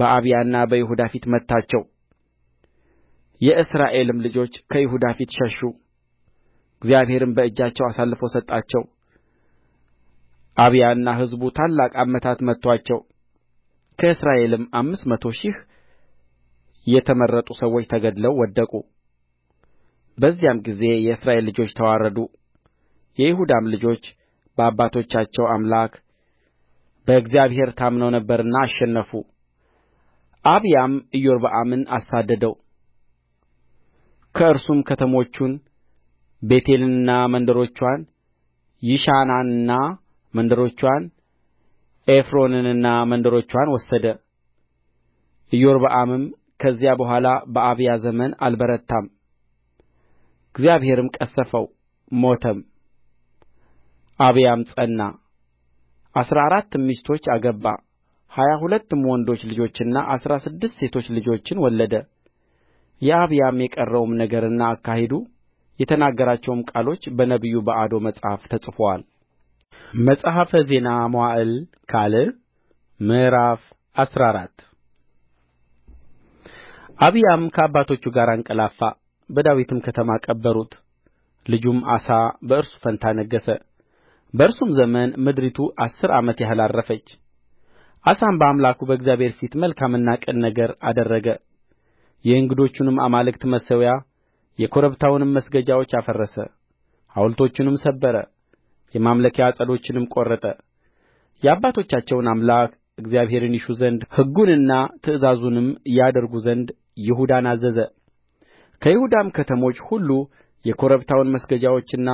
በአብያና በይሁዳ ፊት መታቸው የእስራኤልም ልጆች ከይሁዳ ፊት ሸሹ እግዚአብሔርም በእጃቸው አሳልፎ ሰጣቸው አብያና ሕዝቡ ታላቅ አመታት መቱአቸው ከእስራኤልም አምስት መቶ ሺህ የተመረጡ ሰዎች ተገድለው ወደቁ በዚያም ጊዜ የእስራኤል ልጆች ተዋረዱ የይሁዳም ልጆች በአባቶቻቸው አምላክ በእግዚአብሔር ታምነው ነበርና አሸነፉ አብያም ኢዮርብዓምን አሳደደው ከእርሱም ከተሞቹን ቤቴልንና መንደሮችዋን ይሻናንና መንደሮችዋን ኤፍሮንንና መንደሮችዋን ወሰደ ኢዮርብዓምም ከዚያ በኋላ በአብያ ዘመን አልበረታም እግዚአብሔርም ቀሠፈው ሞተም አብያም ጸና አሥራ አራትም ሚስቶች አገባ ሀያ ሁለትም ወንዶች ልጆችንና አሥራ ስድስት ሴቶች ልጆችን ወለደ የአብያም የቀረውም ነገርና አካሄዱ የተናገራቸውም ቃሎች በነቢዩ በአዶ መጽሐፍ ተጽፈዋል መጽሐፈ ዜና መዋዕል ካልዕ ምዕራፍ አስራ አራት አብያም ከአባቶቹ ጋር አንቀላፋ በዳዊትም ከተማ ቀበሩት ልጁም አሳ በእርሱ ፋንታ ነገሠ በእርሱም ዘመን ምድሪቱ አሥር ዓመት ያህል ዐረፈች አሳም በአምላኩ በእግዚአብሔር ፊት መልካምና ቅን ነገር አደረገ የእንግዶቹንም አማልክት መሠዊያ የኮረብታውንም መስገጃዎች አፈረሰ ሐውልቶቹንም ሰበረ የማምለኪያ ዐፀዶቹንም ቈረጠ የአባቶቻቸውን አምላክ እግዚአብሔርን ይሹ ዘንድ ሕጉንና ትእዛዙንም ያደርጉ ዘንድ ይሁዳን አዘዘ ከይሁዳም ከተሞች ሁሉ የኮረብታውን መስገጃዎችና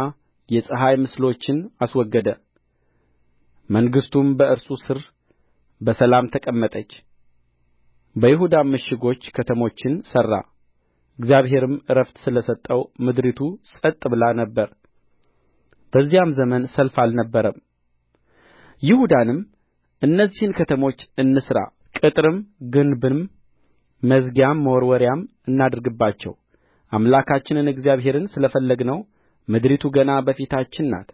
የፀሐይ ምስሎችን አስወገደ መንግሥቱም በእርሱ ሥር በሰላም ተቀመጠች በይሁዳም ምሽጎች ከተሞችን ሠራ እግዚአብሔርም ዕረፍት ስለ ሰጠው ምድሪቱ ጸጥ ብላ ነበር በዚያም ዘመን ሰልፍ አልነበረም ይሁዳንም እነዚህን ከተሞች እንሥራ ቅጥርም ግንብም መዝጊያም መወርወሪያም እናድርግባቸው አምላካችንን እግዚአብሔርን ስለ ፈለግነው ምድሪቱ ገና በፊታችን ናት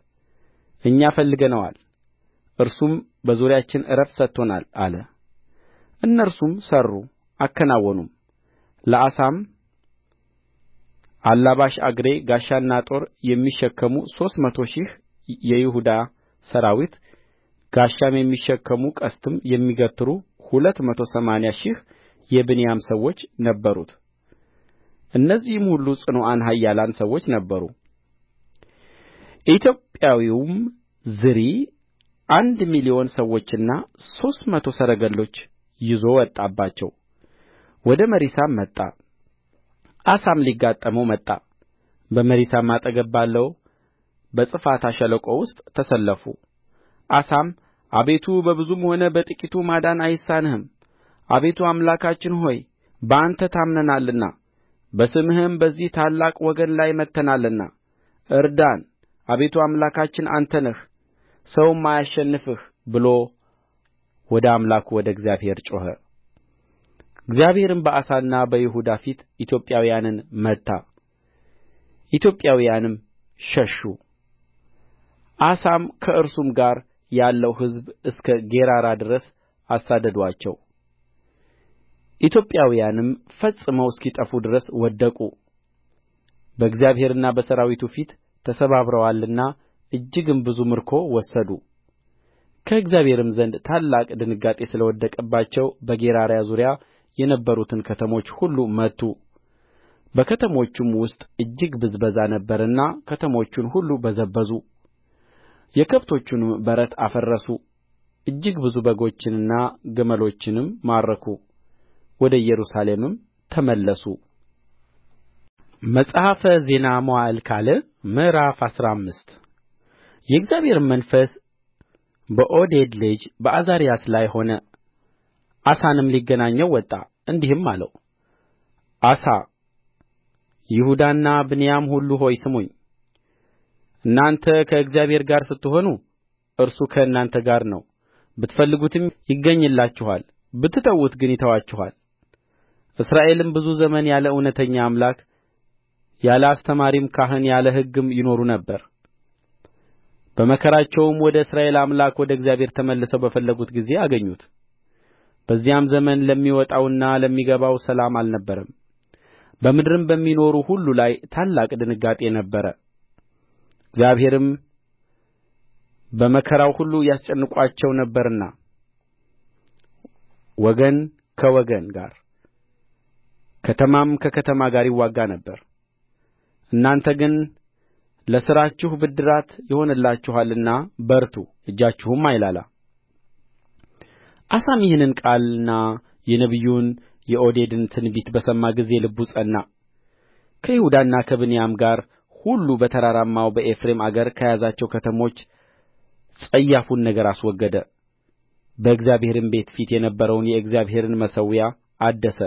እኛ ፈልገነዋል እርሱም በዙሪያችን ዕረፍት ሰጥቶናል አለ እነርሱም ሠሩ አከናወኑም ለአሳም አላባሽ አግሬ ጋሻና ጦር የሚሸከሙ ሦስት መቶ ሺህ የይሁዳ ሠራዊት ጋሻም የሚሸከሙ ቀስትም የሚገትሩ ሁለት መቶ ሰማንያ ሺህ የብንያም ሰዎች ነበሩት እነዚህም ሁሉ ጽኑዓን ኃያላን ሰዎች ነበሩ ኢትዮጵያዊውም ዝሪ አንድ ሚሊዮን ሰዎችና ሦስት መቶ ሰረገሎች ይዞ ወጣባቸው ወደ መሪሳም መጣ አሳም ሊጋጠመው መጣ በመሪሳም አጠገብ ባለው በጽፋታ ሸለቆ ውስጥ ተሰለፉ አሳም አቤቱ በብዙም ሆነ በጥቂቱ ማዳን አይሳንህም አቤቱ አምላካችን ሆይ በአንተ ታምነናልና በስምህም በዚህ ታላቅ ወገን ላይ መጥተናልና እርዳን አቤቱ አምላካችን አንተ ነህ ሰውም አያሸንፍህ ብሎ ወደ አምላኩ ወደ እግዚአብሔር ጮኸ እግዚአብሔርም በአሳና በይሁዳ ፊት ኢትዮጵያውያንን መታ ኢትዮጵያውያንም ሸሹ አሳም ከእርሱም ጋር ያለው ሕዝብ እስከ ጌራራ ድረስ አሳደዱአቸው ኢትዮጵያውያንም ፈጽመው እስኪጠፉ ድረስ ወደቁ በእግዚአብሔርና በሠራዊቱ ፊት ተሰባብረዋልና እጅግም ብዙ ምርኮ ወሰዱ ከእግዚአብሔርም ዘንድ ታላቅ ድንጋጤ ስለ ወደቀባቸው በጌራራ ዙሪያ የነበሩትን ከተሞች ሁሉ መቱ በከተሞቹም ውስጥ እጅግ ብዝበዛ ነበረና ከተሞቹን ሁሉ በዘበዙ የከብቶቹንም በረት አፈረሱ እጅግ ብዙ በጎችንና ግመሎችንም ማረኩ ወደ ኢየሩሳሌምም ተመለሱ መጽሐፈ ዜና መዋዕል ካልዕ ምዕራፍ አስራ አምስት የእግዚአብሔርም መንፈስ በዖዴድ ልጅ በዓዛርያስ ላይ ሆነ አሳንም ሊገናኘው ወጣ እንዲህም አለው አሳ ይሁዳና ብንያም ሁሉ ሆይ ስሙኝ እናንተ ከእግዚአብሔር ጋር ስትሆኑ እርሱ ከእናንተ ጋር ነው ብትፈልጉትም ይገኝላችኋል ብትተዉት ግን ይተዋችኋል እስራኤልም ብዙ ዘመን ያለ እውነተኛ አምላክ ያለ አስተማሪም ካህን ያለ ሕግም ይኖሩ ነበር በመከራቸውም ወደ እስራኤል አምላክ ወደ እግዚአብሔር ተመልሰው በፈለጉት ጊዜ አገኙት በዚያም ዘመን ለሚወጣውና ለሚገባው ሰላም አልነበረም በምድርም በሚኖሩ ሁሉ ላይ ታላቅ ድንጋጤ ነበረ እግዚአብሔርም በመከራው ሁሉ ያስጨንቋቸው ነበርና ወገን ከወገን ጋር ከተማም ከከተማ ጋር ይዋጋ ነበር እናንተ ግን ለሥራችሁ ብድራት ይሆንላችኋልና በርቱ እጃችሁም አይላላ አሳም ይህን ቃልና የነቢዩን የዖዴድን ትንቢት በሰማ ጊዜ ልቡ ጸና ከይሁዳና ከብንያም ጋር ሁሉ በተራራማው በኤፍሬም አገር ከያዛቸው ከተሞች ጸያፉን ነገር አስወገደ በእግዚአብሔርም ቤት ፊት የነበረውን የእግዚአብሔርን መሠዊያ አደሰ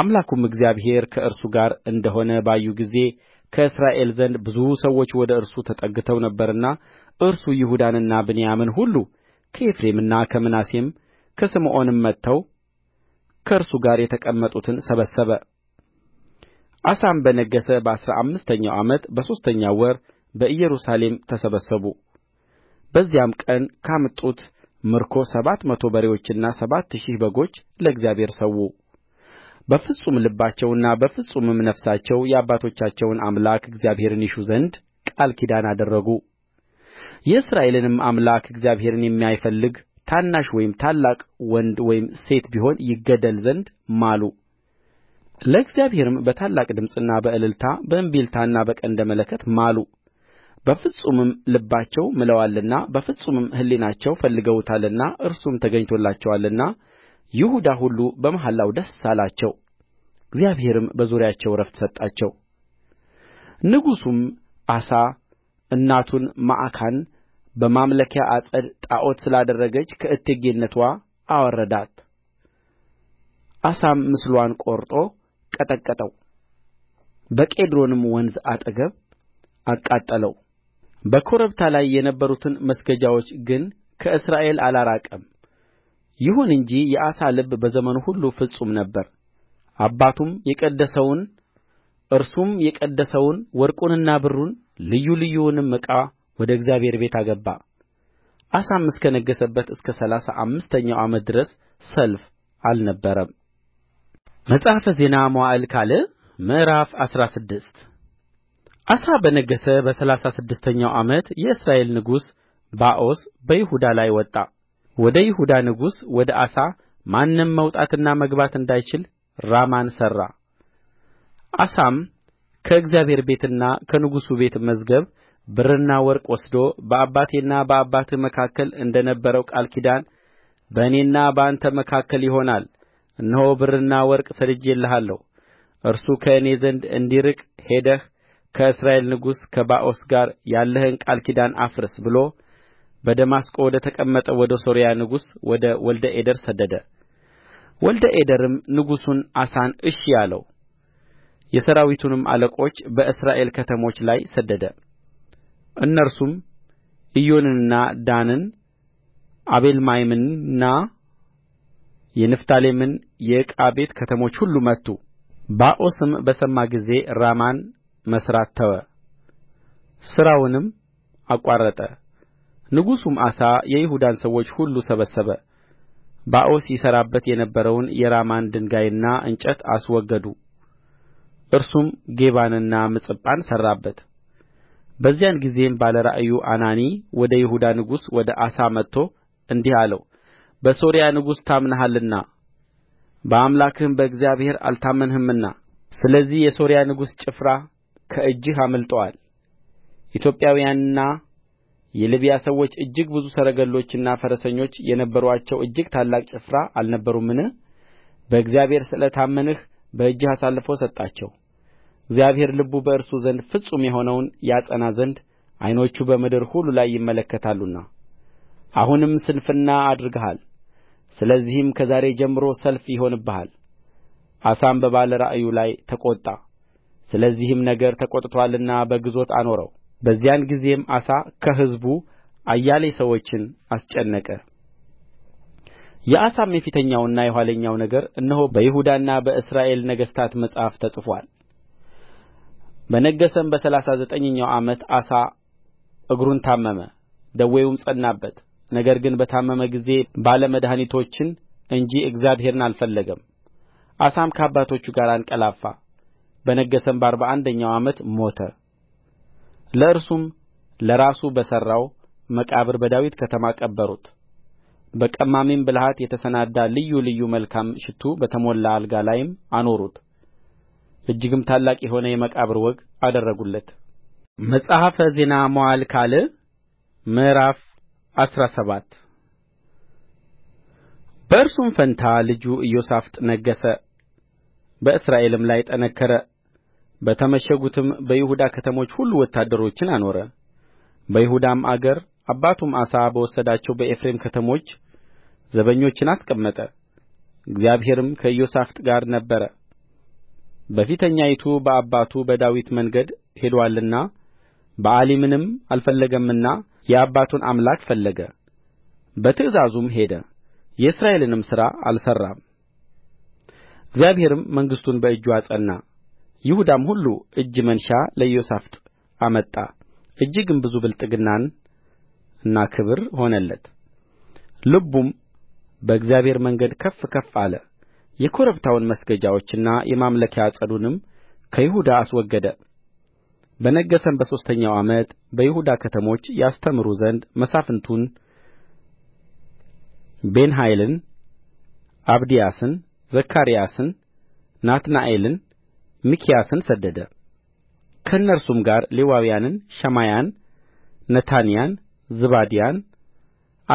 አምላኩም እግዚአብሔር ከእርሱ ጋር እንደ ሆነ ባዩ ጊዜ ከእስራኤል ዘንድ ብዙ ሰዎች ወደ እርሱ ተጠግተው ነበርና እርሱ ይሁዳንና ብንያምን ሁሉ ከኤፍሬምና ከምናሴም ከስምዖንም መጥተው ከእርሱ ጋር የተቀመጡትን ሰበሰበ አሳም በነገሠ በአሥራ አምስተኛው ዓመት በሦስተኛው ወር በኢየሩሳሌም ተሰበሰቡ በዚያም ቀን ካመጡት ምርኮ ሰባት መቶ በሬዎችና ሰባት ሺህ በጎች ለእግዚአብሔር ሠዉ በፍጹም ልባቸውና በፍጹምም ነፍሳቸው የአባቶቻቸውን አምላክ እግዚአብሔርን ይሹ ዘንድ ቃል ኪዳን አደረጉ የእስራኤልንም አምላክ እግዚአብሔርን የማይፈልግ ታናሽ ወይም ታላቅ ወንድ ወይም ሴት ቢሆን ይገደል ዘንድ ማሉ ለእግዚአብሔርም በታላቅ ድምፅና በእልልታ በእምቢልታና በቀንደ መለከት ማሉ በፍጹምም ልባቸው ምለዋልና በፍጹምም ሕሊናቸው ፈልገውታልና እርሱም ተገኝቶላቸዋልና ይሁዳ ሁሉ በመሐላው ደስ አላቸው እግዚአብሔርም በዙሪያቸው ዕረፍት ሰጣቸው ንጉሡም አሳ እናቱን መዓካን በማምለኪያ ዐፀድ ጣዖት ስላደረገች ከእቴጌነትዋ አዋረዳት አሳም ምስልዋን ቈርጦ ቀጠቀጠው በቄድሮንም ወንዝ አጠገብ አቃጠለው በኮረብታ ላይ የነበሩትን መስገጃዎች ግን ከእስራኤል አላራቀም ይሁን እንጂ የአሳ ልብ በዘመኑ ሁሉ ፍጹም ነበረ አባቱም የቀደሰውን እርሱም የቀደሰውን ወርቁንና ብሩን ልዩ ልዩውንም ዕቃ ወደ እግዚአብሔር ቤት አገባ አሳም እስከ ነገሠበት እስከ ሠላሳ አምስተኛው ዓመት ድረስ ሰልፍ አልነበረም። መጽሐፈ ዜና መዋዕል ካልዕ ምዕራፍ አስራ ስድስት አሳ በነገሠ በሠላሳ ስድስተኛው ዓመት የእስራኤል ንጉሥ ባኦስ በይሁዳ ላይ ወጣ። ወደ ይሁዳ ንጉሥ ወደ አሳ ማንም መውጣትና መግባት እንዳይችል ራማን ሠራ አሳም ከእግዚአብሔር ቤትና ከንጉሡ ቤት መዝገብ ብርና ወርቅ ወስዶ በአባቴና በአባትህ መካከል እንደ ነበረው ቃል ኪዳን በእኔና በአንተ መካከል ይሆናል እነሆ ብርና ወርቅ ሰድጄልሃለሁ እርሱ ከእኔ ዘንድ እንዲርቅ ሄደህ ከእስራኤል ንጉሥ ከባኦስ ጋር ያለህን ቃል ኪዳን አፍርስ ብሎ በደማስቆ ወደ ተቀመጠው ወደ ሶርያ ንጉሥ ወደ ወልደ አዴር ሰደደ ወልደ አዴርም ንጉሡን አሳን እሺ አለው የሠራዊቱንም አለቆች በእስራኤል ከተሞች ላይ ሰደደ እነርሱም ዒዮንንና ዳንን አቤልማይምንና የንፍታሌምን የዕቃ ቤት ከተሞች ሁሉ መቱ ባኦስም በሰማ ጊዜ ራማን መሥራት ተወ ሥራውንም አቋረጠ ንጉሡም አሳ የይሁዳን ሰዎች ሁሉ ሰበሰበ ባኦስ ይሠራበት የነበረውን የራማን ድንጋይና እንጨት አስወገዱ እርሱም ጌባንና ምጽጳን ሠራበት በዚያን ጊዜም ባለ ራእዩ አናኒ ወደ ይሁዳ ንጉሥ ወደ አሳ መጥቶ እንዲህ አለው በሶርያ ንጉሥ ታምነሃልና በአምላክህም በእግዚአብሔር አልታመንህምና ስለዚህ የሶርያ ንጉሥ ጭፍራ ከእጅህ አምልጦአል ኢትዮጵያውያንና የልብያ ሰዎች እጅግ ብዙ ሰረገሎችና ፈረሰኞች የነበሩአቸው እጅግ ታላቅ ጭፍራ አልነበሩምን በእግዚአብሔር ስለ ታመንህ በእጅህ አሳልፎ ሰጣቸው እግዚአብሔር ልቡ በእርሱ ዘንድ ፍጹም የሆነውን ያጸና ዘንድ ዓይኖቹ በምድር ሁሉ ላይ ይመለከታሉና አሁንም ስንፍና አድርገሃል ስለዚህም ከዛሬ ጀምሮ ሰልፍ ይሆንብሃል አሳም በባለ ራእዩ ላይ ተቈጣ ስለዚህም ነገር ተቈጥቶአልና በግዞት አኖረው በዚያን ጊዜም አሳ ከሕዝቡ አያሌ ሰዎችን አስጨነቀ የአሳም የፊተኛውና የኋለኛው ነገር እነሆ በይሁዳና በእስራኤል ነገሥታት መጽሐፍ ተጽፎአል በነገሠም በሠላሳ ዘጠኝኛው ዓመት አሳ እግሩን ታመመ ደዌውም ጸናበት ነገር ግን በታመመ ጊዜ ባለ መድኃኒቶችን እንጂ እግዚአብሔርን አልፈለገም አሳም ከአባቶቹ ጋር አንቀላፋ በነገሠም በአርባ አንደኛው ዓመት ሞተ ለእርሱም ለራሱ በሠራው መቃብር በዳዊት ከተማ ቀበሩት በቀማሚም ብልሃት የተሰናዳ ልዩ ልዩ መልካም ሽቱ በተሞላ አልጋ ላይም አኖሩት እጅግም ታላቅ የሆነ የመቃብር ወግ አደረጉለት መጽሐፈ ዜና መዋዕል ካልዕ ምዕራፍ አስራ ሰባት በእርሱም ፋንታ ልጁ ኢዮሣፍጥ ነገሠ በእስራኤልም ላይ ጠነከረ በተመሸጉትም በይሁዳ ከተሞች ሁሉ ወታደሮችን አኖረ በይሁዳም አገር አባቱም አሳ በወሰዳቸው በኤፍሬም ከተሞች ዘበኞችን አስቀመጠ እግዚአብሔርም ከኢዮሣፍጥ ጋር ነበረ በፊተኛይቱ በአባቱ በዳዊት መንገድ ሄዶአልና በኣሊምንም አልፈለገምና የአባቱን አምላክ ፈለገ በትእዛዙም ሄደ የእስራኤልንም ሥራ አልሠራም እግዚአብሔርም መንግሥቱን በእጁ አጸና ይሁዳም ሁሉ እጅ መንሻ ለኢዮሣፍጥ አመጣ እጅግም ብዙ ብልጥግናና ክብር ሆነለት ልቡም በእግዚአብሔር መንገድ ከፍ ከፍ አለ የኮረብታውን መስገጃዎችና የማምለኪያ ዐፀዱንም ከይሁዳ አስወገደ በነገሠም በሦስተኛው ዓመት በይሁዳ ከተሞች ያስተምሩ ዘንድ መሳፍንቱን ቤንኃይልን አብድያስን ዘካርያስን ናትናኤልን ሚክያስን ሰደደ ከእነርሱም ጋር ሌዋውያንን ሸማያን ነታንያን ዝባድያን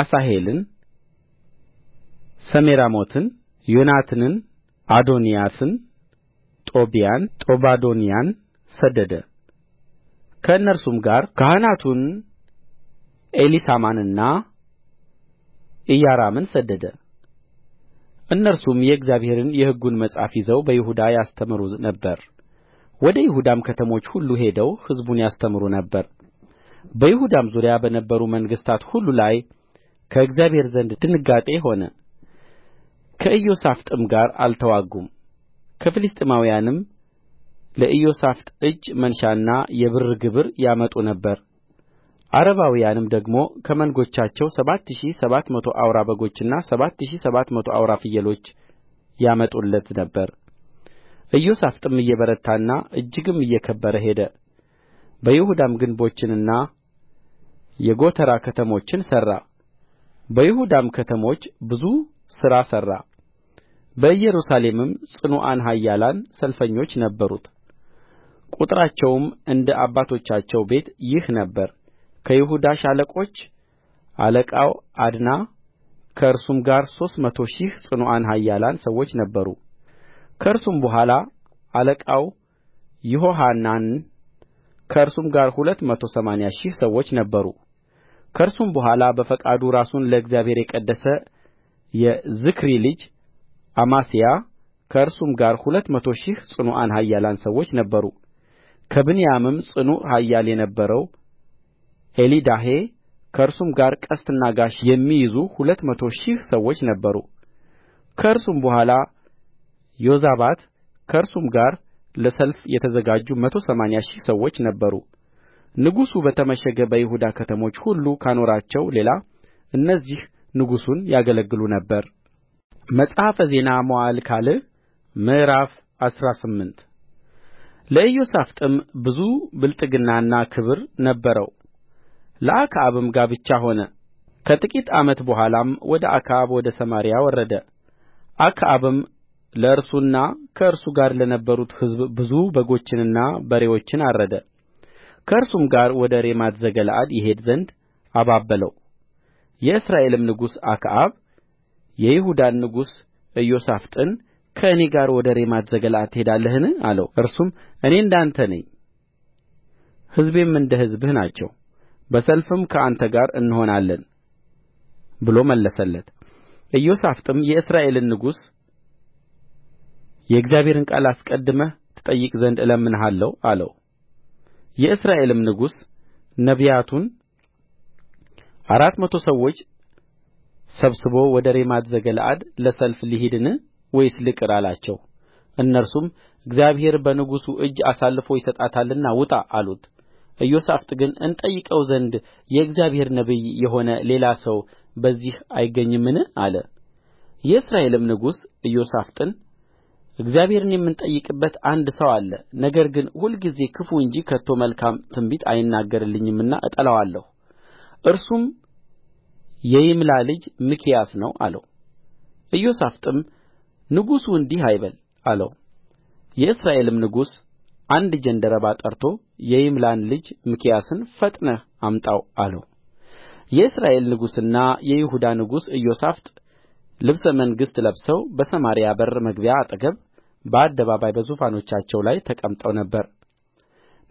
አሣሄልን ሰሚራሞትን ዮናትንን፣ አዶንያስን ጦብያን ጦባዶንያን ሰደደ ከእነርሱም ጋር ካህናቱን ኤሊሳማንና ኢዮራምን ሰደደ እነርሱም የእግዚአብሔርን የሕጉን መጽሐፍ ይዘው በይሁዳ ያስተምሩ ነበር ወደ ይሁዳም ከተሞች ሁሉ ሄደው ሕዝቡን ያስተምሩ ነበር በይሁዳም ዙሪያ በነበሩ መንግሥታት ሁሉ ላይ ከእግዚአብሔር ዘንድ ድንጋጤ ሆነ ከኢዮሣፍጥም ጋር አልተዋጉም ከፍልስጥኤማውያንም ለኢዮሣፍጥ እጅ መንሻና የብር ግብር ያመጡ ነበር ዓረባውያንም ደግሞ ከመንጎቻቸው ሰባት ሺህ ሰባት መቶ አውራ በጎችና ሰባት ሺህ ሰባት መቶ አውራ ፍየሎች ያመጡለት ነበር ኢዮሣፍጥም እየበረታና እጅግም እየከበረ ሄደ በይሁዳም ግንቦችንና የጎተራ ከተሞችን ሠራ በይሁዳም ከተሞች ብዙ ሥራ ሠራ በኢየሩሳሌምም ጽኑዓን ኃያላን ሰልፈኞች ነበሩት ቍጥራቸውም እንደ አባቶቻቸው ቤት ይህ ነበረ ከይሁዳ ሻለቆች አለቃው ዓድና ከእርሱም ጋር ሦስት መቶ ሺህ ጽኑዓን ኃያላን ሰዎች ነበሩ ከእርሱም በኋላ አለቃው ይሆሐናን ከእርሱም ጋር ሁለት መቶ ሰማንያ ሺህ ሰዎች ነበሩ ከእርሱም በኋላ በፈቃዱ ራሱን ለእግዚአብሔር የቀደሰ የዝክሪ ልጅ አማስያ ከእርሱም ጋር ሁለት መቶ ሺህ ጽኑዓን ኃያላን ሰዎች ነበሩ ከብንያምም ጽኑዕ ኃያል የነበረው ኤሊዳሄ ከእርሱም ጋር ቀስትና ጋሻ የሚይዙ ሁለት መቶ ሺህ ሰዎች ነበሩ ከእርሱም በኋላ ዮዛባት ከእርሱም ጋር ለሰልፍ የተዘጋጁ መቶ ሰማንያ ሺህ ሰዎች ነበሩ ንጉሡ በተመሸገ በይሁዳ ከተሞች ሁሉ ካኖራቸው ሌላ እነዚህ ንጉሡን ያገለግሉ ነበር መጽሐፈ ዜና መዋዕል ካልዕ ምዕራፍ አስራ ስምንት ለኢዮሣፍጥም ብዙ ብልጥግናና ክብር ነበረው ለአክዓብም ጋብቻ ሆነ ከጥቂት ዓመት በኋላም ወደ አክዓብ ወደ ሰማርያ ወረደ አክዓብም ለእርሱና ከእርሱ ጋር ለነበሩት ሕዝብ ብዙ በጎችንና በሬዎችን አረደ ከእርሱም ጋር ወደ ሬማት ዘገለዓድ ይሄድ ዘንድ አባበለው የእስራኤልም ንጉሥ አክዓብ የይሁዳን ንጉሥ ኢዮሣፍጥን ከእኔ ጋር ወደ ሬማት ዘገለዓድ ትሄዳለህን አለው እርሱም እኔ እንደ አንተ ነኝ ሕዝቤም እንደ ሕዝብህ ናቸው በሰልፍም ከአንተ ጋር እንሆናለን ብሎ መለሰለት ኢዮሣፍጥም የእስራኤልን ንጉሥ የእግዚአብሔርን ቃል አስቀድመህ ትጠይቅ ዘንድ እለምንሃለሁ አለው የእስራኤልም ንጉሥ ነቢያቱን አራት መቶ ሰዎች ሰብስቦ ወደ ሬማት ዘገለዓድ ለሰልፍ ልሂድን ወይስ ልቅር አላቸው እነርሱም እግዚአብሔር በንጉሡ እጅ አሳልፎ ይሰጣታልና ውጣ አሉት ኢዮሣፍጥ ግን እንጠይቀው ዘንድ የእግዚአብሔር ነቢይ የሆነ ሌላ ሰው በዚህ አይገኝምን አለ የእስራኤልም ንጉሥ ኢዮሣፍጥን እግዚአብሔርን የምንጠይቅበት አንድ ሰው አለ ነገር ግን ሁልጊዜ ክፉ እንጂ ከቶ መልካም ትንቢት አይናገርልኝምና እጠላዋለሁ እርሱም የይምላ ልጅ ሚክያስ ነው አለው ኢዮሣፍጥም ንጉሡ እንዲህ አይበል አለው የእስራኤልም ንጉሥ አንድ ጃንደረባ ጠርቶ የይምላን ልጅ ሚክያስን ፈጥነህ አምጣው አለው የእስራኤል ንጉሥና የይሁዳ ንጉሥ ኢዮሣፍጥ ልብሰ መንግሥት ለብሰው በሰማርያ በር መግቢያ አጠገብ በአደባባይ በዙፋኖቻቸው ላይ ተቀምጠው ነበር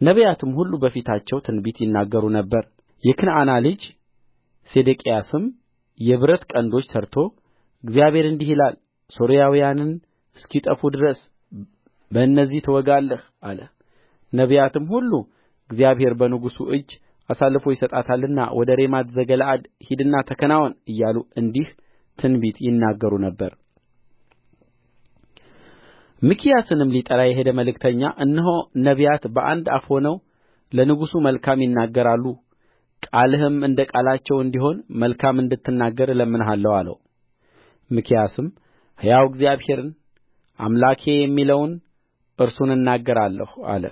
ነቢያትም ሁሉ በፊታቸው ትንቢት ይናገሩ ነበር የክንዓና ልጅ ሴዴቅያስም የብረት ቀንዶች ሠርቶ እግዚአብሔር እንዲህ ይላል ሶርያውያንን እስኪጠፉ ድረስ በእነዚህ ትወጋለህ አለ ነቢያትም ሁሉ እግዚአብሔር በንጉሡ እጅ አሳልፎ ይሰጣታልና ወደ ሬማት ዘገለዓድ ሂድና ተከናወን እያሉ እንዲህ ትንቢት ይናገሩ ነበር ሚክያስንም ሊጠራ የሄደ መልእክተኛ እነሆ ነቢያት በአንድ አፍ ሆነው ለንጉሡ መልካም ይናገራሉ ቃልህም እንደ ቃላቸው እንዲሆን መልካም እንድትናገር እለምንሃለሁ አለው ሚክያስም ሕያው እግዚአብሔርን አምላኬ የሚለውን እርሱን እናገራለሁ አለ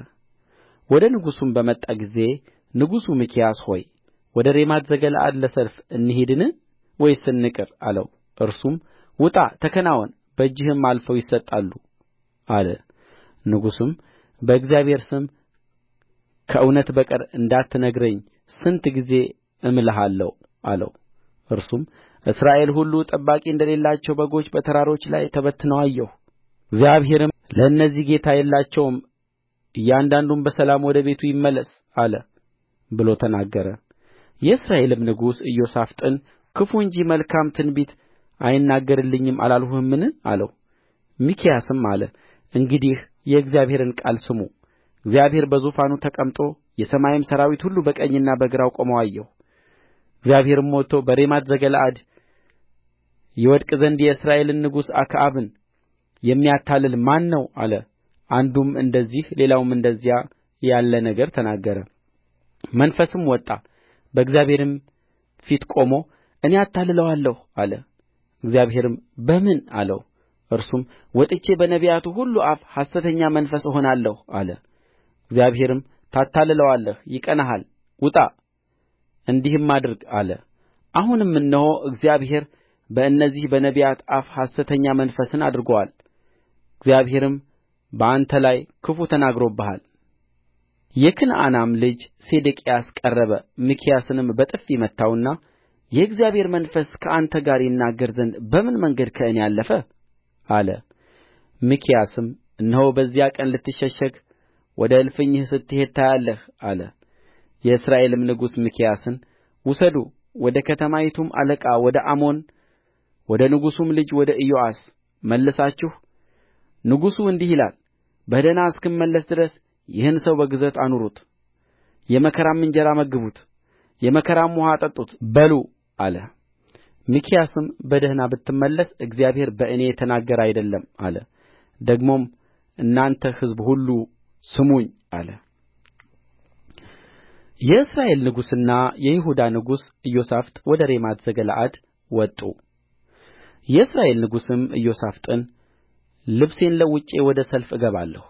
ወደ ንጉሡም በመጣ ጊዜ ንጉሡ ሚክያስ ሆይ ወደ ሬማት ዘገለዓድ ለሰልፍ እንሂድን ወይስ እንቅር አለው እርሱም ውጣ ተከናወን በእጅህም አልፈው ይሰጣሉ አለ ንጉሡም በእግዚአብሔር ስም ከእውነት በቀር እንዳትነግረኝ ስንት ጊዜ እምልሃለሁ አለው እርሱም እስራኤል ሁሉ ጠባቂ እንደሌላቸው በጎች በተራሮች ላይ ተበትነው አየሁ እግዚአብሔርም ለእነዚህ ጌታ የላቸውም እያንዳንዱም በሰላም ወደ ቤቱ ይመለስ አለ ብሎ ተናገረ የእስራኤልም ንጉሥ ኢዮሣፍጥን ክፉ እንጂ መልካም ትንቢት አይናገርልኝም አላልሁህምን አለው ሚክያስም አለ እንግዲህ የእግዚአብሔርን ቃል ስሙ እግዚአብሔር በዙፋኑ ተቀምጦ የሰማይም ሠራዊት ሁሉ በቀኝና በግራው ቆመው አየሁ እግዚአብሔርም ወጥቶ በሬማት ዘገለዓድ ይወድቅ ዘንድ የእስራኤልን ንጉሥ አክዓብን የሚያታልል ማን ነው አለ አንዱም እንደዚህ ሌላውም እንደዚያ ያለ ነገር ተናገረ መንፈስም ወጣ በእግዚአብሔርም ፊት ቆሞ እኔ አታልለዋለሁ አለ እግዚአብሔርም በምን አለው እርሱም ወጥቼ በነቢያቱ ሁሉ አፍ ሐሰተኛ መንፈስ እሆናለሁ አለ እግዚአብሔርም ታታልለዋለህ ይቀናሃል ውጣ እንዲህም አድርግ አለ አሁንም እነሆ እግዚአብሔር በእነዚህ በነቢያት አፍ ሐሰተኛ መንፈስን አድርጎአል እግዚአብሔርም በአንተ ላይ ክፉ ተናግሮብሃል የክንዓናም ልጅ ሴዴቅያስ ቀረበ ሚክያስንም በጥፊ መታውና የእግዚአብሔር መንፈስ ከአንተ ጋር ይናገር ዘንድ በምን መንገድ ከእኔ አለፈ አለ ሚክያስም እነሆ በዚያ ቀን ልትሸሸግ ወደ እልፍኝህ ስትሄድ ታያለህ አለ የእስራኤልም ንጉሥ ሚክያስን ውሰዱ ወደ ከተማይቱም አለቃ ወደ አሞን ወደ ንጉሡም ልጅ ወደ ኢዮአስ መልሳችሁ ንጉሡ እንዲህ ይላል በደኅና እስክመለስ ድረስ ይህን ሰው በግዞት አኑሩት የመከራም እንጀራ መግቡት የመከራም ውኃ አጠጡት በሉ አለ ሚክያስም በደኅና ብትመለስ እግዚአብሔር በእኔ የተናገረ አይደለም አለ ደግሞም እናንተ ሕዝብ ሁሉ ስሙኝ አለ የእስራኤል ንጉሥና የይሁዳ ንጉሥ ኢዮሣፍጥ ወደ ሬማት ዘገለዓድ ወጡ የእስራኤል ንጉሥም ኢዮሣፍጥን ልብሴን ለውጬ ወደ ሰልፍ እገባለሁ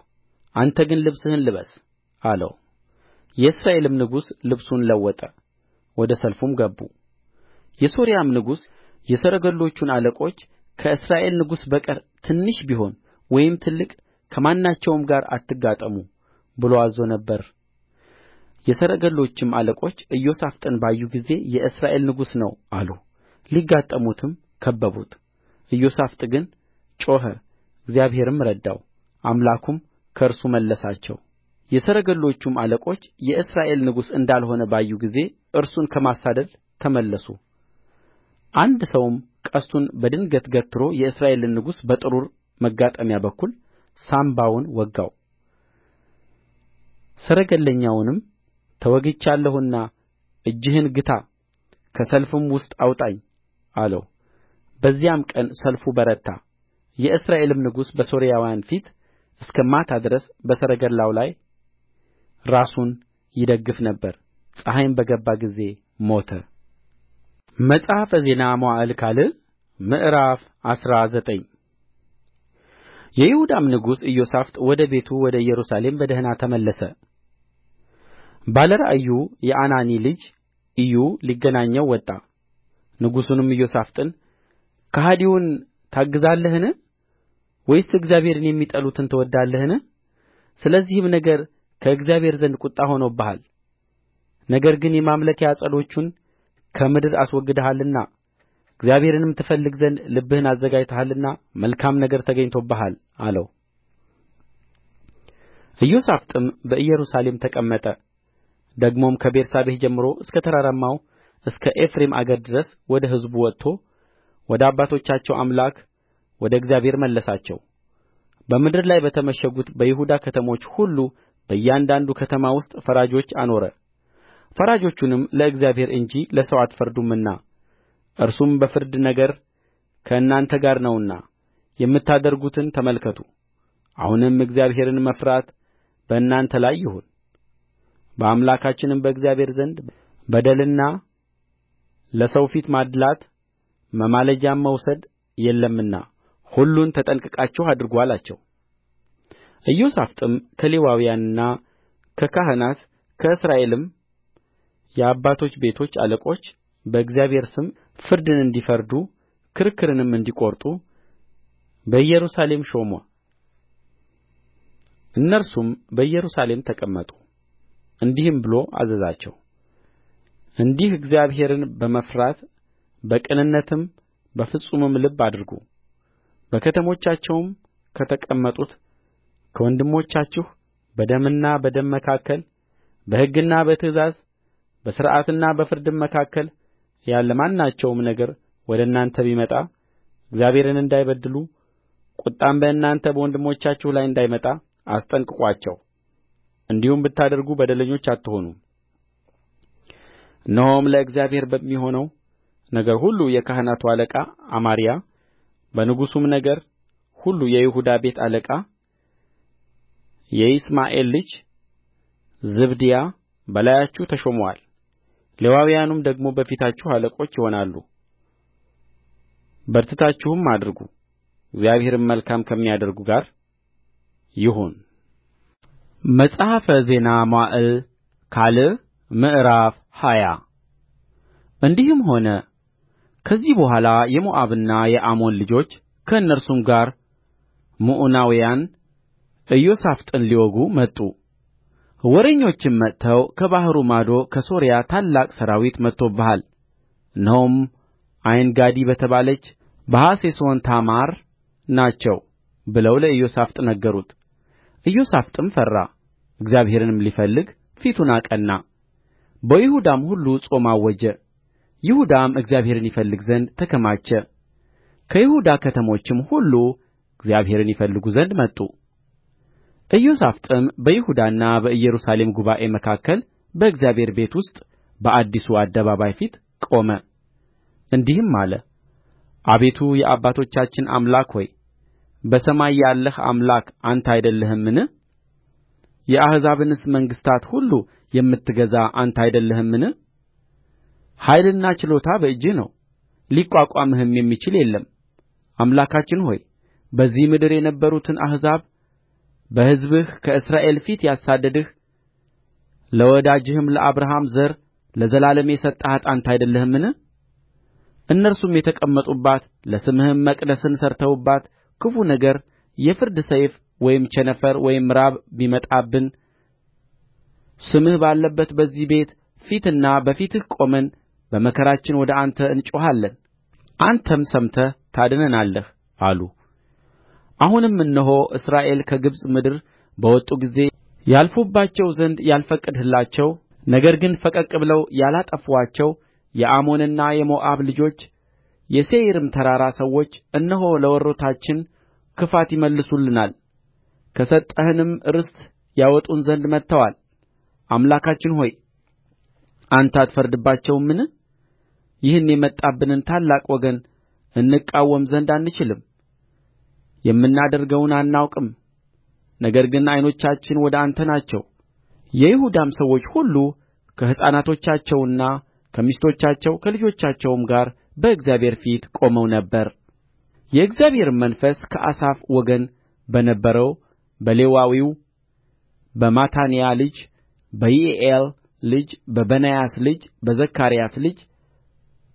አንተ ግን ልብስህን ልበስ አለው የእስራኤልም ንጉሥ ልብሱን ለወጠ ወደ ሰልፉም ገቡ የሶርያም ንጉሥ የሰረገሎቹን አለቆች ከእስራኤል ንጉሥ በቀር ትንሽ ቢሆን ወይም ትልቅ ከማናቸውም ጋር አትጋጠሙ ብሎ አዝዞ ነበር የሰረገሎችም አለቆች ኢዮሣፍጥን ባዩ ጊዜ የእስራኤል ንጉሥ ነው አሉ ሊጋጠሙትም ከበቡት ኢዮሣፍጥ ግን ጮኸ እግዚአብሔርም ረዳው አምላኩም ከእርሱ መለሳቸው የሰረገሎቹም አለቆች የእስራኤል ንጉሥ እንዳልሆነ ባዩ ጊዜ እርሱን ከማሳደድ ተመለሱ አንድ ሰውም ቀስቱን በድንገት ገትሮ የእስራኤልን ንጉሥ በጥሩር መጋጠሚያ በኩል ሳምባውን ወጋው ሰረገለኛውንም ተወግቻለሁና እጅህን ግታ ከሰልፍም ውስጥ አውጣኝ አለው በዚያም ቀን ሰልፉ በረታ የእስራኤልም ንጉሥ በሶርያውያን ፊት እስከ ማታ ድረስ በሰረገላው ላይ ራሱን ይደግፍ ነበር ፀሐይም በገባ ጊዜ ሞተ መጽሐፈ ዜና መዋዕል ካልዕ ምዕራፍ አስራ ዘጠኝ የይሁዳም ንጉሥ ኢዮሣፍጥ ወደ ቤቱ ወደ ኢየሩሳሌም በደኅና ተመለሰ ባለ ራእዩ የአናኒ ልጅ ኢዩ ሊገናኘው ወጣ ንጉሡንም ኢዮሣፍጥን ከሐዲውን ታግዛለህን ወይስ እግዚአብሔርን የሚጠሉትን ትወድዳለህን ስለዚህም ነገር ከእግዚአብሔር ዘንድ ቍጣ ሆኖብሃል ነገር ግን የማምለኪያ ዐፀዶቹን ከምድር አስወግደሃልና እግዚአብሔርንም ትፈልግ ዘንድ ልብህን አዘጋጅተሃልና መልካም ነገር ተገኝቶብሃል አለው ኢዮሣፍጥም በኢየሩሳሌም ተቀመጠ ደግሞም ከቤርሳቤህ ጀምሮ እስከ ተራራማው እስከ ኤፍሬም አገር ድረስ ወደ ሕዝቡ ወጥቶ ወደ አባቶቻቸው አምላክ ወደ እግዚአብሔር መለሳቸው በምድር ላይ በተመሸጉት በይሁዳ ከተሞች ሁሉ በእያንዳንዱ ከተማ ውስጥ ፈራጆች አኖረ ፈራጆቹንም ለእግዚአብሔር እንጂ ለሰው አትፈርዱምና እርሱም በፍርድ ነገር ከእናንተ ጋር ነውና የምታደርጉትን ተመልከቱ አሁንም እግዚአብሔርን መፍራት በእናንተ ላይ ይሁን በአምላካችንም በእግዚአብሔር ዘንድ በደልና ለሰው ፊት ማድላት መማለጃም መውሰድ የለምና ሁሉን ተጠንቅቃችሁ አድርጉ አላቸው ኢዮሣፍጥም ከሌዋውያንና ከካህናት ከእስራኤልም የአባቶች ቤቶች አለቆች በእግዚአብሔር ስም ፍርድን እንዲፈርዱ ክርክርንም እንዲቈርጡ በኢየሩሳሌም ሾመ። እነርሱም በኢየሩሳሌም ተቀመጡ። እንዲህም ብሎ አዘዛቸው፣ እንዲህ እግዚአብሔርን በመፍራት በቅንነትም በፍጹምም ልብ አድርጉ በከተሞቻቸውም ከተቀመጡት ከወንድሞቻችሁ በደምና በደም መካከል በሕግና በትእዛዝ በሥርዓትና በፍርድም መካከል ያለ ማናቸውም ነገር ወደ እናንተ ቢመጣ እግዚአብሔርን እንዳይበድሉ ቍጣም በእናንተ በወንድሞቻችሁ ላይ እንዳይመጣ አስጠንቅቁአቸው እንዲሁም ብታደርጉ በደለኞች አትሆኑም እነሆም ለእግዚአብሔር በሚሆነው ነገር ሁሉ የካህናቱ አለቃ አማርያ በንጉሡም ነገር ሁሉ የይሁዳ ቤት አለቃ የይስማኤል ልጅ ዝባድያ በላያችሁ ተሾመዋል ሌዋውያኑም ደግሞ በፊታችሁ አለቆች ይሆናሉ በርትታችሁም አድርጉ እግዚአብሔርም መልካም ከሚያደርጉ ጋር ይሁን መጽሐፈ ዜና መዋዕል ካልዕ ምዕራፍ ሃያ እንዲህም ሆነ ከዚህ በኋላ የሞዓብና የአሞን ልጆች ከእነርሱም ጋር ምዑናውያን ኢዮሣፍጥን ሊወጉ መጡ ወሬኞችም መጥተው ከባሕሩ ማዶ ከሶርያ ታላቅ ሠራዊት መጥቶብሃል እነሆም ዓይንጋዲ በተባለች በሐሴሶን ታማር ናቸው ብለው ለኢዮሣፍጥ ነገሩት ኢዮሣፍጥም ፈራ እግዚአብሔርንም ሊፈልግ ፊቱን አቀና በይሁዳም ሁሉ ጾም አወጀ ይሁዳም እግዚአብሔርን ይፈልግ ዘንድ ተከማቸ ከይሁዳ ከተሞችም ሁሉ እግዚአብሔርን ይፈልጉ ዘንድ መጡ ኢዮሣፍጥም በይሁዳና በኢየሩሳሌም ጉባኤ መካከል በእግዚአብሔር ቤት ውስጥ በአዲሱ አደባባይ ፊት ቆመ እንዲህም አለ አቤቱ የአባቶቻችን አምላክ ሆይ በሰማይ ያለህ አምላክ አንተ አይደለህምን የአሕዛብንስ መንግሥታት ሁሉ የምትገዛ አንተ አይደለህምን ኃይልና ችሎታ በእጅህ ነው ሊቋቋምህም የሚችል የለም አምላካችን ሆይ በዚህ ምድር የነበሩትን አሕዛብ በሕዝብህ ከእስራኤል ፊት ያሳደድህ ለወዳጅህም ለአብርሃም ዘር ለዘላለም የሰጠሃት አንተ አይደለህምን እነርሱም የተቀመጡባት ለስምህም መቅደስን ሠርተውባት ክፉ ነገር የፍርድ ሰይፍ ወይም ቸነፈር ወይም ራብ ቢመጣብን ስምህ ባለበት በዚህ ቤት ፊትና በፊትህ ቆመን በመከራችን ወደ አንተ እንጮኻለን አንተም ሰምተህ ታድነናለህ አሉ አሁንም እነሆ እስራኤል ከግብጽ ምድር በወጡ ጊዜ ያልፉባቸው ዘንድ ያልፈቀድህላቸው ነገር ግን ፈቀቅ ብለው ያላጠፉአቸው የአሞንና የሞዓብ ልጆች የሴይርም ተራራ ሰዎች እነሆ ለወሮታችን ክፋት ይመልሱልናል ከሰጠኸንም ርስት ያወጡን ዘንድ መጥተዋል አምላካችን ሆይ አንተ አትፈርድባቸውምን ይህን የመጣብንን ታላቅ ወገን እንቃወም ዘንድ አንችልም የምናደርገውን አናውቅም ነገር ግን ዓይኖቻችን ወደ አንተ ናቸው የይሁዳም ሰዎች ሁሉ ከሕፃናቶቻቸውና ከሚስቶቻቸው ከልጆቻቸውም ጋር በእግዚአብሔር ፊት ቆመው ነበር የእግዚአብሔርም መንፈስ ከአሳፍ ወገን በነበረው በሌዋዊው በማታንያ ልጅ በይዒኤል ልጅ በበናያስ ልጅ በዘካርያስ ልጅ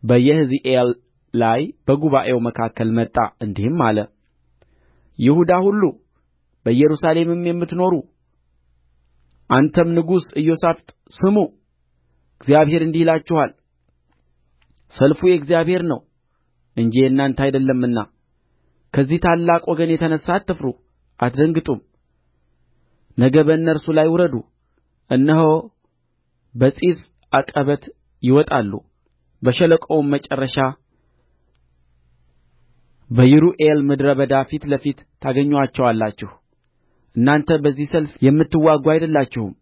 በየሕዚኤል ላይ በጉባኤው መካከል መጣ እንዲህም አለ ይሁዳ ሁሉ በኢየሩሳሌምም የምትኖሩ አንተም ንጉሥ ኢዮሣፍጥ ስሙ እግዚአብሔር እንዲህ ይላችኋል ሰልፉ የእግዚአብሔር ነው እንጂ የእናንተ አይደለምና ከዚህ ታላቅ ወገን የተነሣ አትፍሩ አትደንግጡም ነገ በእነርሱ ላይ ውረዱ እነሆ በጺጽ ዐቀበት ይወጣሉ በሸለቆውም መጨረሻ በይሩኤል ምድረ በዳ ፊት ለፊት ታገኙአቸዋላችሁ እናንተ በዚህ ሰልፍ የምትዋጉ አይደላችሁም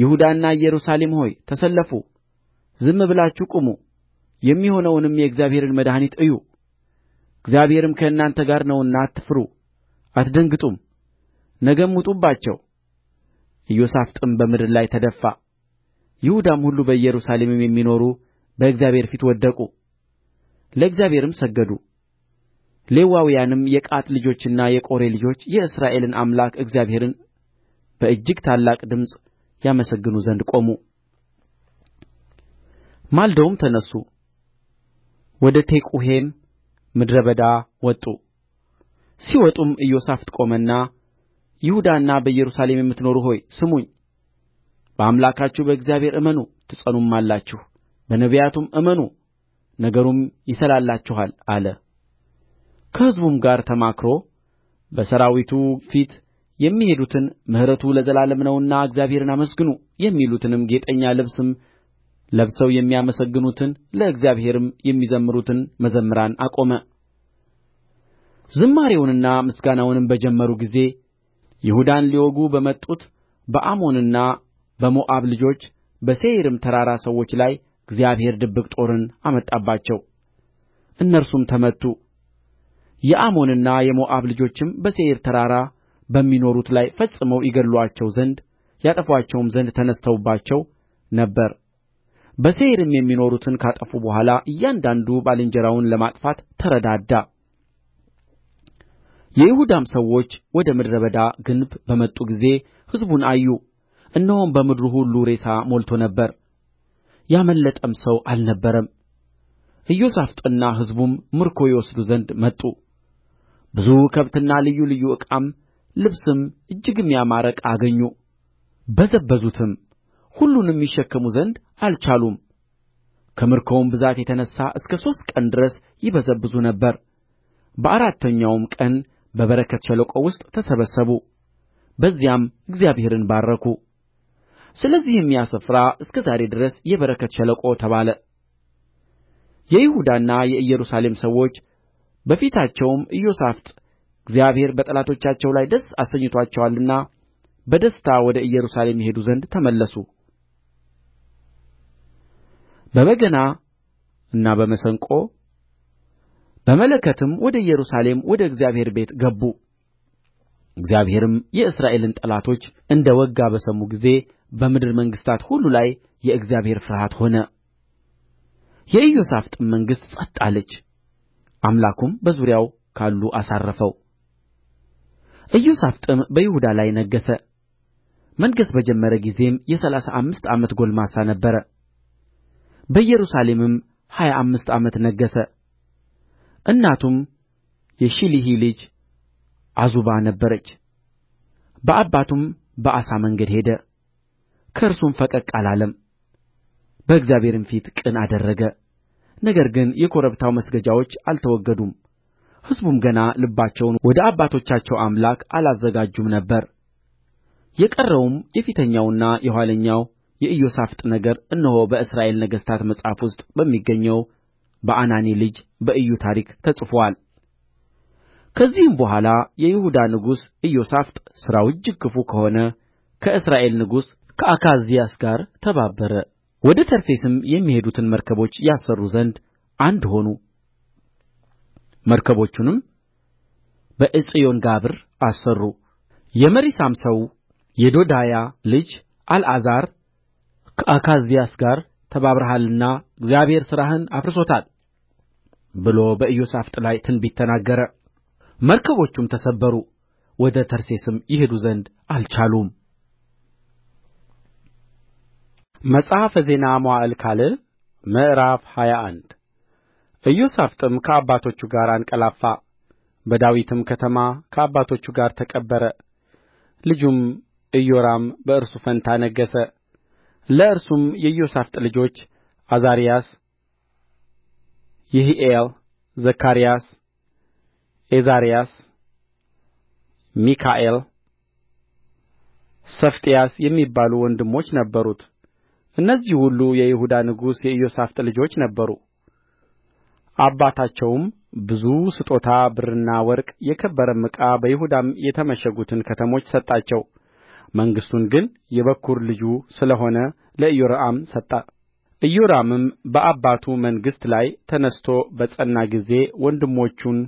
ይሁዳና ኢየሩሳሌም ሆይ ተሰለፉ ዝም ብላችሁ ቁሙ የሚሆነውንም የእግዚአብሔርን መድኃኒት እዩ እግዚአብሔርም ከእናንተ ጋር ነውና አትፍሩ አትደንግጡም ነገም ውጡባቸው ኢዮሣፍጥም በምድር ላይ ተደፋ ይሁዳም ሁሉ በኢየሩሳሌምም የሚኖሩ በእግዚአብሔር ፊት ወደቁ ለእግዚአብሔርም ሰገዱ ሌዋውያንም የቀዓት ልጆችና የቆሬ ልጆች የእስራኤልን አምላክ እግዚአብሔርን በእጅግ ታላቅ ድምፅ ያመሰግኑ ዘንድ ቆሙ ማልደውም ተነሡ ወደ ቴቁሔም ምድረ በዳ ወጡ ሲወጡም ኢዮሣፍጥ ቆመና ይሁዳና በኢየሩሳሌም የምትኖሩ ሆይ ስሙኝ በአምላካችሁ በእግዚአብሔር እመኑ ትጸኑማላችሁ በነቢያቱም እመኑ ነገሩም ይሰላላችኋል አለ ከሕዝቡም ጋር ተማክሮ በሠራዊቱ ፊት የሚሄዱትን ምሕረቱ ለዘላለም ነውና እግዚአብሔርን አመስግኑ የሚሉትንም ጌጠኛ ልብስም ለብሰው የሚያመሰግኑትን ለእግዚአብሔርም የሚዘምሩትን መዘምራን አቆመ። ዝማሬውንና ምስጋናውንም በጀመሩ ጊዜ ይሁዳን ሊወጉ በመጡት በአሞንና በሞዓብ ልጆች በሴይርም ተራራ ሰዎች ላይ እግዚአብሔር ድብቅ ጦርን አመጣባቸው እነርሱም ተመቱ የአሞንና የሞዓብ ልጆችም በሴይር ተራራ በሚኖሩት ላይ ፈጽመው ይገድሉአቸው ዘንድ ያጠፉአቸውም ዘንድ ተነሥተውባቸው ነበር በሴይርም የሚኖሩትን ካጠፉ በኋላ እያንዳንዱ ባልንጀራውን ለማጥፋት ተረዳዳ የይሁዳም ሰዎች ወደ ምድረ በዳ ግንብ በመጡ ጊዜ ሕዝቡን አዩ እነሆም በምድሩ ሁሉ ሬሳ ሞልቶ ነበር ያመለጠም ሰው አልነበረም ኢዮሣፍጥና ሕዝቡም ምርኮ ይወስዱ ዘንድ መጡ ብዙ ከብትና ልዩ ልዩ ዕቃም ልብስም እጅግም ያማረ ዕቃ አገኙ በዘበዙትም ሁሉንም ይሸከሙ ዘንድ አልቻሉም ከምርኮውም ብዛት የተነሣ እስከ ሦስት ቀን ድረስ ይበዘብዙ ነበር በአራተኛውም ቀን በበረከት ሸለቆ ውስጥ ተሰበሰቡ በዚያም እግዚአብሔርን ባረኩ ስለዚህም ያ ስፍራ እስከ ዛሬ ድረስ የበረከት ሸለቆ ተባለ የይሁዳና የኢየሩሳሌም ሰዎች በፊታቸውም ኢዮሣፍጥ እግዚአብሔር በጠላቶቻቸው ላይ ደስ አሰኝቶአቸዋልና በደስታ ወደ ኢየሩሳሌም ይሄዱ ዘንድ ተመለሱ በበገና እና በመሰንቆ በመለከትም ወደ ኢየሩሳሌም ወደ እግዚአብሔር ቤት ገቡ እግዚአብሔርም የእስራኤልን ጠላቶች እንደ ወጋ በሰሙ ጊዜ በምድር መንግሥታት ሁሉ ላይ የእግዚአብሔር ፍርሃት ሆነ የኢዮሣፍጥም መንግሥት ጸጥ አለች አምላኩም በዙሪያው ካሉ አሳረፈው ኢዮሣፍጥም በይሁዳ ላይ ነገሠ መንገሥ በጀመረ ጊዜም የሠላሳ አምስት ዓመት ጕልማሳ ነበረ በኢየሩሳሌምም ሀያ አምስት ዓመት ነገሠ እናቱም የሺልሒ ልጅ ዓዙባ ነበረች በአባቱም በአሳ መንገድ ሄደ ከእርሱም ፈቀቅ አላለም በእግዚአብሔርም ፊት ቅን አደረገ ነገር ግን የኮረብታው መስገጃዎች አልተወገዱም ሕዝቡም ገና ልባቸውን ወደ አባቶቻቸው አምላክ አላዘጋጁም ነበር የቀረውም የፊተኛውና የኋለኛው የኢዮሣፍጥ ነገር እነሆ በእስራኤል ነገሥታት መጽሐፍ ውስጥ በሚገኘው በአናኒ ልጅ በኢዩ ታሪክ ተጽፎአል ከዚህም በኋላ የይሁዳ ንጉሥ ኢዮሣፍጥ ሥራው እጅግ ክፉ ከሆነ ከእስራኤል ንጉሥ ከአካዝያስ ጋር ተባበረ ወደ ተርሴስም የሚሄዱትን መርከቦች ያሠሩ ዘንድ አንድ ሆኑ መርከቦቹንም በዔጽዮንጋብር አሠሩ የመሪሳም ሰው የዶዳያ ልጅ አልዓዛር ከአካዝያስ ጋር ተባብረሃልና እግዚአብሔር ሥራህን አፍርሶታል ብሎ በኢዮሣፍጥ ላይ ትንቢት ተናገረ መርከቦቹም ተሰበሩ ወደ ተርሴስም ይሄዱ ዘንድ አልቻሉም መጽሐፈ ዜና መዋዕል ካልዕ ምዕራፍ ሃያ አንድ ኢዮሣፍጥም ከአባቶቹ ጋር አንቀላፋ በዳዊትም ከተማ ከአባቶቹ ጋር ተቀበረ። ልጁም ኢዮራም በእርሱ ፈንታ ነገሠ። ለእርሱም የኢዮሣፍጥ ልጆች አዛርያስ፣ ይሒኤል፣ ዘካርያስ፣ ዔዛርያስ ሚካኤል ሰፋጥያስ የሚባሉ ወንድሞች ነበሩት እነዚህ ሁሉ የይሁዳ ንጉሥ የኢዮሣፍጥ ልጆች ነበሩ አባታቸውም ብዙ ስጦታ ብርና ወርቅ የከበረም ዕቃ በይሁዳም የተመሸጉትን ከተሞች ሰጣቸው መንግሥቱን ግን የበኵር ልጁ ስለ ሆነ ለኢዮራም ሰጠ ኢዮራምም በአባቱ መንግሥት ላይ ተነሥቶ በጸና ጊዜ ወንድሞቹን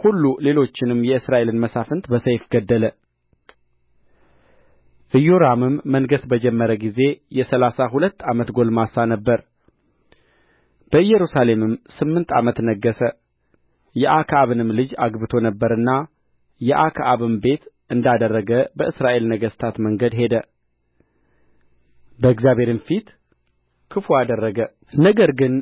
ሁሉ ሌሎችንም የእስራኤልን መሳፍንት በሰይፍ ገደለ ኢዮራምም መንገሥ በጀመረ ጊዜ የሠላሳ ሁለት ዓመት ጕልማሳ ነበረ በኢየሩሳሌምም ስምንት ዓመት ነገሠ የአክዓብንም ልጅ አግብቶ ነበርና የአክዓብም ቤት እንዳደረገ በእስራኤል ነገሥታት መንገድ ሄደ በእግዚአብሔርም ፊት ክፉ አደረገ ነገር ግን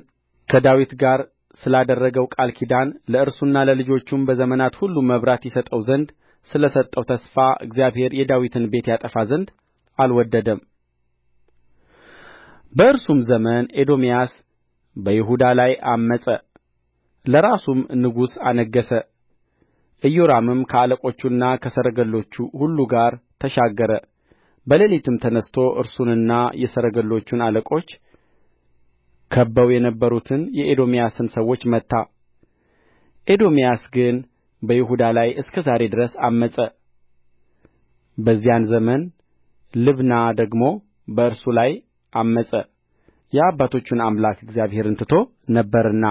ከዳዊት ጋር ስላደረገው ቃል ኪዳን ለእርሱና ለልጆቹም በዘመናት ሁሉ መብራት ይሰጠው ዘንድ ስለ ሰጠው ተስፋ እግዚአብሔር የዳዊትን ቤት ያጠፋ ዘንድ አልወደደም በእርሱም ዘመን ኤዶምያስ በይሁዳ ላይ ዐመፀ ለራሱም ንጉሥ አነገሠ ኢዮራምም ከአለቆቹና ከሰረገሎቹ ሁሉ ጋር ተሻገረ በሌሊትም ተነሥቶ እርሱንና የሰረገሎቹን አለቆች ከብበው የነበሩትን የኤዶምያስን ሰዎች መታ ኤዶምያስ ግን በይሁዳ ላይ እስከ ዛሬ ድረስ ዐመፀ በዚያን ዘመን ልብና ደግሞ በእርሱ ላይ ዐመፀ የአባቶቹን አምላክ እግዚአብሔርን ትቶ ነበርና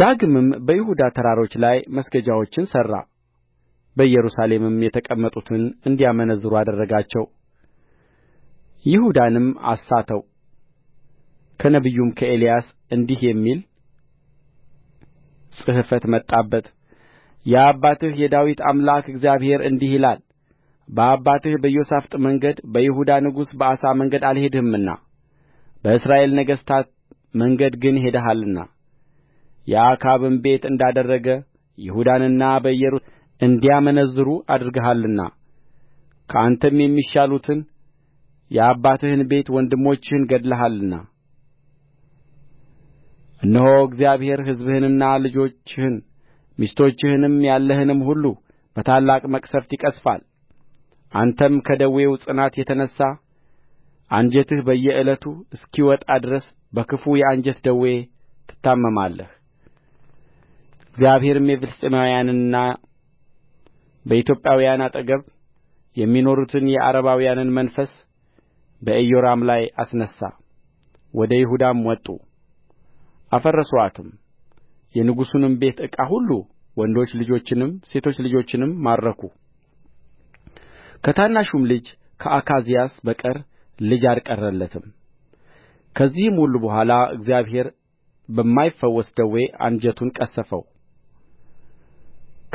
ዳግምም በይሁዳ ተራሮች ላይ መስገጃዎችን ሠራ በኢየሩሳሌምም የተቀመጡትን እንዲያመነዝሩ አደረጋቸው ይሁዳንም አሳተው ከነቢዩም ከኤልያስ እንዲህ የሚል ጽሕፈት መጣበት የአባትህ የዳዊት አምላክ እግዚአብሔር እንዲህ ይላል በአባትህ በኢዮሣፍጥ መንገድ በይሁዳ ንጉሥ በአሳ መንገድ አልሄድህምና በእስራኤል ነገሥታት መንገድ ግን ሄደሃልና የአክዓብን ቤት እንዳደረገ ይሁዳንና በኢየሩሳሌም እንዲያመነዝሩ አድርገሃልና ከአንተም የሚሻሉትን የአባትህን ቤት ወንድሞችህን ገድለሃልና እነሆ እግዚአብሔር ሕዝብህንና ልጆችህን ሚስቶችህንም ያለህንም ሁሉ በታላቅ መቅሠፍት ይቀሥፋል አንተም ከደዌው ጽናት የተነሣ አንጀትህ በየዕለቱ እስኪወጣ ድረስ በክፉ የአንጀት ደዌ ትታመማለህ እግዚአብሔርም የፍልስጥኤማውያንና በኢትዮጵያውያን አጠገብ የሚኖሩትን የዓረባውያንን መንፈስ በኢዮራም ላይ አስነሣ ወደ ይሁዳም ወጡ አፈረሱአትም የንጉሡንም ቤት ዕቃ ሁሉ ወንዶች ልጆችንም ሴቶች ልጆችንም ማረኩ ከታናሹም ልጅ ከአካዝያስ በቀር ልጅ አልቀረለትም ከዚህም ሁሉ በኋላ እግዚአብሔር በማይፈወስ ደዌ አንጀቱን ቀሰፈው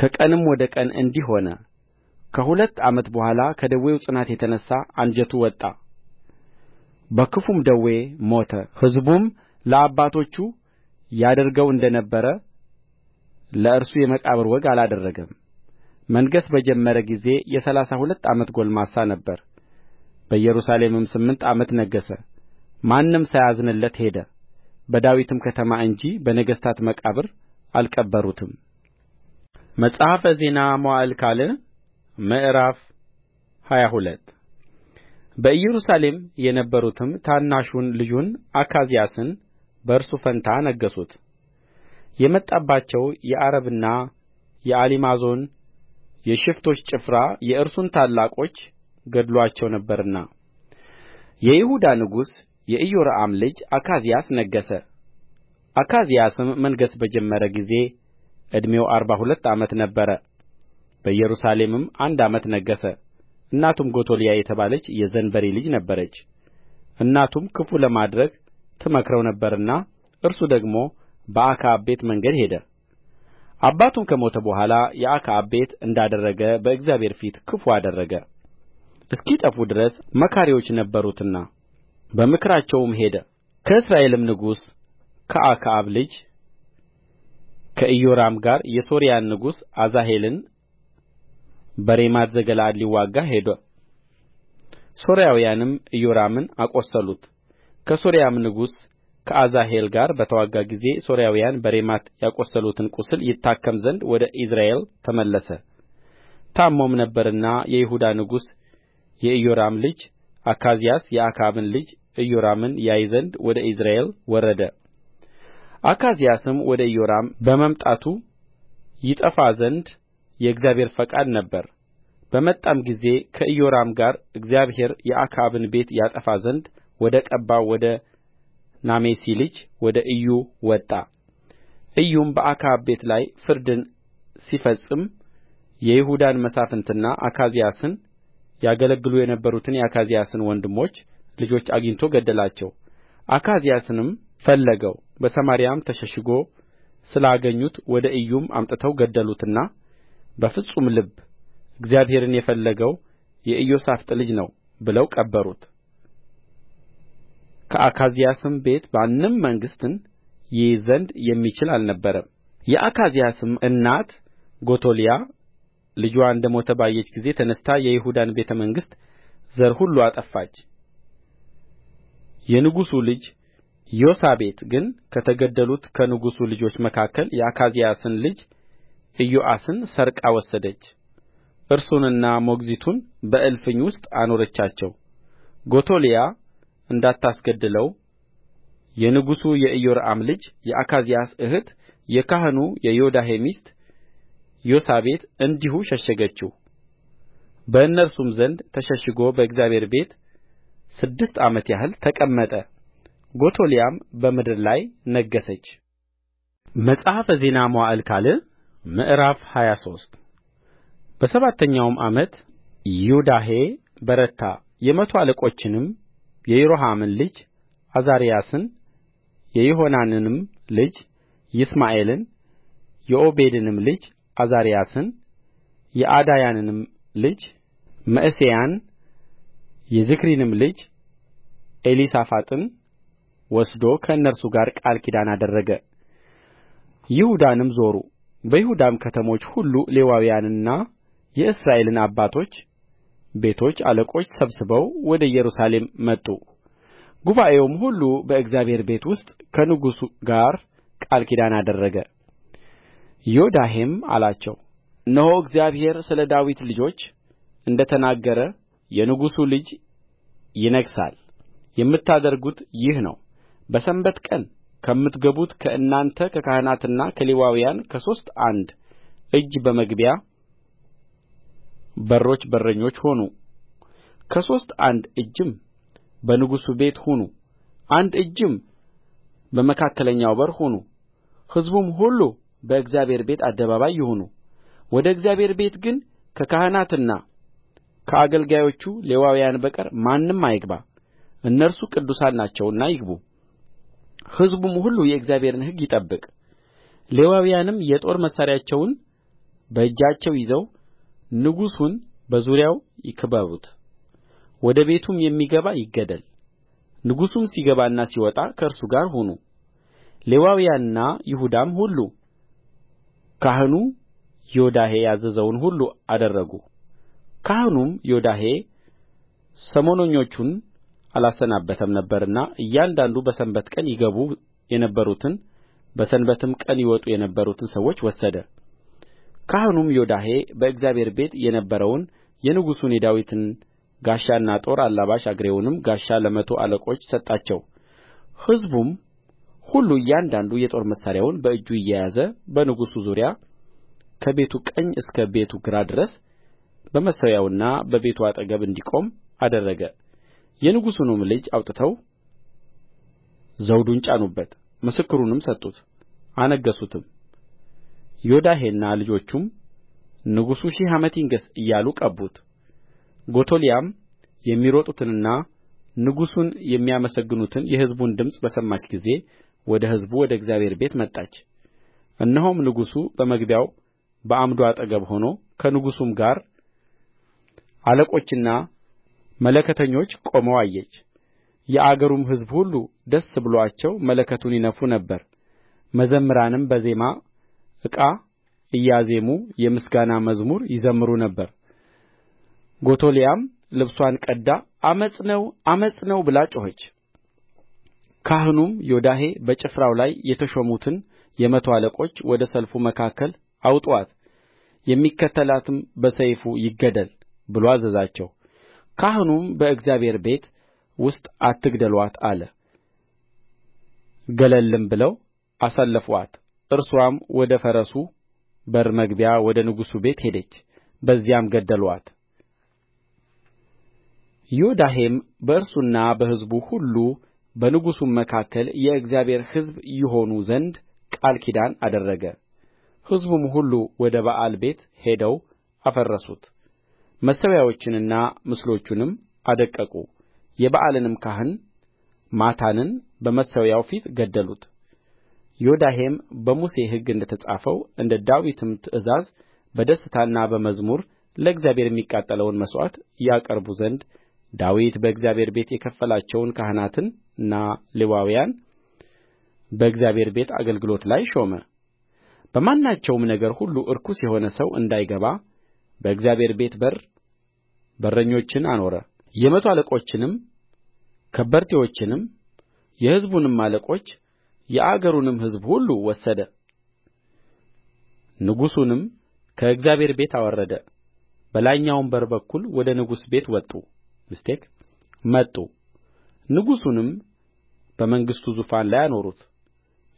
ከቀንም ወደ ቀን እንዲህ ሆነ ከሁለት ዓመት በኋላ ከደዌው ጽናት የተነሣ አንጀቱ ወጣ በክፉም ደዌ ሞተ ሕዝቡም ለአባቶቹ ያደርገው እንደ ነበረ ለእርሱ የመቃብር ወግ አላደረገም መንገሥ በጀመረ ጊዜ የሠላሳ ሁለት ዓመት ጕልማሳ ነበረ በኢየሩሳሌምም ስምንት ዓመት ነገሠ ማንም ሳያዝንለት ሄደ በዳዊትም ከተማ እንጂ በነገሥታት መቃብር አልቀበሩትም መጽሐፈ ዜና መዋዕል ካልዕ ምዕራፍ ሃያ ሁለት በኢየሩሳሌም የነበሩትም ታናሹን ልጁን አካዝያስን በእርሱ ፋንታ አነገሡት የመጣባቸው የዓረብና የአሊማዞን የሽፍቶች ጭፍራ የእርሱን ታላቆች ገድሎአቸው ነበርና የይሁዳ ንጉሥ የኢዮራም ልጅ አካዝያስ ነገሠ አካዝያስም መንገሥ በጀመረ ጊዜ ዕድሜው አርባ ሁለት ዓመት ነበረ በኢየሩሳሌምም አንድ ዓመት ነገሠ እናቱም ጎቶልያ የተባለች የዘንበሪ ልጅ ነበረች እናቱም ክፉ ለማድረግ ትመክረው ነበርና እርሱ ደግሞ በአክዓብ ቤት መንገድ ሄደ አባቱም ከሞተ በኋላ የአክዓብ ቤት እንዳደረገ በእግዚአብሔር ፊት ክፉ አደረገ እስኪጠፉ ድረስ መካሪዎች ነበሩትና በምክራቸውም ሄደ ከእስራኤልም ንጉሥ ከአክዓብ ልጅ ከኢዮራም ጋር የሶርያን ንጉሥ አዛሄልን በሬማት ዘገለዓድ ሊዋጋ ሄደ ሶርያውያንም ኢዮራምን አቈሰሉት ከሶርያም ንጉሥ ከአዛሄል ጋር በተዋጋ ጊዜ ሶርያውያን በሬማት ያቈሰሉትን ቍስል ይታከም ዘንድ ወደ ኢይዝራኤል ተመለሰ ታምሞም ነበርና የይሁዳ ንጉሥ የኢዮራም ልጅ አካዝያስ የአክዓብን ልጅ ኢዮራምን ያይ ዘንድ ወደ ኢይዝራኤል ወረደ አካዝያስም ወደ ኢዮራም በመምጣቱ ይጠፋ ዘንድ የእግዚአብሔር ፈቃድ ነበር በመጣም ጊዜ ከኢዮራም ጋር እግዚአብሔር የአክዓብን ቤት ያጠፋ ዘንድ ወደ ቀባው ወደ ናሜሲ ልጅ ወደ ኢዩ ወጣ ኢዩም በአክዓብ ቤት ላይ ፍርድን ሲፈጽም የይሁዳን መሳፍንትና አካዝያስን ያገለግሉ የነበሩትን የአካዝያስን ወንድሞች ልጆች አግኝቶ ገደላቸው። አካዝያስንም ፈለገው፣ በሰማርያም ተሸሽጎ ስላገኙት ወደ ኢዩም አምጥተው ገደሉትና በፍጹም ልብ እግዚአብሔርን የፈለገው የኢዮሣፍጥ ልጅ ነው ብለው ቀበሩት። ከአካዝያስም ቤት ማንም መንግሥትን ይይዝ ዘንድ የሚችል አልነበረም የአካዝያስም እናት ጎቶልያ ልጅዋ እንደ ሞተ ባየች ጊዜ ተነሥታ የይሁዳን ቤተ መንግሥት ዘር ሁሉ አጠፋች የንጉሡ ልጅ ዮሳቤት ግን ከተገደሉት ከንጉሡ ልጆች መካከል የአካዝያስን ልጅ ኢዮአስን ሰርቃ ወሰደች እርሱንና ሞግዚቱን በእልፍኝ ውስጥ አኖረቻቸው ጎቶልያ እንዳታስገድለው የንጉሡ የኢዮራም ልጅ የአካዝያስ እኅት የካህኑ የዮዳሄ ሚስት ዮሳቤት እንዲሁ ሸሸገችው በእነርሱም ዘንድ ተሸሽጎ በእግዚአብሔር ቤት ስድስት ዓመት ያህል ተቀመጠ ጎቶልያም በምድር ላይ ነገሠች መጽሐፈ ዜና መዋዕል ካልዕ ምዕራፍ ሃያ ሶስት በሰባተኛውም ዓመት ዮዳሄ በረታ የመቶ አለቆችንም የይሮሐምን ልጅ ዓዛርያስን የይሆሐናንንም ልጅ ይስማኤልን የዖቤድንም ልጅ ዓዛርያስን የዓዳያንም ልጅ መዕሤያን የዝክሪንም ልጅ ኤሊሳፋጥን ወስዶ ከእነርሱ ጋር ቃል ኪዳን አደረገ። ይሁዳንም ዞሩ፣ በይሁዳም ከተሞች ሁሉ ሌዋውያንንና የእስራኤልን አባቶች ቤቶች አለቆች ሰብስበው ወደ ኢየሩሳሌም መጡ ጉባኤውም ሁሉ በእግዚአብሔር ቤት ውስጥ ከንጉሡ ጋር ቃል ኪዳን አደረገ ዮዳሄም አላቸው እነሆ እግዚአብሔር ስለ ዳዊት ልጆች እንደ ተናገረ የንጉሡ ልጅ ይነግሣል የምታደርጉት ይህ ነው በሰንበት ቀን ከምትገቡት ከእናንተ ከካህናትና ከሌዋውያን ከሦስት አንድ እጅ በመግቢያ በሮች በረኞች ሆኑ ከሦስት አንድ እጅም በንጉሡ ቤት ሁኑ አንድ እጅም በመካከለኛው በር ሁኑ ሕዝቡም ሁሉ በእግዚአብሔር ቤት አደባባይ ይሁኑ ወደ እግዚአብሔር ቤት ግን ከካህናትና ከአገልጋዮቹ ሌዋውያን በቀር ማንም አይግባ እነርሱ ቅዱሳን ናቸውና ይግቡ ሕዝቡም ሁሉ የእግዚአብሔርን ሕግ ይጠብቅ ሌዋውያንም የጦር መሣሪያቸውን በእጃቸው ይዘው ንጉሡን በዙሪያው ይክበቡት ወደ ቤቱም የሚገባ ይገደል ንጉሡም ሲገባና ሲወጣ ከእርሱ ጋር ሁኑ ሌዋውያንና ይሁዳም ሁሉ ካህኑ ዮዳሄ ያዘዘውን ሁሉ አደረጉ ካህኑም ዮዳሄ ሰሞነኞቹን አላሰናበተም ነበርና እያንዳንዱ በሰንበት ቀን ይገቡ የነበሩትን በሰንበትም ቀን ይወጡ የነበሩትን ሰዎች ወሰደ ካህኑም ዮዳሄ በእግዚአብሔር ቤት የነበረውን የንጉሡን የዳዊትን ጋሻና ጦር አላባሽ አግሬውንም ጋሻ ለመቶ አለቆች ሰጣቸው ሕዝቡም ሁሉ እያንዳንዱ የጦር መሣሪያውን በእጁ እየያዘ በንጉሡ ዙሪያ ከቤቱ ቀኝ እስከ ቤቱ ግራ ድረስ በመሠዊያውና በቤቱ አጠገብ እንዲቆም አደረገ የንጉሡንም ልጅ አውጥተው ዘውዱን ጫኑበት ምስክሩንም ሰጡት አነገሡትም ዮዳሄና ልጆቹም ንጉሡ ሺህ ዓመት ይንገሥ እያሉ ቀቡት ጎቶልያም የሚሮጡትንና ንጉሡን የሚያመሰግኑትን የሕዝቡን ድምፅ በሰማች ጊዜ ወደ ሕዝቡ ወደ እግዚአብሔር ቤት መጣች እነሆም ንጉሡ በመግቢያው በዓምዱ አጠገብ ሆኖ ከንጉሡም ጋር አለቆችና መለከተኞች ቆመው አየች። የአገሩም ሕዝብ ሁሉ ደስ ብሎአቸው መለከቱን ይነፉ ነበር፣ መዘምራንም በዜማ ዕቃ እያዜሙ የምስጋና መዝሙር ይዘምሩ ነበር ጎቶልያም ልብስዋን ቀድዳ ዓመፅ ነው ዓመፅ ነው ብላ ጮኸች ካህኑም ዮዳሄ በጭፍራው ላይ የተሾሙትን የመቶ አለቆች ወደ ሰልፉ መካከል አውጡአት የሚከተላትም በሰይፉ ይገደል ብሎ አዘዛቸው ካህኑም በእግዚአብሔር ቤት ውስጥ አትግደሉአት አለ ገለልም ብለው አሳለፉአት እርስዋም ወደ ፈረሱ በር መግቢያ ወደ ንጉሡ ቤት ሄደች በዚያም ገደሉአት ዮዳሄም በእርሱና በሕዝቡ ሁሉ በንጉሡም መካከል የእግዚአብሔር ሕዝብ ይሆኑ ዘንድ ቃል ኪዳን አደረገ ሕዝቡም ሁሉ ወደ በኣል ቤት ሄደው አፈረሱት መሠዊያዎቹንና ምስሎቹንም አደቀቁ የበኣልንም ካህን ማታንን በመሠዊያው ፊት ገደሉት ዮዳሄም በሙሴ ሕግ እንደ ተጻፈው እንደ ዳዊትም ትእዛዝ በደስታና በመዝሙር ለእግዚአብሔር የሚቃጠለውን መሥዋዕት ያቀርቡ ዘንድ ዳዊት በእግዚአብሔር ቤት የከፈላቸውን ካህናትንና ሌዋውያን በእግዚአብሔር ቤት አገልግሎት ላይ ሾመ። በማናቸውም ነገር ሁሉ ርኩስ የሆነ ሰው እንዳይገባ በእግዚአብሔር ቤት በር በረኞችን አኖረ። የመቶ አለቆችንም ከበርቴዎችንም የሕዝቡንም አለቆች የአገሩንም ሕዝብ ሁሉ ወሰደ ንጉሡንም ከእግዚአብሔር ቤት አወረደ በላይኛውም በር በኩል ወደ ንጉሡ ቤት መጡ ንጉሡንም በመንግሥቱ ዙፋን ላይ አኖሩት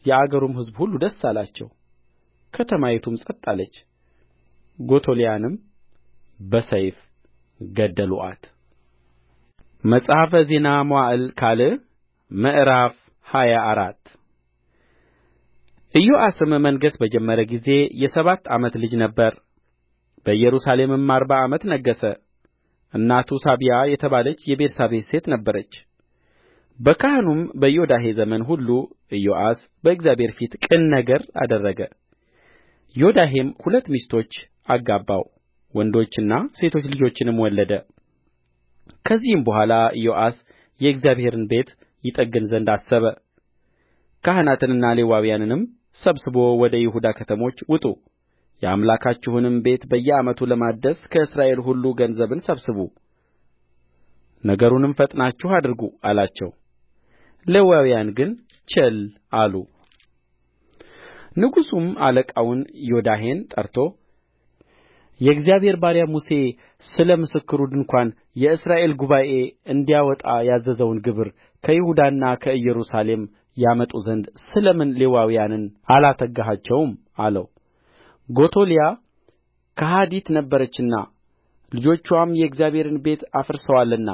የአገሩም ሕዝብ ሁሉ ደስ አላቸው ከተማይቱም ጸጥ አለች ጎቶልያንም በሰይፍ ገደሉአት መጽሐፈ ዜና መዋዕል ካልዕ ምዕራፍ ሃያ አራት ኢዮአስም መንገሥ በጀመረ ጊዜ የሰባት ዓመት ልጅ ነበረ በኢየሩሳሌምም አርባ ዓመት ነገሠ እናቱ ሳቢያ የተባለች የቤርሳቤህ ሴት ነበረች በካህኑም በዮዳሄ ዘመን ሁሉ ኢዮአስ በእግዚአብሔር ፊት ቅን ነገር አደረገ ዮዳሄም ሁለት ሚስቶች አጋባው ወንዶችና ሴቶች ልጆችንም ወለደ ከዚህም በኋላ ኢዮአስ የእግዚአብሔርን ቤት ይጠግን ዘንድ አሰበ ካህናትንና ሌዋውያንንም ሰብስቦ ወደ ይሁዳ ከተሞች ውጡ የአምላካችሁንም ቤት በየዓመቱ ለማደስ ከእስራኤል ሁሉ ገንዘብን ሰብስቡ ነገሩንም ፈጥናችሁ አድርጉ አላቸው ሌዋውያን ግን ቸል አሉ ንጉሡም አለቃውን ዮዳሄን ጠርቶ የእግዚአብሔር ባሪያ ሙሴ ስለ ምስክሩ ድንኳን የእስራኤል ጉባኤ እንዲያወጣ ያዘዘውን ግብር ከይሁዳና ከኢየሩሳሌም ያመጡ ዘንድ ስለ ምን ሌዋውያንን አላተጋሃቸውም አለው ጎቶልያ ከሐዲት ነበረችና ልጆችዋም የእግዚአብሔርን ቤት አፍርሰዋልና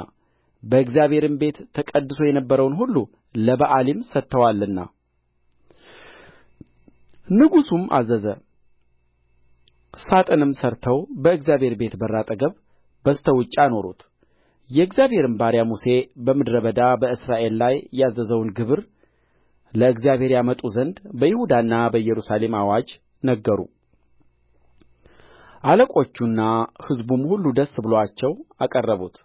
በእግዚአብሔርም ቤት ተቀድሶ የነበረውን ሁሉ ለበኣሊም ሰጥተዋልና ንጉሡም አዘዘ ሣጥንም ሠርተው በእግዚአብሔር ቤት በር አጠገብ በስተ ውጭ አኖሩት የእግዚአብሔርም ባሪያ ሙሴ በምድረ በዳ በእስራኤል ላይ ያዘዘውን ግብር ለእግዚአብሔር ያመጡ ዘንድ በይሁዳና በኢየሩሳሌም አዋጅ ነገሩ አለቆቹና ሕዝቡም ሁሉ ደስ ብሎአቸው አቀረቡት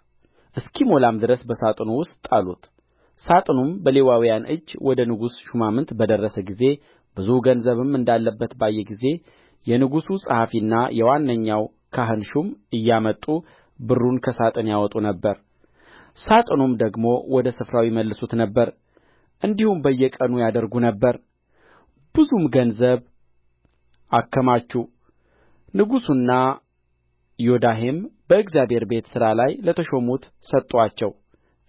እስኪሞላም ድረስ በሣጥኑ ውስጥ ጣሉት ሣጥኑም በሌዋውያን እጅ ወደ ንጉሡ ሹማምንት በደረሰ ጊዜ ብዙ ገንዘብም እንዳለበት ባየ ጊዜ የንጉሡ ጸሐፊና የዋነኛው ካህን ሹም እያመጡ ብሩን ከሣጥን ያወጡ ነበር ሣጥኑም ደግሞ ወደ ስፍራው ይመልሱት ነበር እንዲሁም በየቀኑ ያደርጉ ነበር ብዙም ገንዘብ አከማቹ ንጉሡና ዮዳሄም በእግዚአብሔር ቤት ሥራ ላይ ለተሾሙት ሰጡአቸው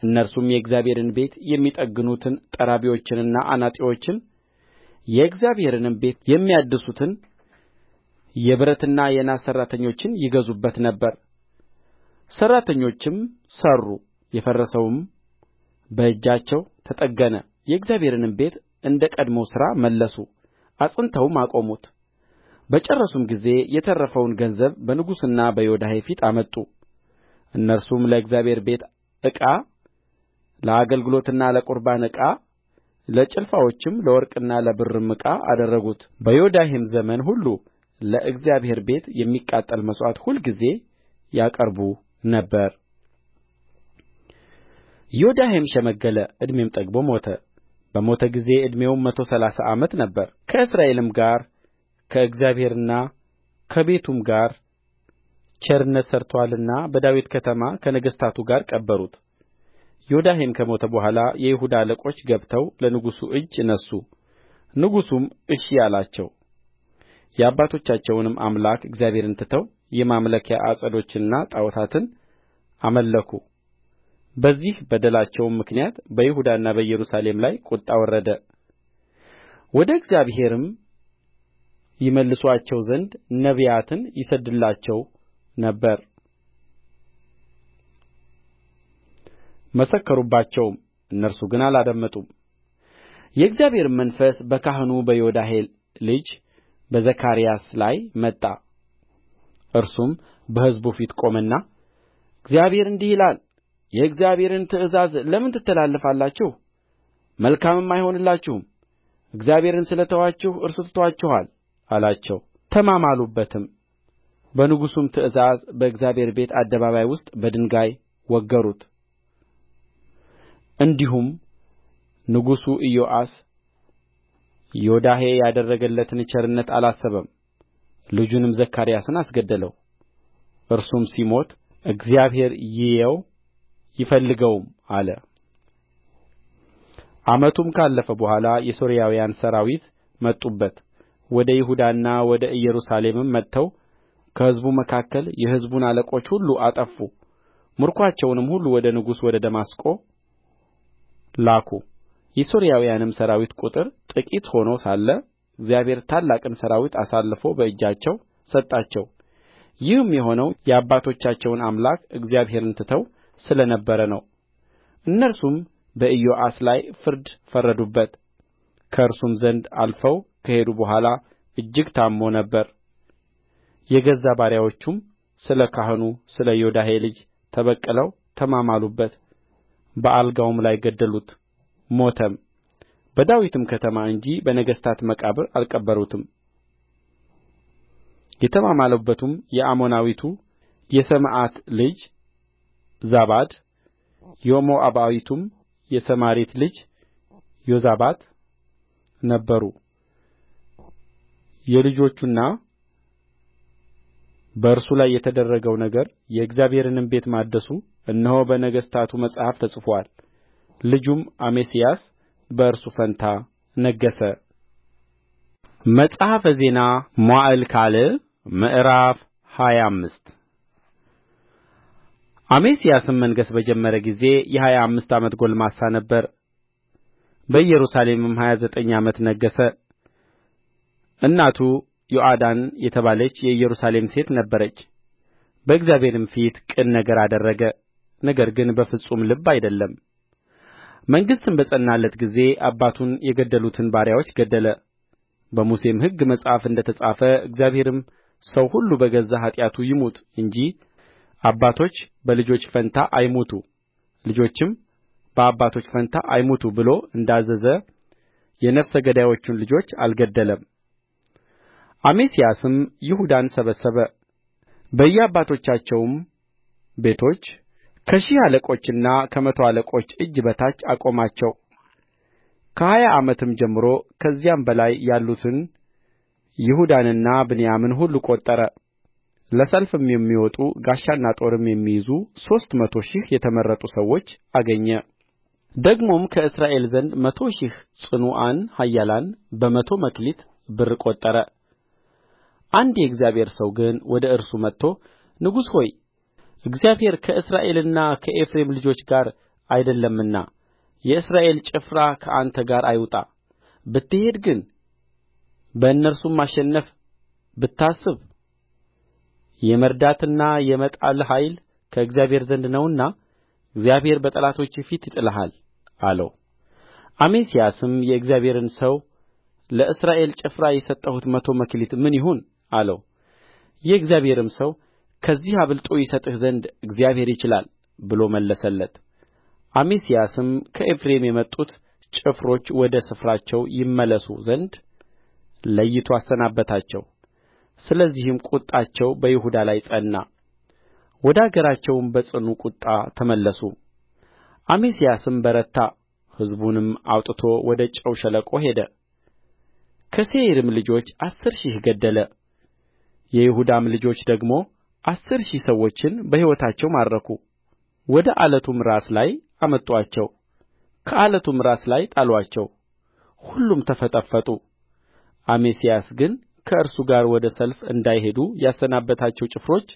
እነርሱም የእግዚአብሔርን ቤት የሚጠግኑትን ጠራቢዎችንና አናጢዎችን የእግዚአብሔርንም ቤት የሚያድሱትን የብረትና የናስ ሠራተኞችን ይገዙበት ነበር ሠራተኞችም ሠሩ የፈረሰውም በእጃቸው ተጠገነ የእግዚአብሔርንም ቤት እንደ ቀድሞው ሥራ መለሱ አጽንተውም አቆሙት በጨረሱም ጊዜ የተረፈውን ገንዘብ በንጉሡና በዮዳሄ ፊት አመጡ እነርሱም ለእግዚአብሔር ቤት ዕቃ ለአገልግሎትና ለቍርባን ዕቃ ለጭልፋዎችም ለወርቅና ለብርም ዕቃ አደረጉት በዮዳሄም ዘመን ሁሉ ለእግዚአብሔር ቤት የሚቃጠል መሥዋዕት ሁልጊዜ ያቀርቡ ነበር ዮዳሄም ሸመገለ ዕድሜም ጠግቦ ሞተ በሞተ ጊዜ ዕድሜውም መቶ ሠላሳ ዓመት ነበረ ከእስራኤልም ጋር ከእግዚአብሔርና ከቤቱም ጋር ቸርነት ሠርቶአልና በዳዊት ከተማ ከነገሥታቱ ጋር ቀበሩት ዮዳሄም ከሞተ በኋላ የይሁዳ አለቆች ገብተው ለንጉሡ እጅ ነሡ ንጉሡም እሺ አላቸው የአባቶቻቸውንም አምላክ እግዚአብሔርን ትተው የማምለኪያ ዐፀዶችንና ጣዖታትን አመለኩ በዚህ በደላቸውም ምክንያት በይሁዳና በኢየሩሳሌም ላይ ቍጣ ወረደ ወደ እግዚአብሔርም ይመልሱአቸው ዘንድ ነቢያትን ይሰድድላቸው ነበር መሰከሩባቸውም እነርሱ ግን አላደመጡም የእግዚአብሔርም መንፈስ በካህኑ በዮዳሄ ልጅ በዘካርያስ ላይ መጣ እርሱም በሕዝቡ ፊት ቆመና እግዚአብሔር እንዲህ ይላል የእግዚአብሔርን ትእዛዝ ለምን ትተላለፋላችሁ መልካምም አይሆንላችሁም እግዚአብሔርን ስለ ተዋችሁ እርሱ ትቶአችኋል አላቸው ተማማሉበትም በንጉሡም ትእዛዝ በእግዚአብሔር ቤት አደባባይ ውስጥ በድንጋይ ወገሩት እንዲሁም ንጉሡ ኢዮአስ ዮዳሄ ያደረገለትን ቸርነት አላሰበም ልጁንም ዘካርያስን አስገደለው እርሱም ሲሞት እግዚአብሔር ይየው ይፈልገውም አለ ዓመቱም ካለፈ በኋላ የሶርያውያን ሠራዊት መጡበት ወደ ይሁዳና ወደ ኢየሩሳሌምም መጥተው ከሕዝቡ መካከል የሕዝቡን አለቆች ሁሉ አጠፉ ምርኮአቸውንም ሁሉ ወደ ንጉሡ ወደ ደማስቆ ላኩ የሶርያውያንም ሠራዊት ቍጥር ጥቂት ሆኖ ሳለ እግዚአብሔር ታላቅን ሠራዊት አሳልፎ በእጃቸው ሰጣቸው ይህም የሆነው የአባቶቻቸውን አምላክ እግዚአብሔርን ትተው ስለ ነበረ ነው እነርሱም በኢዮአስ ላይ ፍርድ ፈረዱበት ከእርሱም ዘንድ አልፈው ከሄዱ በኋላ እጅግ ታምሞ ነበር የገዛ ባሪያዎቹም ስለ ካህኑ ስለ ዮዳሄ ልጅ ተበቅለው ተማማሉበት በአልጋውም ላይ ገደሉት ሞተም በዳዊትም ከተማ እንጂ በነገሥታት መቃብር አልቀበሩትም የተማማሉበትም የአሞናዊቱ የሰምዓት ልጅ ዛባድ የሞዓባዊቱም የሰማሪት ልጅ ዮዛባት ነበሩ የልጆቹና በእርሱ ላይ የተደረገው ነገር የእግዚአብሔርንም ቤት ማደሱ እነሆ በነገሥታቱ መጽሐፍ ተጽፎአል ልጁም አሜስያስ በእርሱ ፋንታ ነገሠ መጽሐፈ ዜና መዋዕል ካልዕ ምዕራፍ ሃያ አምስት አሜስያስም መንገሥ በጀመረ ጊዜ የሀያ አምስት ዓመት ጕልማሳ ነበረ በኢየሩሳሌምም ሀያ ዘጠኝ ዓመት ነገሠ እናቱ ዮዓዳን የተባለች የኢየሩሳሌም ሴት ነበረች በእግዚአብሔርም ፊት ቅን ነገር አደረገ ነገር ግን በፍጹም ልብ አይደለም መንግሥትም በጸናለት ጊዜ አባቱን የገደሉትን ባሪያዎች ገደለ በሙሴም ሕግ መጽሐፍ እንደ ተጻፈ እግዚአብሔርም ሰው ሁሉ በገዛ ኃጢአቱ ይሙት እንጂ አባቶች በልጆች ፋንታ አይሙቱ ልጆችም በአባቶች ፋንታ አይሙቱ ብሎ እንዳዘዘ የነፍሰ ገዳዮቹን ልጆች አልገደለም አሜስያስም ይሁዳን ሰበሰበ በየአባቶቻቸውም ቤቶች ከሺህ አለቆችና ከመቶ አለቆች እጅ በታች አቆማቸው ከሀያ ዓመትም ጀምሮ ከዚያም በላይ ያሉትን ይሁዳንና ብንያምን ሁሉ ቈጠረ ለሰልፍም የሚወጡ ጋሻና ጦርም የሚይዙ ሦስት መቶ ሺህ የተመረጡ ሰዎች አገኘ ደግሞም ከእስራኤል ዘንድ መቶ ሺህ ጽኑዓን ኃያላን በመቶ መክሊት ብር ቈጠረ አንድ የእግዚአብሔር ሰው ግን ወደ እርሱ መጥቶ ንጉሥ ሆይ እግዚአብሔር ከእስራኤልና ከኤፍሬም ልጆች ጋር አይደለምና የእስራኤል ጭፍራ ከአንተ ጋር አይውጣ ብትሄድ ግን በእነርሱም ማሸነፍ ብታስብ የመርዳትና የመጣል ኃይል ከእግዚአብሔር ዘንድ ነውና እግዚአብሔር በጠላቶችህ ፊት ይጥልሃል አለው አሜስያስም የእግዚአብሔርን ሰው ለእስራኤል ጭፍራ የሰጠሁት መቶ መክሊት ምን ይሁን አለው የእግዚአብሔርም ሰው ከዚህ አብልጦ ይሰጥህ ዘንድ እግዚአብሔር ይችላል ብሎ መለሰለት አሜስያስም ከኤፍሬም የመጡት ጭፍሮች ወደ ስፍራቸው ይመለሱ ዘንድ ለይቶ አሰናበታቸው ስለዚህም ቍጣቸው በይሁዳ ላይ ጸና ወደ አገራቸውም በጽኑ ቍጣ ተመለሱ አሜስያስም በረታ ሕዝቡንም አውጥቶ ወደ ጨው ሸለቆ ሄደ ከሴይርም ልጆች አሥር ሺህ ገደለ የይሁዳም ልጆች ደግሞ አሥር ሺህ ሰዎችን በሕይወታቸው ማረኩ ወደ ዓለቱም ራስ ላይ አመጡአቸው ከዓለቱም ራስ ላይ ጣሉአቸው ሁሉም ተፈጠፈጡ አሜስያስ ግን ከእርሱ ጋር ወደ ሰልፍ እንዳይሄዱ ያሰናበታቸው ጭፍሮች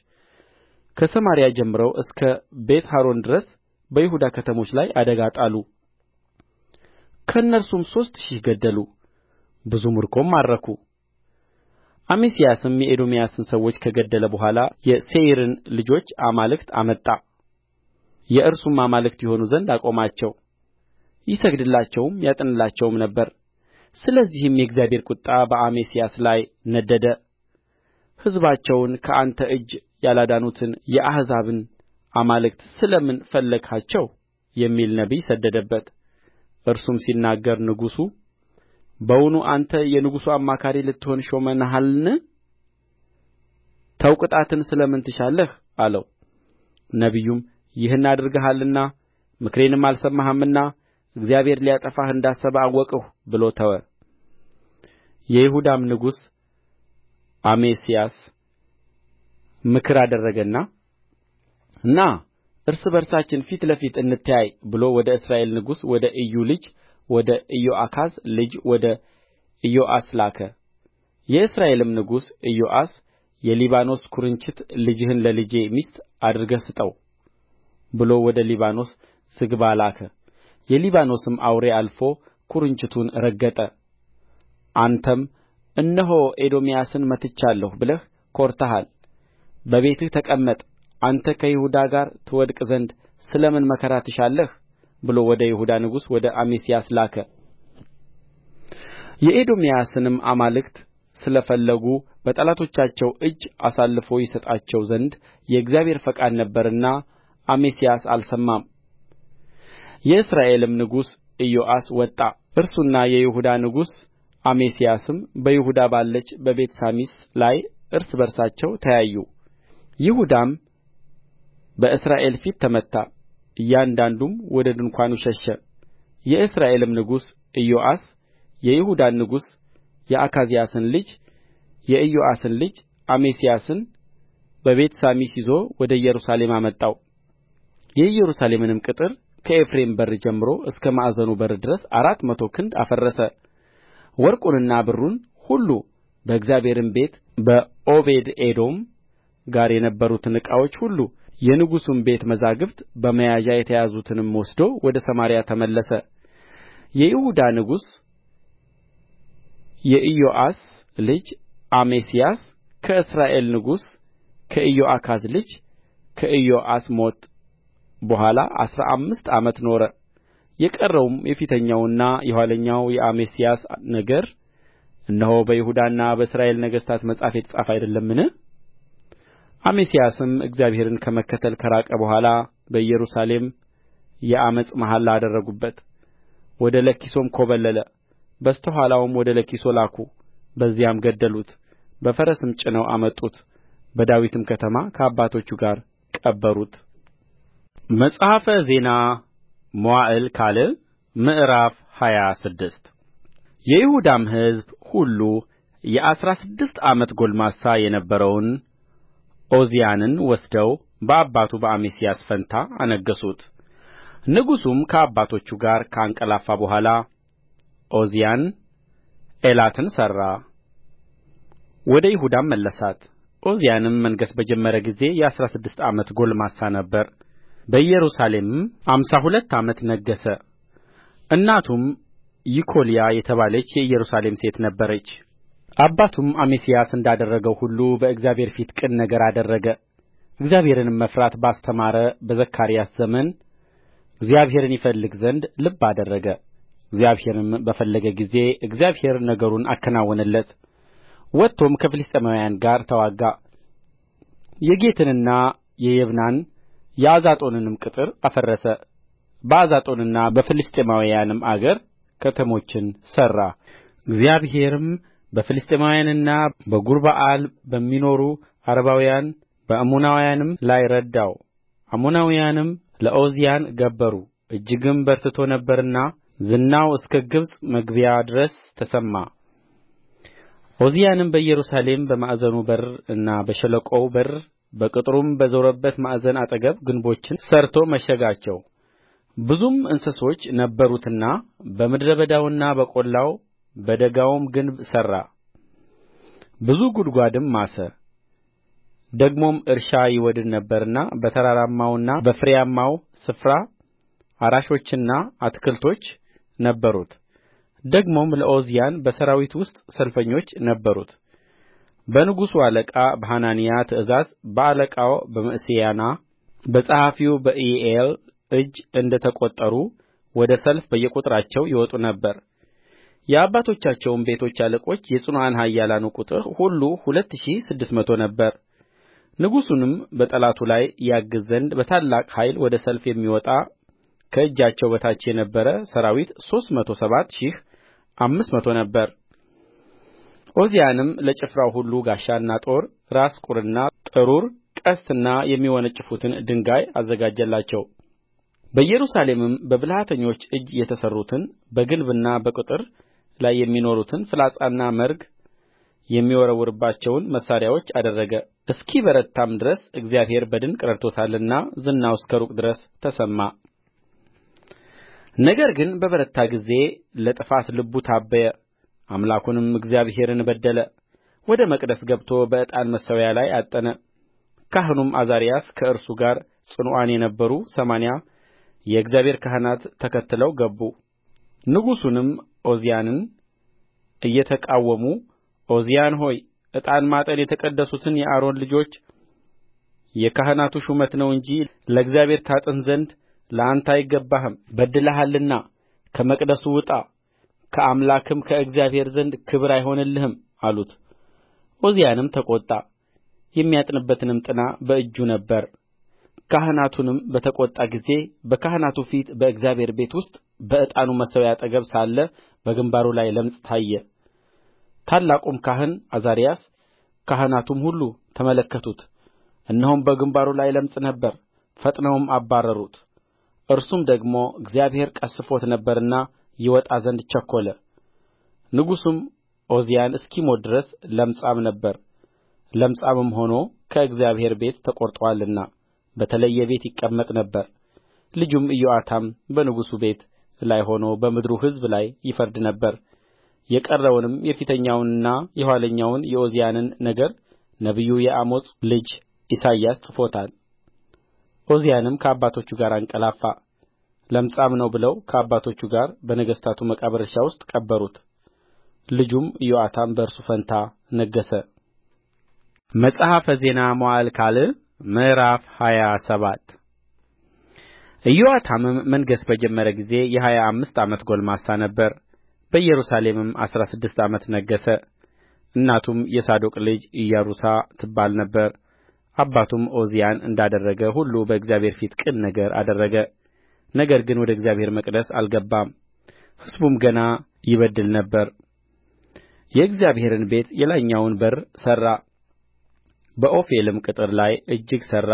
ከሰማርያ ጀምረው እስከ ቤትሖሮን ድረስ በይሁዳ ከተሞች ላይ አደጋ ጣሉ ከእነርሱም ሦስት ሺህ ገደሉ ብዙ ምርኮም ማረኩ አሜስያስም የኤዶምያስን ሰዎች ከገደለ በኋላ የሴይርን ልጆች አማልክት አመጣ የእርሱም አማልክት ይሆኑ ዘንድ አቆማቸው ይሰግድላቸውም ያጥንላቸውም ነበር ስለዚህም የእግዚአብሔር ቍጣ በአሜስያስ ላይ ነደደ ሕዝባቸውን ከአንተ እጅ ያላዳኑትን የአሕዛብን አማልክት ስለ ምን ፈለግሃቸው የሚል ነቢይ ሰደደበት እርሱም ሲናገር ንጉሡ በውኑ አንተ የንጉሡ አማካሪ ልትሆን ሾመንሃልን ተው ቅጣትን ስለ ምን ትሻለህ አለው ነቢዩም ይህን አድርገሃልና ምክሬንም አልሰማህምና እግዚአብሔር ሊያጠፋህ እንዳሰበ አወቅሁ ብሎ ተወ የይሁዳም ንጉሥ አሜስያስ ምክር አደረገና ና እርስ በርሳችን ፊት ለፊት እንተያይ ብሎ ወደ እስራኤል ንጉሥ ወደ ኢዩ ልጅ ወደ ኢዮአካዝ ልጅ ወደ ኢዮአስ ላከ። የእስራኤልም ንጉሥ ኢዮአስ የሊባኖስ ኵርንችት ልጅህን ለልጄ ሚስት አድርገህ ስጠው ብሎ ወደ ሊባኖስ ዝግባ ላከ። የሊባኖስም አውሬ አልፎ ኵርንችቱን ረገጠ አንተም እነሆ ኤዶምያስን መትቻለሁ ብለህ ኰርተሃል በቤትህ ተቀመጥ አንተ ከይሁዳ ጋር ትወድቅ ዘንድ ስለ ምን መከራ ትሻለህ ብሎ ወደ ይሁዳ ንጉሥ ወደ አሜስያስ ላከ የኤዶምያስንም አማልክት ስለ ፈለጉ በጠላቶቻቸው እጅ አሳልፎ ይሰጣቸው ዘንድ የእግዚአብሔር ፈቃድ ነበረና አሜስያስ አልሰማም የእስራኤልም ንጉሥ ኢዮአስ ወጣ እርሱና የይሁዳ ንጉሥ አሜስያስም በይሁዳ ባለች በቤትሳሚስ ላይ እርስ በርሳቸው ተያዩ ይሁዳም በእስራኤል ፊት ተመታ እያንዳንዱም ወደ ድንኳኑ ሸሸ የእስራኤልም ንጉሥ ኢዮአስ የይሁዳን ንጉሥ የአካዝያስን ልጅ የኢዮአስን ልጅ አሜስያስን በቤትሳሚስ ይዞ ወደ ኢየሩሳሌም አመጣው የኢየሩሳሌምንም ቅጥር ከኤፍሬም በር ጀምሮ እስከ ማዕዘኑ በር ድረስ አራት መቶ ክንድ አፈረሰ ወርቁንና ብሩን ሁሉ በእግዚአብሔርም ቤት በዖቤድኤዶም ጋር የነበሩትን ዕቃዎች ሁሉ የንጉሡን ቤት መዛግብት በመያዣ የተያዙትንም ወስዶ ወደ ሰማርያ ተመለሰ የይሁዳ ንጉሥ የኢዮአስ ልጅ አሜስያስ ከእስራኤል ንጉሥ ከኢዮአካዝ ልጅ ከኢዮአስ ሞት በኋላ አሥራ አምስት ዓመት ኖረ የቀረውም የፊተኛውና የኋለኛው የአሜስያስ ነገር እነሆ በይሁዳና በእስራኤል ነገሥታት መጽሐፍ የተጻፈ አይደለምን አሜስያስም እግዚአብሔርን ከመከተል ከራቀ በኋላ በኢየሩሳሌም የዓመፅ መሐላ አደረጉበት ወደ ለኪሶም ኰበለለ በስተ ኋላውም ወደ ለኪሶ ላኩ በዚያም ገደሉት በፈረስም ጭነው አመጡት በዳዊትም ከተማ ከአባቶቹ ጋር ቀበሩት መጽሐፈ ዜና መዋዕል ካልዕ ምዕራፍ ሃያ ስድስት የይሁዳም ሕዝብ ሁሉ የአሥራ ስድስት ዓመት ጕልማሳ የነበረውን ዖዝያንን ወስደው በአባቱ በአሜስያስ ፋንታ አነገሡት። ንጉሡም ከአባቶቹ ጋር ከአንቀላፋ በኋላ ዖዝያን ኤላትን ሠራ፣ ወደ ይሁዳም መለሳት። ዖዝያንም መንገሥ በጀመረ ጊዜ የአሥራ ስድስት ዓመት ጕልማሳ ነበር። በኢየሩሳሌምም አምሳ ሁለት ዓመት ነገሠ እናቱም ይኮልያ የተባለች የኢየሩሳሌም ሴት ነበረች አባቱም አሜስያስ እንዳደረገው ሁሉ በእግዚአብሔር ፊት ቅን ነገር አደረገ እግዚአብሔርንም መፍራት ባስተማረ በዘካርያስ ዘመን እግዚአብሔርን ይፈልግ ዘንድ ልብ አደረገ እግዚአብሔርም በፈለገ ጊዜ እግዚአብሔር ነገሩን አከናወነለት ወጥቶም ከፍልስጥኤማውያን ጋር ተዋጋ የጌትንና የየብናን የአዛጦንንም ቅጥር አፈረሰ በአዛጦንና በፍልስጥኤማውያንም አገር ከተሞችን ሠራ እግዚአብሔርም በፍልስጥኤማውያንና በጉርበኣል በሚኖሩ ዓረባውያን በአሞናውያንም ላይ ረዳው አሞናውያንም ለዖዝያን ገበሩ እጅግም በርትቶ ነበርና ዝናው እስከ ግብጽ መግቢያ ድረስ ተሰማ ዖዝያንም በኢየሩሳሌም በማዕዘኑ በር እና በሸለቆው በር በቅጥሩም በዞረበት ማዕዘን አጠገብ ግንቦችን ሠርቶ መሸጋቸው ብዙም እንስሶች ነበሩትና በምድረ በዳውና በቈላው በደጋውም ግንብ ሠራ ብዙ ጕድጓድም ማሰ ደግሞም እርሻ ይወድድ ነበርና በተራራማውና በፍሬያማው ስፍራ አራሾችና አትክልቶች ነበሩት ደግሞም ለዖዝያን በሠራዊት ውስጥ ሰልፈኞች ነበሩት በንጉሡ አለቃ በሐናንያ ትእዛዝ በአለቃው በመዕሤያና በጸሐፊው በይዒኤል እጅ እንደ ተቈጠሩ ወደ ሰልፍ በየቍጥራቸው ይወጡ ነበር የአባቶቻቸውም ቤቶች አለቆች የጽኑዓን ኃያላኑ ቍጥር ሁሉ ሁለት ሺህ ስድስት መቶ ነበረ ንጉሡንም በጠላቱ ላይ ያግዝ ዘንድ በታላቅ ኃይል ወደ ሰልፍ የሚወጣ ከእጃቸው በታች የነበረ ሠራዊት ሦስት መቶ ሰባት ሺህ አምስት መቶ ነበር ዖዝያንም ለጭፍራው ሁሉ ጋሻና ጦር ራስ ቍርና ጥሩር ቀስትና የሚወነጭፉትን ድንጋይ አዘጋጀላቸው በኢየሩሳሌምም በብልሃተኞች እጅ የተሠሩትን በግንብና በቅጥር ላይ የሚኖሩትን ፍላጻና መርግ የሚወረወርባቸውን መሣሪያዎች አደረገ እስኪበረታም ድረስ እግዚአብሔር በድንቅ ረድቶታልና ዝናው እስከ ሩቅ ድረስ ተሰማ ነገር ግን በበረታ ጊዜ ለጥፋት ልቡ ታበየ አምላኩንም እግዚአብሔርን በደለ ወደ መቅደስ ገብቶ በዕጣን መሠዊያ ላይ ዐጠነ ካህኑም ዓዛርያስ ከእርሱ ጋር ጽኑዓን የነበሩ ሰማንያ የእግዚአብሔር ካህናት ተከትለው ገቡ ንጉሡንም ዖዝያንን እየተቃወሙ ዖዝያን ሆይ ዕጣን ማጠን የተቀደሱትን የአሮን ልጆች የካህናቱ ሹመት ነው እንጂ ለእግዚአብሔር ታጥን ዘንድ ለአንተ አይገባህም በድለሃልና ከመቅደሱ ውጣ ከአምላክም ከእግዚአብሔር ዘንድ ክብር አይሆንልህም አሉት ዖዝያንም ተቈጣ የሚያጥንበትም ጥና በእጁ ነበረ ካህናቱንም በተቈጣ ጊዜ በካህናቱ ፊት በእግዚአብሔር ቤት ውስጥ በዕጣኑ መሠዊያ አጠገብ ሳለ በግምባሩ ላይ ለምጽ ታየ ታላቁም ካህን ዓዛርያስ ካህናቱም ሁሉ ተመለከቱት እነሆም በግምባሩ ላይ ለምጽ ነበር ፈጥነውም አባረሩት እርሱም ደግሞ እግዚአብሔር ቀሥፎት ነበርና ይወጣ ዘንድ ቸኰለ ንጉሡም ዖዝያን እስኪሞት ድረስ ለምጻም ነበረ ለምጻምም ሆኖ ከእግዚአብሔር ቤት ተቈርጦአልና በተለየ ቤት ይቀመጥ ነበር ልጁም ኢዮአታም በንጉሡ ቤት ላይ ሆኖ በምድሩ ሕዝብ ላይ ይፈርድ ነበር የቀረውንም የፊተኛውንና የኋለኛውን የዖዝያንን ነገር ነቢዩ የአሞጽ ልጅ ኢሳይያስ ጽፎታል ዖዝያንም ከአባቶቹ ጋር አንቀላፋ ለምጻም ነው ብለው ከአባቶቹ ጋር በነገሥታቱ መቃብር እርሻ ውስጥ ቀበሩት ልጁም ኢዮአታም በእርሱ ፋንታ ነገሠ መጽሐፈ ዜና መዋዕል ካልዕ ምዕራፍ ሃያ ሰባት ኢዮአታምም መንገሥ በጀመረ ጊዜ የሀያ አምስት ዓመት ጕልማሳ ነበረ። በኢየሩሳሌምም አሥራ ስድስት ዓመት ነገሠ። እናቱም የሳዶቅ ልጅ ኢየሩሳ ትባል ነበር። አባቱም ዖዝያን እንዳደረገ ሁሉ በእግዚአብሔር ፊት ቅን ነገር አደረገ። ነገር ግን ወደ እግዚአብሔር መቅደስ አልገባም ሕዝቡም ገና ይበድል ነበር የእግዚአብሔርን ቤት የላይኛውን በር ሠራ በኦፌልም ቅጥር ላይ እጅግ ሠራ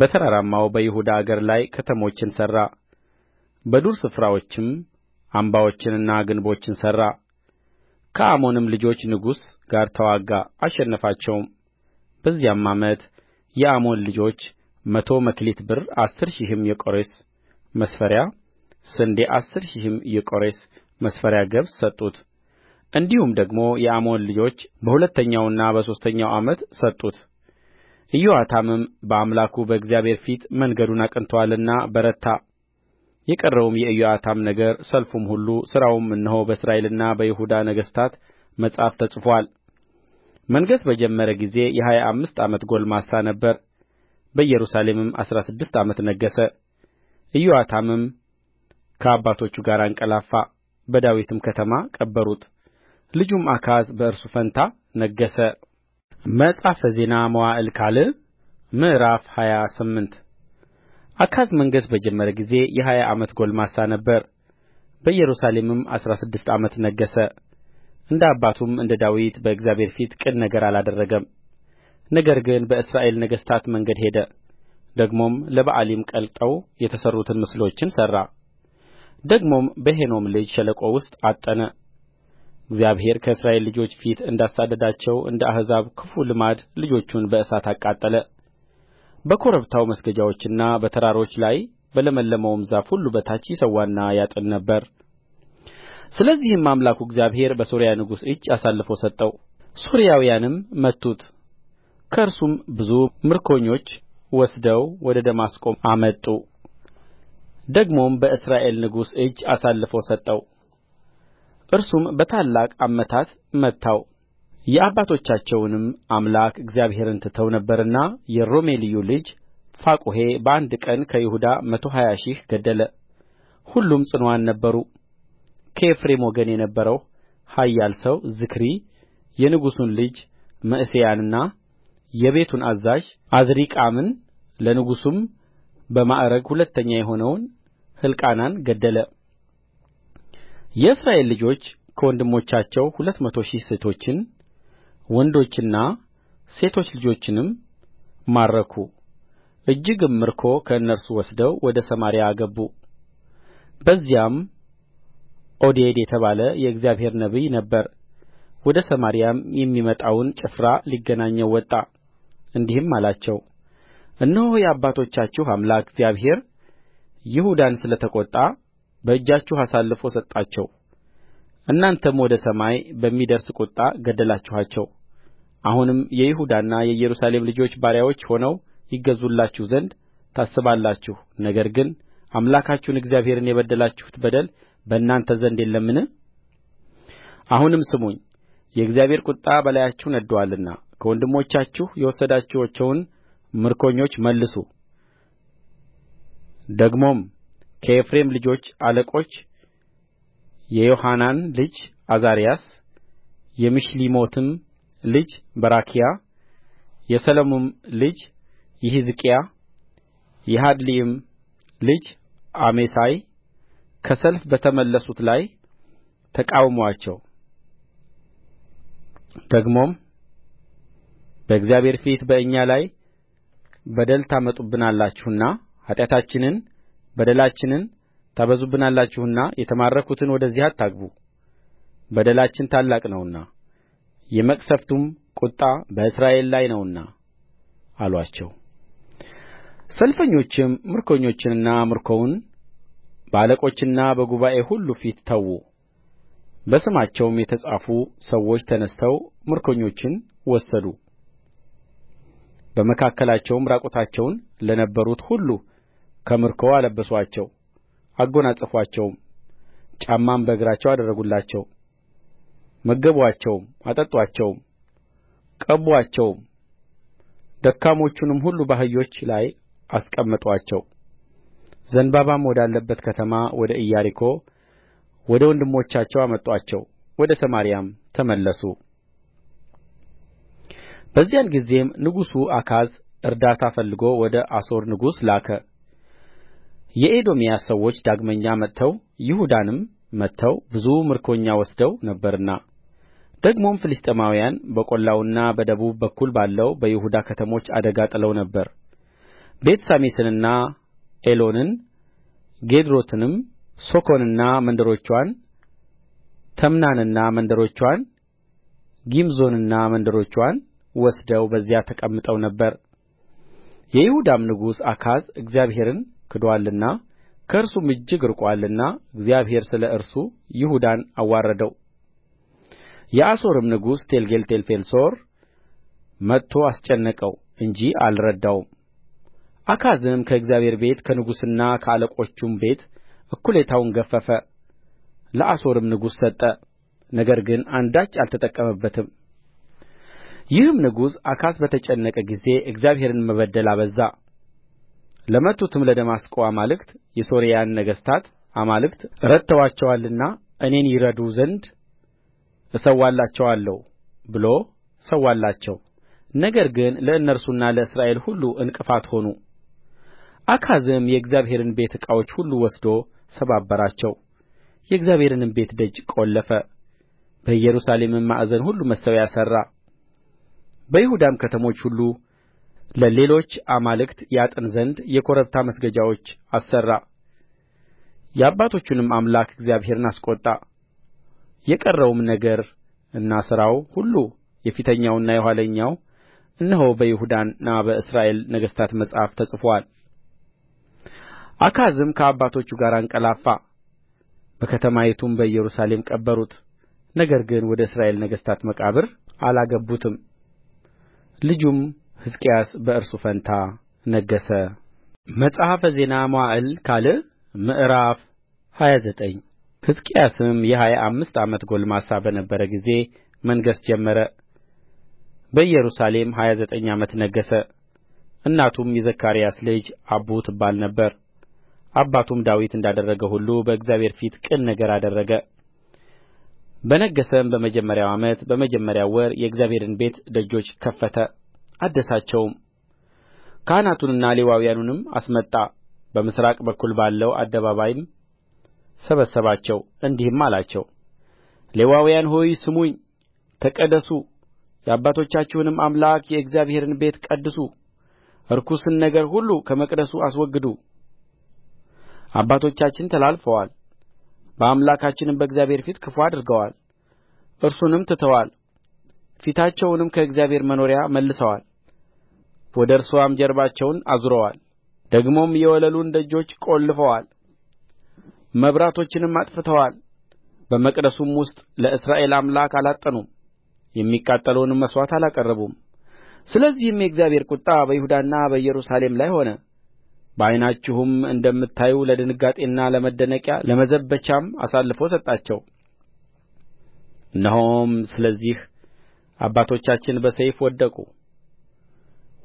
በተራራማው በይሁዳ አገር ላይ ከተሞችን ሠራ በዱር ስፍራዎችም አምባዎችንና ግንቦችን ሠራ ከአሞንም ልጆች ንጉሥ ጋር ተዋጋ አሸነፋቸውም በዚያም ዓመት የአሞን ልጆች መቶ መክሊት ብር አሥር ሺህም የቆሬስ መስፈሪያ ስንዴ አሥር ሺህም የቆሬስ መስፈሪያ ገብስ ሰጡት እንዲሁም ደግሞ የአሞን ልጆች በሁለተኛውና በሦስተኛው ዓመት ሰጡት ኢዮአታምም በአምላኩ በእግዚአብሔር ፊት መንገዱን አቅንቶአልና በረታ የቀረውም የኢዮአታም ነገር ሰልፉም ሁሉ ሥራውም እነሆ በእስራኤልና በይሁዳ ነገሥታት መጽሐፍ ተጽፎአል መንገሥ በጀመረ ጊዜ የሀያ አምስት ዓመት ጕልማሳ ነበረ በኢየሩሳሌምም አሥራ ስድስት ዓመት ነገሠ ኢዮአታምም ከአባቶቹ ጋር አንቀላፋ በዳዊትም ከተማ ቀበሩት ልጁም አካዝ በእርሱ ፋንታ ነገሠ መጽሐፈ ዜና መዋዕል ካልዕ ምዕራፍ ሃያ ስምንት አካዝ መንገሥ በጀመረ ጊዜ የሀያ ዓመት ጕልማሳ ነበረ በኢየሩሳሌምም አሥራ ስድስት ዓመት ነገሠ እንደ አባቱም እንደ ዳዊት በእግዚአብሔር ፊት ቅን ነገር አላደረገም ነገር ግን በእስራኤል ነገሥታት መንገድ ሄደ ደግሞም ለበኣሊም ቀልጠው የተሠሩትን ምስሎችን ሠራ ደግሞም በሄኖም ልጅ ሸለቆ ውስጥ ዐጠነ እግዚአብሔር ከእስራኤል ልጆች ፊት እንዳሳደዳቸው እንደ አሕዛብ ክፉ ልማድ ልጆቹን በእሳት አቃጠለ በኮረብታው መስገጃዎችና በተራሮች ላይ በለመለመውም ዛፍ ሁሉ በታች ይሠዋና ያጥን ነበር ስለዚህም አምላኩ እግዚአብሔር በሶርያ ንጉሥ እጅ አሳልፎ ሰጠው ሶርያውያንም መቱት ከእርሱም ብዙ ምርኮኞች ወስደው ወደ ደማስቆ አመጡ ደግሞም በእስራኤል ንጉሥ እጅ አሳልፎ ሰጠው እርሱም በታላቅ አመታት መታው የአባቶቻቸውንም አምላክ እግዚአብሔርን ትተው ነበርና የሮሜልዩ ልጅ ፋቁሔ በአንድ ቀን ከይሁዳ መቶ ሀያ ሺህ ገደለ ሁሉም ጽኑዓን ነበሩ ከኤፍሬም ወገን የነበረው ኃያል ሰው ዝክሪ የንጉሡን ልጅ መዕሤያንና የቤቱን አዛዥ ዓዝሪቃምን ለንጉሡም በማዕርግ ሁለተኛ የሆነውን ሕልቃናን ገደለ የእስራኤል ልጆች ከወንድሞቻቸው ሁለት መቶ ሺህ ሴቶችን ወንዶችና ሴቶች ልጆችንም ማረኩ እጅግም ምርኮ ከእነርሱ ወስደው ወደ ሰማርያ አገቡ በዚያም ዖዴድ የተባለ የእግዚአብሔር ነቢይ ነበረ ወደ ሰማርያም የሚመጣውን ጭፍራ ሊገናኘው ወጣ እንዲህም አላቸው እነሆ የአባቶቻችሁ አምላክ እግዚአብሔር ይሁዳን ስለ ተቈጣ በእጃችሁ አሳልፎ ሰጣቸው እናንተም ወደ ሰማይ በሚደርስ ቍጣ ገደላችኋቸው አሁንም የይሁዳና የኢየሩሳሌም ልጆች ባሪያዎች ሆነው ይገዙላችሁ ዘንድ ታስባላችሁ ነገር ግን አምላካችሁን እግዚአብሔርን የበደላችሁት በደል በእናንተ ዘንድ የለምን አሁንም ስሙኝ የእግዚአብሔር ቍጣ በላያችሁ ነድዶአልና ከወንድሞቻችሁ የወሰዳችኋቸውን ምርኮኞች መልሱ ደግሞም ከኤፍሬም ልጆች አለቆች የዮሐናን ልጅ ዓዛርያስ የምሺሌሞትም ልጅ በራክያ የሰሎምም ልጅ ይሒዝቅያ፣ የሐድላይም ልጅ አሜሳይ ከሰልፍ በተመለሱት ላይ ተቃወሙአቸው ደግሞም በእግዚአብሔር ፊት በእኛ ላይ በደል ታመጡብናላችሁና ኃጢአታችንን በደላችንን ታበዙብናላችሁና የተማረኩትን ወደዚህ አታግቡ በደላችን ታላቅ ነውና የመቅሠፍቱም ቍጣ በእስራኤል ላይ ነውና አሉአቸው ሰልፈኞችም ምርኮኞችንና ምርኮውን በአለቆችና በጉባኤ ሁሉ ፊት ተዉ በስማቸውም የተጻፉ ሰዎች ተነሥተው ምርኮኞችን ወሰዱ በመካከላቸውም ራቁታቸውን ለነበሩት ሁሉ ከምርኮ አለበሱአቸው አጎናጸፉአቸውም ጫማም በእግራቸው አደረጉላቸው መገቡአቸውም አጠጡአቸውም ቀቡአቸውም ደካሞቹንም ሁሉ በአህዮች ላይ አስቀመጡአቸው ዘንባባም ወዳለባት ከተማ ወደ ኢያሪኮ ወደ ወንድሞቻቸው አመጡአቸው ወደ ሰማርያም ተመለሱ በዚያን ጊዜም ንጉሡ አካዝ እርዳታ ፈልጎ ወደ አሦር ንጉሥ ላከ የኤዶምያስ ሰዎች ዳግመኛ መጥተው ይሁዳንም መትተው ብዙ ምርኮኛ ወስደው ነበርና ደግሞም ፍልስጥኤማውያን በቈላውና በደቡብ በኩል ባለው በይሁዳ ከተሞች አደጋ ጥለው ነበር ቤትሳሚስንና ኤሎንን ጌድሮትንም ሶኮንና መንደሮችዋን ተምናንና መንደሮችዋን ጊምዞንና መንደሮችዋን ወስደው በዚያ ተቀምጠው ነበር የይሁዳም ንጉሥ አካዝ እግዚአብሔርን ክዷልና ከእርሱም እጅግ ርቆአልና እግዚአብሔር ስለ እርሱ ይሁዳን አዋረደው የአሦርም ንጉሥ ቴልጌልቴልፌልሶር መጥቶ አስጨነቀው እንጂ አልረዳውም አካዝም ከእግዚአብሔር ቤት ከንጉሥና ከአለቆቹም ቤት እኩሌታውን ገፈፈ ለአሦርም ንጉሥ ሰጠ ነገር ግን አንዳች አልተጠቀመበትም ይህም ንጉሥ አካዝ በተጨነቀ ጊዜ እግዚአብሔርን መበደል አበዛ ለመቱትም ለደማስቆ አማልክት የሶርያን ነገሥታት አማልክት ረድተዋቸዋልና እኔን ይረዱ ዘንድ እሠዋላቸዋለሁ ብሎ ሠዋላቸው ነገር ግን ለእነርሱና ለእስራኤል ሁሉ ዕንቅፋት ሆኑ አካዝም የእግዚአብሔርን ቤት ዕቃዎች ሁሉ ወስዶ ሰባበራቸው የእግዚአብሔርንም ቤት ደጅ ቈለፈ በኢየሩሳሌምም ማዕዘን ሁሉ መሠዊያ ሠራ በይሁዳም ከተሞች ሁሉ ለሌሎች አማልክት ያጥን ዘንድ የኮረብታ መስገጃዎች አሠራ የአባቶቹንም አምላክ እግዚአብሔርን አስቈጣ የቀረውም ነገርና ሥራው ሁሉ የፊተኛውና የኋለኛው እነሆ በይሁዳና በእስራኤል ነገሥታት መጽሐፍ ተጽፎአል አካዝም ከአባቶቹ ጋር አንቀላፋ በከተማይቱም በኢየሩሳሌም ቀበሩት ነገር ግን ወደ እስራኤል ነገሥታት መቃብር አላገቡትም ልጁም ሕዝቅያስ በእርሱ ፋንታ ነገሠ። መጽሐፈ ዜና መዋዕል ካልዕ ምዕራፍ ሃያ ዘጠኝ ሕዝቅያስም የሀያ አምስት ዓመት ጕልማሳ በነበረ ጊዜ መንገሥ ጀመረ። በኢየሩሳሌም ሀያ ዘጠኝ ዓመት ነገሠ። እናቱም የዘካርያስ ልጅ አቡ ትባል ነበር። አባቱም ዳዊት እንዳደረገ ሁሉ በእግዚአብሔር ፊት ቅን ነገር አደረገ። በነገሠም በመጀመሪያው ዓመት በመጀመሪያው ወር የእግዚአብሔርን ቤት ደጆች ከፈተ አደሳቸውም ካህናቱንና ሌዋውያኑንም አስመጣ በምሥራቅ በኩል ባለው አደባባይም ሰበሰባቸው እንዲህም አላቸው ሌዋውያን ሆይ ስሙኝ ተቀደሱ የአባቶቻችሁንም አምላክ የእግዚአብሔርን ቤት ቀድሱ ርኩስን ነገር ሁሉ ከመቅደሱ አስወግዱ አባቶቻችን ተላልፈዋል በአምላካችንም በእግዚአብሔር ፊት ክፉ አድርገዋል እርሱንም ትተዋል ፊታቸውንም ከእግዚአብሔር መኖሪያ መልሰዋል ወደ እርስዋም ጀርባቸውን አዙረዋል ደግሞም የወለሉን ደጆች ቈልፈዋል መብራቶችንም አጥፍተዋል በመቅደሱም ውስጥ ለእስራኤል አምላክ አላጠኑም የሚቃጠለውንም መሥዋዕት አላቀረቡም ስለዚህም የእግዚአብሔር ቍጣ በይሁዳና በኢየሩሳሌም ላይ ሆነ በዓይናችሁም እንደምታዩ ለድንጋጤና ለመደነቂያ ለመዘበቻም አሳልፎ ሰጣቸው እነሆም ስለዚህ አባቶቻችን በሰይፍ ወደቁ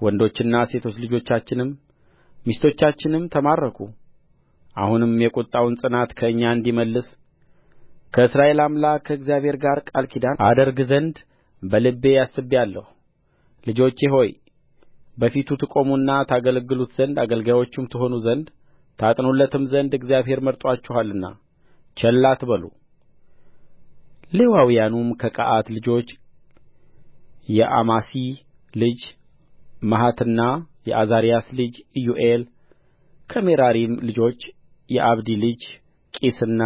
ወንዶችና ሴቶች ልጆቻችንም ሚስቶቻችንም ተማረኩ አሁንም የቍጣውን ጽናት ከእኛ እንዲመልስ ከእስራኤል አምላክ ከእግዚአብሔር ጋር ቃል ኪዳን አደርግ ዘንድ በልቤ አስቤአለሁ ልጆቼ ሆይ በፊቱ ትቆሙና ታገለግሉት ዘንድ አገልጋዮቹም ትሆኑ ዘንድ ታጥኑለትም ዘንድ እግዚአብሔር መርጦአችኋልና ቸል አትበሉ ሌዋውያኑም ከቀዓት ልጆች የአማሲ ልጅ መሐትና የዓዛርያስ ልጅ ኢዮኤል ከሜራሪም ልጆች የአብዲ ልጅ ቂስና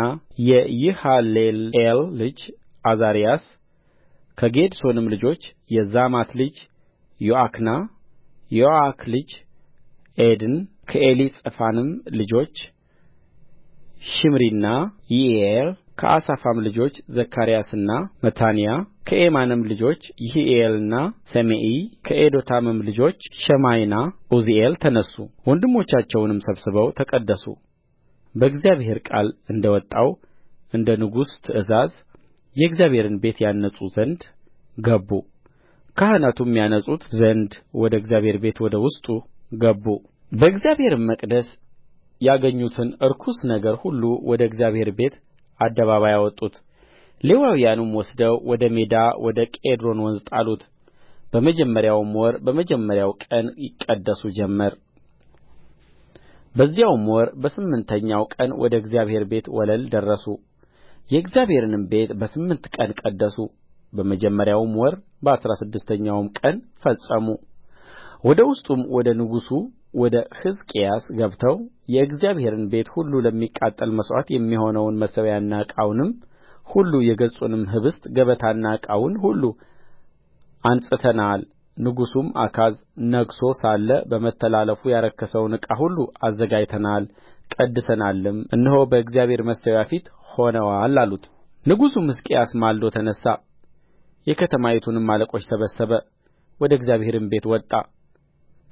የይሃሌልኤል ልጅ ዓዛርያስ ከጌድሶንም ልጆች የዛማት ልጅ ዮአክና የዮአክ ልጅ ዔድን ከኤሊጸፋንም ልጆች ሽምሪና ይዒኤል ከአሳፍም ልጆች ዘካርያስና መታንያ ከኤማንም ልጆች ይሒኤልና ሰሜኢ ከኤዶታምም ልጆች ሸማይና ዑዝኤል ተነሡ ወንድሞቻቸውንም ሰብስበው ተቀደሱ በእግዚአብሔር ቃል እንደ ወጣው እንደ ንጉሡ ትእዛዝ የእግዚአብሔርን ቤት ያነጹ ዘንድ ገቡ ካህናቱም ያነጹት ዘንድ ወደ እግዚአብሔር ቤት ወደ ውስጡ ገቡ በእግዚአብሔርም መቅደስ ያገኙትን ርኩስ ነገር ሁሉ ወደ እግዚአብሔር ቤት አደባባይ አወጡት ሌዋውያኑም ወስደው ወደ ሜዳ ወደ ቄድሮን ወንዝ ጣሉት በመጀመሪያውም ወር በመጀመሪያው ቀን ይቀደሱ ጀመር በዚያውም ወር በስምንተኛው ቀን ወደ እግዚአብሔር ቤት ወለል ደረሱ የእግዚአብሔርንም ቤት በስምንት ቀን ቀደሱ በመጀመሪያውም ወር በአሥራ ስድስተኛው ቀን ፈጸሙ ወደ ውስጡም ወደ ንጉሡ ወደ ሕዝቅያስ ገብተው የእግዚአብሔርን ቤት ሁሉ ለሚቃጠል መሥዋዕት የሚሆነውን መሠዊያና ዕቃውንም ሁሉ የገጹንም ኅብስት ገበታና ዕቃውን ሁሉ አንጽተናል ንጉሡም አካዝ ነግሦ ሳለ በመተላለፉ ያረከሰውን ዕቃ ሁሉ አዘጋጅተናል ቀድሰናልም እነሆ በእግዚአብሔር መሠዊያ ፊት ሆነዋል አሉት ንጉሡም ሕዝቅያስ ማልዶ ተነሣ የከተማይቱንም አለቆች ሰበሰበ ወደ እግዚአብሔርም ቤት ወጣ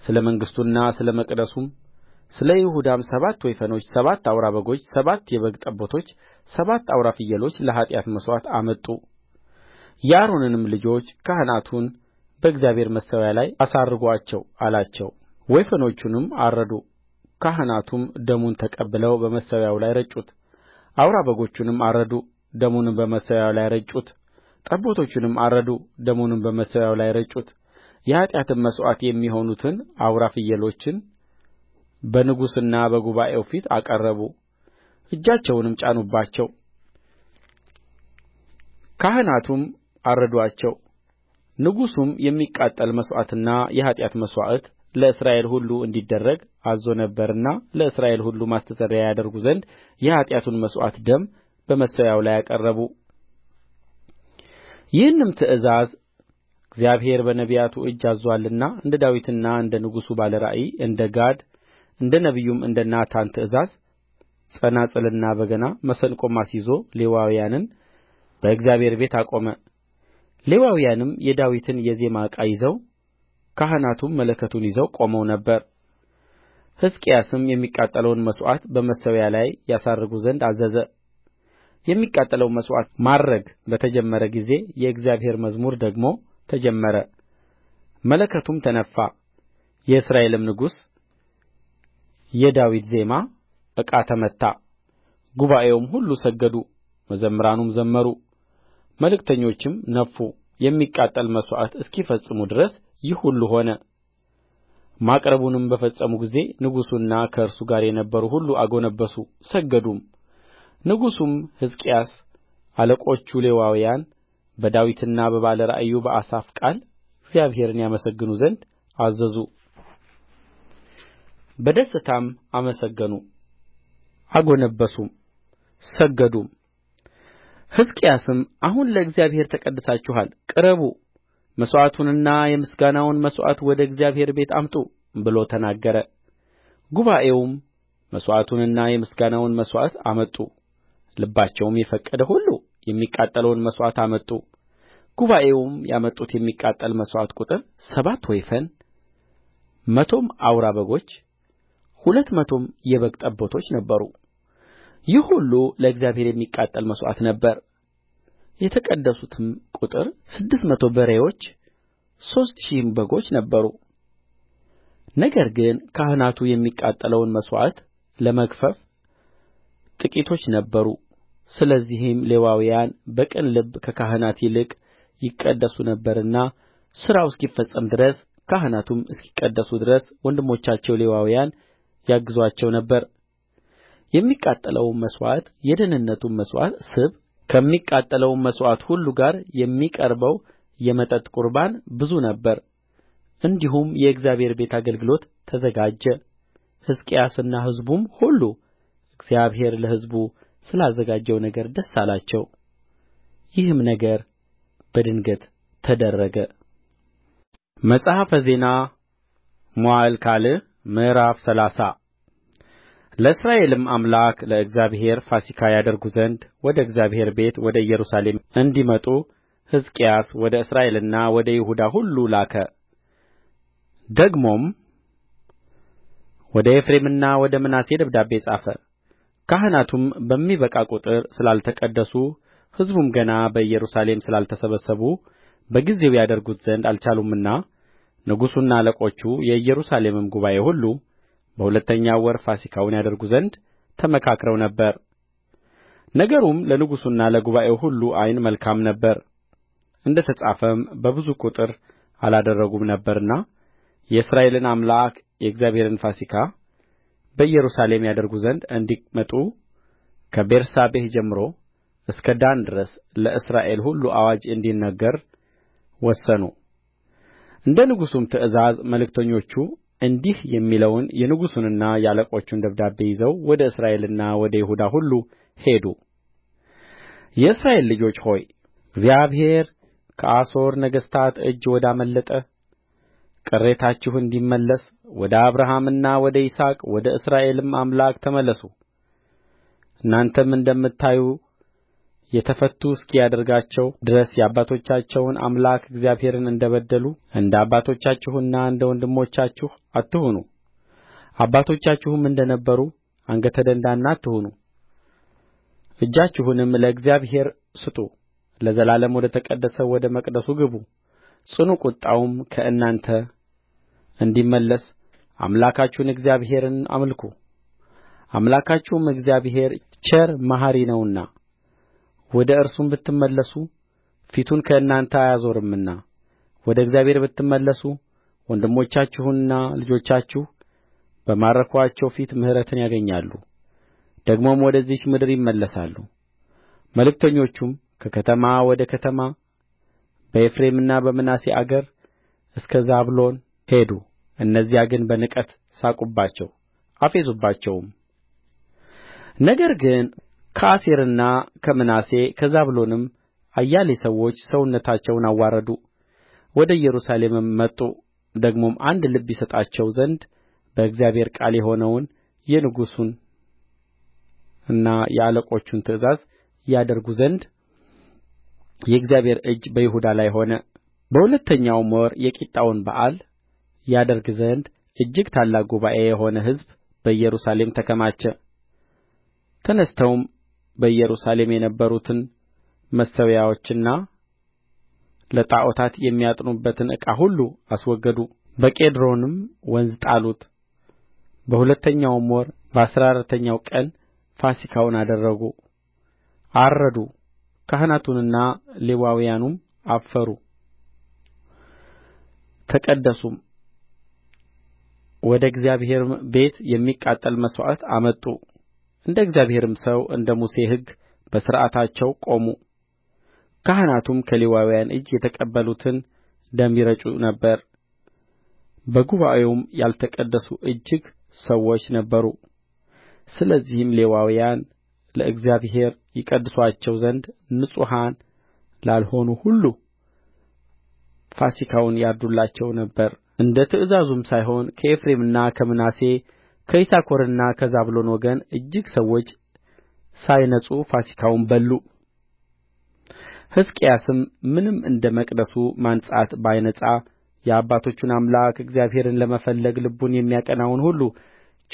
ስለ መንግሥቱና ስለ መቅደሱም ስለ ይሁዳም ሰባት ወይፈኖች ሰባት አውራ በጎች ሰባት የበግ ጠቦቶች ሰባት አውራ ፍየሎች ለኃጢአት መሥዋዕት አመጡ የአሮንንም ልጆች ካህናቱን በእግዚአብሔር መሠዊያ ላይ አሳርጓቸው አላቸው ወይፈኖቹንም አረዱ ካህናቱም ደሙን ተቀብለው በመሠዊያው ላይ ረጩት አውራ በጎቹንም አረዱ ደሙንም በመሠዊያው ላይ ረጩት ጠቦቶቹንም አረዱ ደሙንም በመሠዊያው ላይ ረጩት የኃጢአትም መሥዋዕት የሚሆኑትን አውራ ፍየሎችን በንጉሡና በጉባኤው ፊት አቀረቡ እጃቸውንም ጫኑባቸው ካህናቱም አረዱአቸው ንጉሡም የሚቃጠል መሥዋዕትና የኃጢአት መሥዋዕት ለእስራኤል ሁሉ እንዲደረግ አዝዞ ነበርና ለእስራኤል ሁሉ ማስተስረያ ያደርጉ ዘንድ የኃጢአቱን መሥዋዕት ደም በመሠዊያው ላይ አቀረቡ ይህንም ትእዛዝ እግዚአብሔር በነቢያቱ እጅ አዝዞአልና እንደ ዳዊትና እንደ ንጉሡ ባለ ራእይ እንደ ጋድ እንደ ነቢዩም እንደ ናታን ትእዛዝ ጸናጽልና በገና መሰንቆም አስይዞ ሌዋውያንን በእግዚአብሔር ቤት አቆመ። ሌዋውያንም የዳዊትን የዜማ ዕቃ ይዘው ካህናቱም መለከቱን ይዘው ቆመው ነበር። ሕዝቅያስም የሚቃጠለውን መሥዋዕት በመሠዊያው ላይ ያሳርጉ ዘንድ አዘዘ። የሚቃጠለውን መሥዋዕት ማድረግ በተጀመረ ጊዜ የእግዚአብሔር መዝሙር ደግሞ ተጀመረ መለከቱም ተነፋ የእስራኤልም ንጉሥ የዳዊት ዜማ ዕቃ ተመታ ጉባኤውም ሁሉ ሰገዱ መዘምራኑም ዘመሩ መለከተኞችም ነፉ የሚቃጠል መሥዋዕት እስኪፈጽሙ ድረስ ይህ ሁሉ ሆነ ማቅረቡንም በፈጸሙ ጊዜ ንጉሡና ከእርሱ ጋር የነበሩ ሁሉ አጎነበሱ ሰገዱም ንጉሡም ሕዝቅያስ አለቆቹ ሌዋውያን በዳዊትና በባለ ራእዩ በአሳፍ ቃል እግዚአብሔርን ያመሰግኑ ዘንድ አዘዙ በደስታም አመሰገኑ አጎነበሱም ሰገዱም ሕዝቅያስም አሁን ለእግዚአብሔር ተቀድሳችኋል ቅረቡ መሥዋዕቱንና የምስጋናውን መሥዋዕት ወደ እግዚአብሔር ቤት አምጡ ብሎ ተናገረ ጉባኤውም መሥዋዕቱንና የምስጋናውን መሥዋዕት አመጡ ልባቸውም የፈቀደ ሁሉ የሚቃጠለውን መሥዋዕት አመጡ ጉባኤውም ያመጡት የሚቃጠል መሥዋዕት ቍጥር ሰባት ወይፈን መቶም አውራ በጎች ሁለት መቶም የበግ ጠቦቶች ነበሩ ይህ ሁሉ ለእግዚአብሔር የሚቃጠል መሥዋዕት ነበረ የተቀደሱትም ቍጥር ስድስት መቶ በሬዎች ሦስት ሺህም በጎች ነበሩ ነገር ግን ካህናቱ የሚቃጠለውን መሥዋዕት ለመግፈፍ ጥቂቶች ነበሩ ስለዚህም ሌዋውያን በቅን ልብ ከካህናት ይልቅ ይቀደሱ ነበርና ሥራው እስኪፈጸም ድረስ ካህናቱም እስኪቀደሱ ድረስ ወንድሞቻቸው ሌዋውያን ያግዙአቸው ነበር የሚቃጠለውም መሥዋዕት የደኅንነቱም መሥዋዕት ስብ ከሚቃጠለውም መሥዋዕት ሁሉ ጋር የሚቀርበው የመጠጥ ቁርባን ብዙ ነበረ እንዲሁም የእግዚአብሔር ቤት አገልግሎት ተዘጋጀ ሕዝቅያስና ሕዝቡም ሁሉ እግዚአብሔር ለሕዝቡ ስላዘጋጀው ነገር ደስ አላቸው ይህም ነገር በድንገት ተደረገ መጽሐፈ ዜና መዋዕል ካልዕ ምዕራፍ ሰላሳ ለእስራኤልም አምላክ ለእግዚአብሔር ፋሲካ ያደርጉ ዘንድ ወደ እግዚአብሔር ቤት ወደ ኢየሩሳሌም እንዲመጡ ሕዝቅያስ ወደ እስራኤልና ወደ ይሁዳ ሁሉ ላከ። ደግሞም ወደ ኤፍሬምና ወደ ምናሴ ደብዳቤ ጻፈ። ካህናቱም በሚበቃ ቍጥር ስላልተቀደሱ ሕዝቡም ገና በኢየሩሳሌም ስላልተሰበሰቡ በጊዜው ያደርጉት ዘንድ አልቻሉምና ንጉሡና አለቆቹ የኢየሩሳሌምም ጉባኤ ሁሉ በሁለተኛው ወር ፋሲካውን ያደርጉ ዘንድ ተመካክረው ነበር ነገሩም ለንጉሡና ለጉባኤው ሁሉ ዓይን መልካም ነበረ እንደ ተጻፈም በብዙ ቍጥር አላደረጉም ነበርና የእስራኤልን አምላክ የእግዚአብሔርን ፋሲካ በኢየሩሳሌም ያደርጉ ዘንድ እንዲመጡ ከቤርሳቤህ ጀምሮ እስከ ዳን ድረስ ለእስራኤል ሁሉ አዋጅ እንዲነገር ወሰኑ እንደ ንጉሡም ትእዛዝ መልእክተኞቹ እንዲህ የሚለውን የንጉሡንና የአለቆቹን ደብዳቤ ይዘው ወደ እስራኤልና ወደ ይሁዳ ሁሉ ሄዱ የእስራኤል ልጆች ሆይ እግዚአብሔር ከአሦር ነገሥታት እጅ ወዳመለጠ ቅሬታችሁ እንዲመለስ ወደ አብርሃምና ወደ ይስሐቅ ወደ እስራኤልም አምላክ ተመለሱ እናንተም እንደምታዩ የተፈቱ እስኪያደርጋቸው ድረስ የአባቶቻቸውን አምላክ እግዚአብሔርን እንደ በደሉ እንደ አባቶቻችሁና እንደ ወንድሞቻችሁ አትሁኑ አባቶቻችሁም እንደ ነበሩ አንገተ ደንዳና አትሁኑ እጃችሁንም ለእግዚአብሔር ስጡ ለዘላለም ወደ ተቀደሰው ወደ መቅደሱ ግቡ ጽኑ ቍጣውም ከእናንተ እንዲመለስ አምላካችሁን እግዚአብሔርን አምልኩ አምላካችሁም እግዚአብሔር ቸር መሐሪ ነውና ወደ እርሱም ብትመለሱ ፊቱን ከእናንተ አያዞርምና ወደ እግዚአብሔር ብትመለሱ ወንድሞቻችሁና ልጆቻችሁ በማረኩአቸው ፊት ምሕረትን ያገኛሉ ደግሞም ወደዚህች ምድር ይመለሳሉ መልእክተኞቹም ከከተማ ወደ ከተማ በኤፍሬምና በምናሴ አገር እስከ ዛብሎን ሄዱ እነዚያ ግን በንቀት ሳቁባቸው አፌዙባቸውም ነገር ግን ከአሴርና ከምናሴ ከዛብሎንም አያሌ ሰዎች ሰውነታቸውን አዋረዱ ወደ ኢየሩሳሌምም መጡ ደግሞም አንድ ልብ ይሰጣቸው ዘንድ በእግዚአብሔር ቃል የሆነውን የንጉሡንና የአለቆቹን ትእዛዝ ያደርጉ ዘንድ የእግዚአብሔር እጅ በይሁዳ ላይ ሆነ በሁለተኛውም ወር የቂጣውን በዓል ያደርግ ዘንድ እጅግ ታላቅ ጉባኤ የሆነ ሕዝብ በኢየሩሳሌም ተከማቸ ተነሥተውም በኢየሩሳሌም የነበሩትን መሠዊያዎችና ለጣዖታት የሚያጥኑበትን ዕቃ ሁሉ አስወገዱ በቄድሮንም ወንዝ ጣሉት በሁለተኛውም ወር በአሥራ አራተኛው ቀን ፋሲካውን አደረጉ አረዱ ካህናቱንና ሌዋውያኑም አፈሩ ተቀደሱም ወደ እግዚአብሔርም ቤት የሚቃጠል መሥዋዕት አመጡ እንደ እግዚአብሔርም ሰው እንደ ሙሴ ሕግ በሥርዓታቸው ቆሙ ካህናቱም ከሌዋውያን እጅ የተቀበሉትን ደም ይረጩ ነበር በጉባኤውም ያልተቀደሱ እጅግ ሰዎች ነበሩ ስለዚህም ሌዋውያን ለእግዚአብሔር ይቀድሱአቸው ዘንድ ንጹሐን ላልሆኑ ሁሉ ፋሲካውን ያርዱላቸው ነበር እንደ ትእዛዙም ሳይሆን ከኤፍሬምና ከምናሴ ከይሳኮርና ከዛብሎን ወገን እጅግ ሰዎች ሳይነጹ ፋሲካውን በሉ ሕዝቅያስም ምንም እንደ መቅደሱ ማንጻት ባይነጻ የአባቶቹን አምላክ እግዚአብሔርን ለመፈለግ ልቡን የሚያቀናውን ሁሉ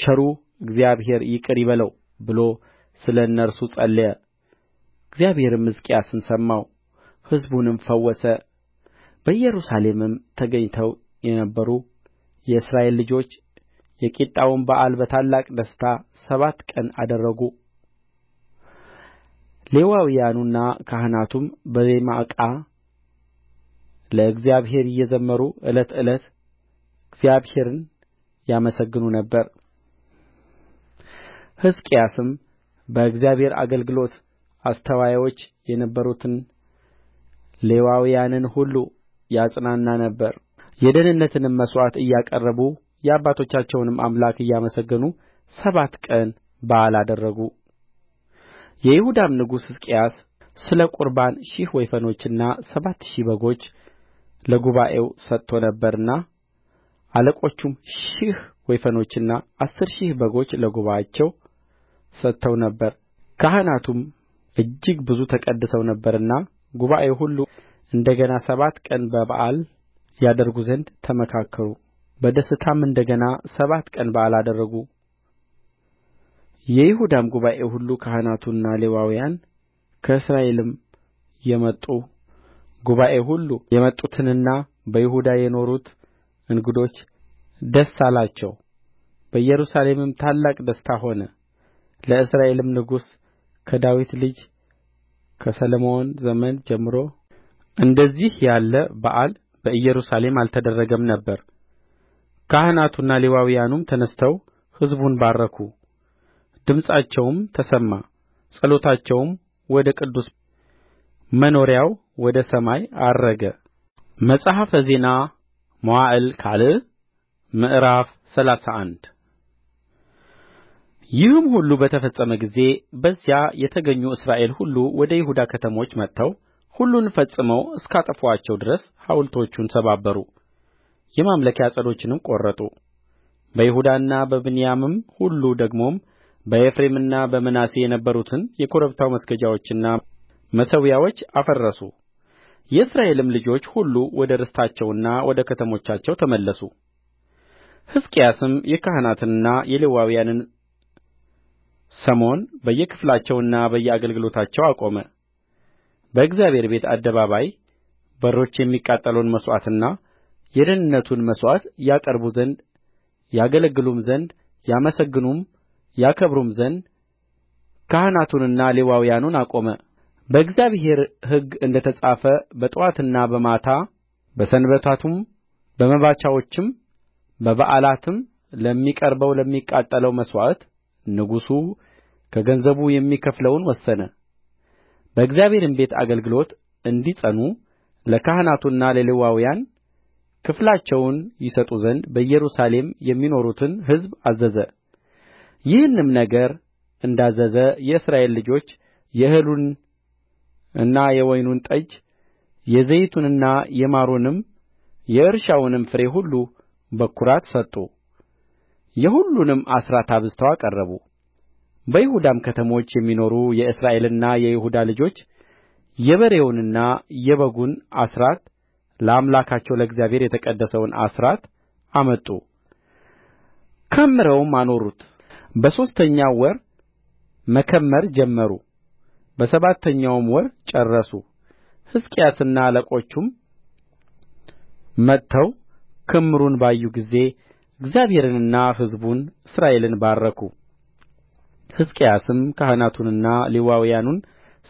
ቸሩ እግዚአብሔር ይቅር ይበለው ብሎ ስለ እነርሱ ጸለየ። እግዚአብሔርም ሕዝቅያስን ሰማው፣ ሕዝቡንም ፈወሰ። በኢየሩሳሌምም ተገኝተው የነበሩ የእስራኤል ልጆች የቂጣውን በዓል በታላቅ ደስታ ሰባት ቀን አደረጉ ሌዋውያኑና ካህናቱም በዜማ ዕቃ ለእግዚአብሔር እየዘመሩ ዕለት ዕለት እግዚአብሔርን ያመሰግኑ ነበር ሕዝቅያስም በእግዚአብሔር አገልግሎት አስተዋዮች የነበሩትን ሌዋውያንን ሁሉ ያጽናና ነበር የደኅንነትንም መሥዋዕት እያቀረቡ የአባቶቻቸውንም አምላክ እያመሰገኑ ሰባት ቀን በዓል አደረጉ የይሁዳም ንጉሥ ሕዝቅያስ ስለ ቍርባን ሺህ ወይፈኖችና ሰባት ሺህ በጎች ለጉባኤው ሰጥቶ ነበርና አለቆቹም ሺህ ወይፈኖችና አሥር ሺህ በጎች ለጉባኤአቸው ሰጥተው ነበር ካህናቱም እጅግ ብዙ ተቀድሰው ነበርና ጉባኤው ሁሉ እንደ ገና ሰባት ቀን በበዓል ያደርጉ ዘንድ ተመካከሩ በደስታም እንደ ገና ሰባት ቀን በዓል አደረጉ የይሁዳም ጉባኤ ሁሉ ካህናቱና ሌዋውያን ከእስራኤልም የመጡ ጉባኤ ሁሉ የመጡትንና በይሁዳ የኖሩት እንግዶች ደስ አላቸው በኢየሩሳሌምም ታላቅ ደስታ ሆነ ለእስራኤልም ንጉሥ ከዳዊት ልጅ ከሰሎሞን ዘመን ጀምሮ እንደዚህ ያለ በዓል በኢየሩሳሌም አልተደረገም ነበር ካህናቱና ሌዋውያኑም ተነሥተው ሕዝቡን ባረኩ ድምፃቸውም ተሰማ ጸሎታቸውም ወደ ቅዱስ መኖሪያው ወደ ሰማይ ዐረገ መጽሐፈ ዜና መዋዕል ካልዕ ምዕራፍ ሰላሳ አንድ ይህም ሁሉ በተፈጸመ ጊዜ በዚያ የተገኙ እስራኤል ሁሉ ወደ ይሁዳ ከተሞች መጥተው ሁሉን ፈጽመው እስካጠፉአቸው ድረስ ሐውልቶቹን ሰባበሩ የማምለኪያ ዐፀዶቹንም ቈረጡ በይሁዳና በብንያምም ሁሉ ደግሞም በኤፍሬምና በምናሴ የነበሩትን የኮረብታው መስገጃዎችና መሠዊያዎች አፈረሱ የእስራኤልም ልጆች ሁሉ ወደ ርስታቸውና ወደ ከተሞቻቸው ተመለሱ ሕዝቅያስም የካህናትንና የሌዋውያንን ሰሞን በየክፍላቸውና በየአገልግሎታቸው አቆመ በእግዚአብሔር ቤት አደባባይ በሮች የሚቃጠለውን መሥዋዕትና የደኅንነቱን መሥዋዕት ያቀርቡ ዘንድ ያገለግሉም ዘንድ ያመሰግኑም ያከብሩም ዘንድ ካህናቱንና ሌዋውያኑን አቆመ በእግዚአብሔር ሕግ እንደ ተጻፈ በጥዋትና በማታ በሰንበታቱም በመባቻዎቹም በበዓላትም ለሚቀርበው ለሚቃጠለው መሥዋዕት ንጉሡ ከገንዘቡ የሚከፍለውን ወሰነ በእግዚአብሔርም ቤት አገልግሎት እንዲጸኑ ለካህናቱና ለሌዋውያን ክፍላቸውን ይሰጡ ዘንድ በኢየሩሳሌም የሚኖሩትን ሕዝብ አዘዘ ይህንም ነገር እንዳዘዘ የእስራኤል ልጆች የእህሉንና የወይኑን ጠጅ የዘይቱንና የማሩንም የእርሻውንም ፍሬ ሁሉ በኵራት ሰጡ የሁሉንም አሥራት አብዝተው አቀረቡ በይሁዳም ከተሞች የሚኖሩ የእስራኤልና የይሁዳ ልጆች የበሬውንና የበጉን አሥራት ለአምላካቸው ለእግዚአብሔር የተቀደሰውን አሥራት አመጡ ከምረውም አኖሩት በሦስተኛው ወር መከመር ጀመሩ በሰባተኛውም ወር ጨረሱ ሕዝቅያስና አለቆቹም መጥተው ክምሩን ባዩ ጊዜ እግዚአብሔርንና ሕዝቡን እስራኤልን ባረኩ ሕዝቅያስም ካህናቱንና ሌዋውያኑን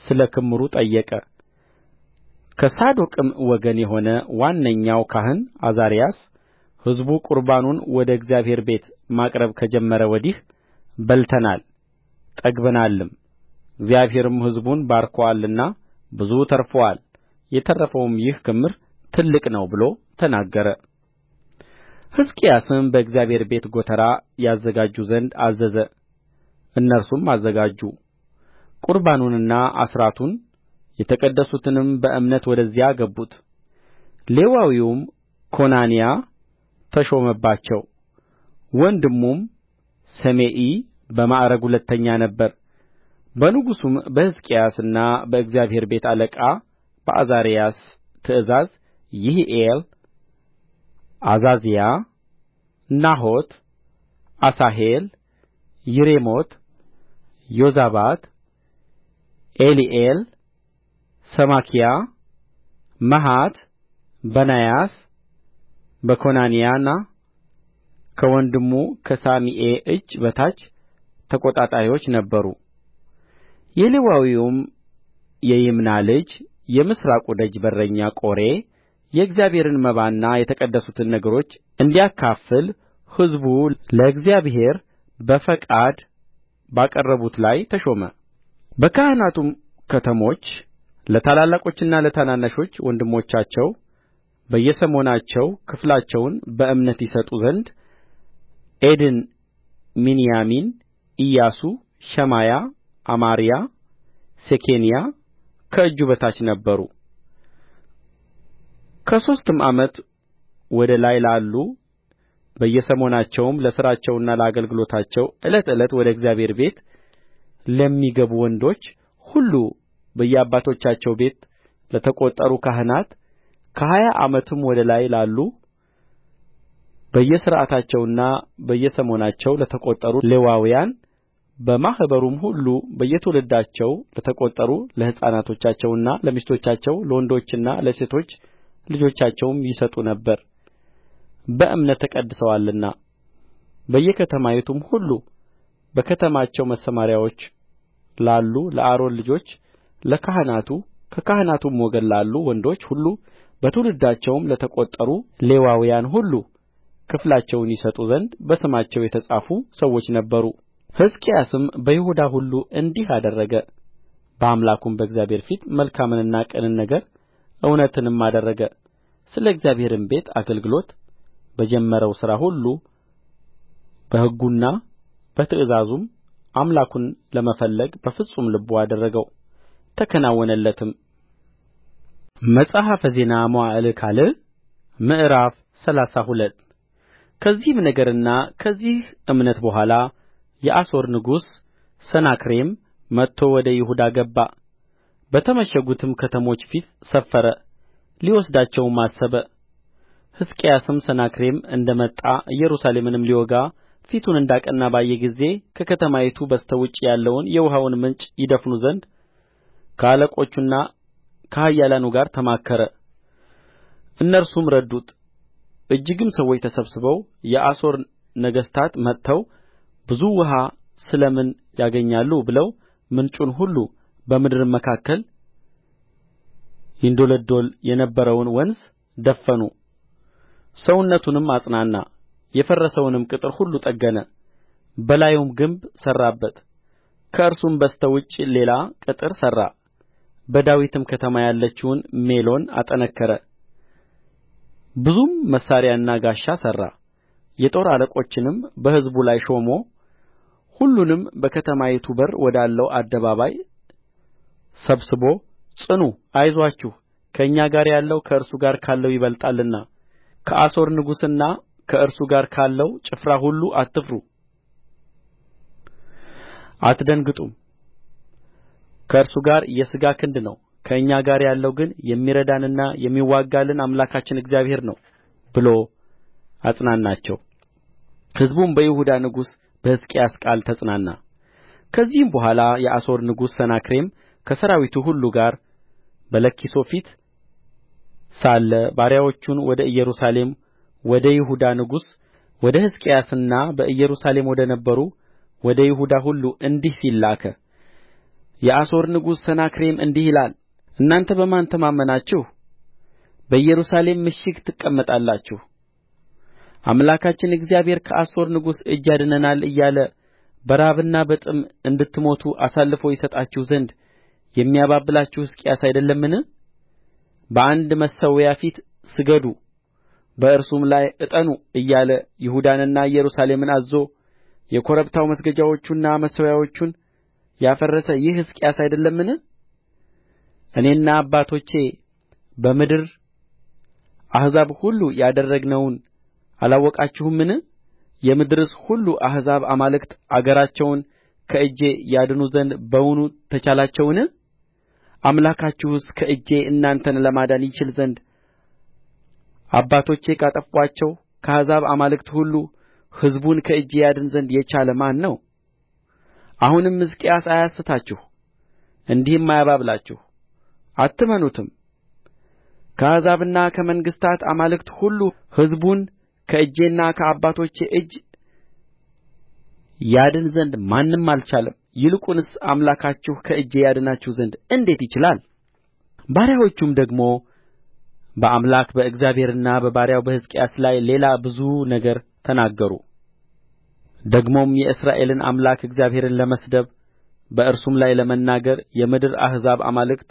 ስለ ክምሩ ጠየቀ ከሳዶቅም ወገን የሆነ ዋነኛው ካህን ዓዛርያስ ሕዝቡ ቍርባኑን ወደ እግዚአብሔር ቤት ማቅረብ ከጀመረ ወዲህ በልተናል ጠግበናልም፣ እግዚአብሔርም ሕዝቡን ባርኮአልና ብዙ ተርፎአል፣ የተረፈውም ይህ ክምር ትልቅ ነው ብሎ ተናገረ። ሕዝቅያስም በእግዚአብሔር ቤት ጐተራ ያዘጋጁ ዘንድ አዘዘ። እነርሱም አዘጋጁ ቍርባኑንና አሥራቱን የተቀደሱትንም በእምነት ወደዚያ አገቡት ሌዋዊውም ኮናንያ ተሾመባቸው ወንድሙም ሰሜኢ በማዕርግ ሁለተኛ ነበረ በንጉሡም በሕዝቅያስና በእግዚአብሔር ቤት አለቃ በዓዛርያስ ትእዛዝ ይሒኤል ዓዛዝያ ናሖት አሣሄል ይሬሞት ዮዛባት ኤሊኤል ሰማኪያ መሐት በናያስ በኮናንያና ከወንድሙ ከሳሚኤ እጅ በታች ተቈጣጣሪዎች ነበሩ። የሌዋዊውም የይምና ልጅ የምሥራቁ ደጅ በረኛ ቆሬ የእግዚአብሔርን መባና የተቀደሱትን ነገሮች እንዲያካፍል ሕዝቡ ለእግዚአብሔር በፈቃድ ባቀረቡት ላይ ተሾመ በካህናቱም ከተሞች ለታላላቆችና ለታናናሾች ወንድሞቻቸው በየሰሞናቸው ክፍላቸውን በእምነት ይሰጡ ዘንድ ዔድን ሚንያሚን ኢያሱ ሸማያ አማርያ ሴኬንያ ከእጁ በታች ነበሩ ከሦስትም ዓመት ወደ ላይ ላሉ በየሰሞናቸውም ለሥራቸውና ለአገልግሎታቸው ዕለት ዕለት ወደ እግዚአብሔር ቤት ለሚገቡ ወንዶች ሁሉ በየአባቶቻቸው ቤት ለተቈጠሩ ካህናት ከሀያ ዓመትም ወደ ላይ ላሉ በየሥርዓታቸውና በየሰሞናቸው ለተቈጠሩ ሌዋውያን በማኅበሩም ሁሉ በየትውልዳቸው ለተቈጠሩ ለሕፃናቶቻቸውና ለሚስቶቻቸው ለወንዶችና ለሴቶች ልጆቻቸውም ይሰጡ ነበር በእምነት ተቀድሰዋልና በየከተማይቱም ሁሉ በከተማቸው መሰምርያዎች ላሉ ለአሮን ልጆች ለካህናቱ ከካህናቱም ወገን ላሉ ወንዶች ሁሉ በትውልዳቸውም ለተቈጠሩ ሌዋውያን ሁሉ ክፍላቸውን ይሰጡ ዘንድ በስማቸው የተጻፉ ሰዎች ነበሩ ሕዝቅያስም በይሁዳ ሁሉ እንዲህ አደረገ በአምላኩም በእግዚአብሔር ፊት መልካምንና ቅንን ነገር እውነትንም አደረገ ስለ እግዚአብሔርም ቤት አገልግሎት በጀመረው ሥራ ሁሉ በሕጉና በትእዛዙም አምላኩን ለመፈለግ በፍጹም ልቡ አደረገው ተከናወነለትም መጽሐፈ ዜና መዋዕል ካልዕ ምዕራፍ ሰላሳ ሁለት ከዚህም ነገርና ከዚህ እምነት በኋላ የአሦር ንጉሥ ሰናክሬም መጥቶ ወደ ይሁዳ ገባ፣ በተመሸጉትም ከተሞች ፊት ሰፈረ፣ ሊወስዳቸውም አሰበ። ሕዝቅያስም ሰናክሬም እንደ መጣ ኢየሩሳሌምንም ሊወጋ ፊቱን እንዳቀና ባየ ጊዜ ከከተማይቱ በስተ ውጭ ያለውን የውኃውን ምንጭ ይደፍኑ ዘንድ ከአለቆቹና ከኃያላኑ ጋር ተማከረ እነርሱም ረዱት እጅግም ሰዎች ተሰብስበው የአሦር ነገሥታት መጥተው ብዙ ውኃ ስለ ምን ያገኛሉ ብለው ምንጩን ሁሉ በምድርም መካከል ይንዶለዶል የነበረውን ወንዝ ደፈኑ ሰውነቱንም አጽናና የፈረሰውንም ቅጥር ሁሉ ጠገነ በላዩም ግንብ ሠራበት ከእርሱም በስተ ውጭ ሌላ ቅጥር ሠራ በዳዊትም ከተማ ያለችውን ሜሎን አጠነከረ ብዙም መሣሪያና ጋሻ ሠራ የጦር አለቆችንም በሕዝቡ ላይ ሾሞ ሁሉንም በከተማይቱ በር ወዳለው አደባባይ ሰብስቦ ጽኑ አይዞአችሁ ከእኛ ጋር ያለው ከእርሱ ጋር ካለው ይበልጣልና ከአሦር ንጉሥና ከእርሱ ጋር ካለው ጭፍራ ሁሉ አትፍሩ አትደንግጡም ከእርሱ ጋር የሥጋ ክንድ ነው ከእኛ ጋር ያለው ግን የሚረዳንና የሚዋጋልን አምላካችን እግዚአብሔር ነው ብሎ አጽናናቸው ሕዝቡም በይሁዳ ንጉሥ በሕዝቅያስ ቃል ተጽናና ከዚህም በኋላ የአሦር ንጉሥ ሰናክሬም ከሠራዊቱ ሁሉ ጋር በለኪሶ ፊት ሳለ ባሪያዎቹን ወደ ኢየሩሳሌም ወደ ይሁዳ ንጉሥ ወደ ሕዝቅያስና በኢየሩሳሌም ወደ ነበሩ ወደ ይሁዳ ሁሉ እንዲህ ሲል ላከ የአሦር ንጉሥ ሰናክሬም እንዲህ ይላል እናንተ በማን ተማምናችሁ በኢየሩሳሌም ምሽግ ትቀመጣላችሁ አምላካችን እግዚአብሔር ከአሦር ንጉሥ እጅ ያድነናል እያለ በራብና በጥም እንድትሞቱ አሳልፎ ይሰጣችሁ ዘንድ የሚያባብላችሁ ሕዝቅያስ አይደለምን በአንድ መሠዊያ ፊት ስገዱ በእርሱም ላይ ዕጠኑ እያለ ይሁዳንና ኢየሩሳሌምን አዝዞ የኮረብታው መስገጃዎቹንና መሠዊያዎቹን ያፈረሰ ይህ ሕዝቅያስ አይደለምን እኔና አባቶቼ በምድር አሕዛብ ሁሉ ያደረግነውን አላወቃችሁምን የምድርስ ሁሉ አሕዛብ አማልክት አገራቸውን ከእጄ ያድኑ ዘንድ በውኑ ተቻላቸውን አምላካችሁስ ከእጄ እናንተን ለማዳን ይችል ዘንድ አባቶቼ ካጠፉአቸው ከአሕዛብ አማልክት ሁሉ ሕዝቡን ከእጄ ያድን ዘንድ የቻለ ማን ነው አሁንም ሕዝቅያስ አያስታችሁ እንዲህም አያባብላችሁ አትመኑትም ከአሕዛብና ከመንግሥታት አማልክት ሁሉ ሕዝቡን ከእጄና ከአባቶቼ እጅ ያድን ዘንድ ማንም አልቻለም ይልቁንስ አምላካችሁ ከእጄ ያድናችሁ ዘንድ እንዴት ይችላል ባሪያዎቹም ደግሞ በአምላክ በእግዚአብሔርና በባሪያው በሕዝቅያስ ላይ ሌላ ብዙ ነገር ተናገሩ ደግሞም የእስራኤልን አምላክ እግዚአብሔርን ለመስደብ በእርሱም ላይ ለመናገር የምድር አሕዛብ አማልክት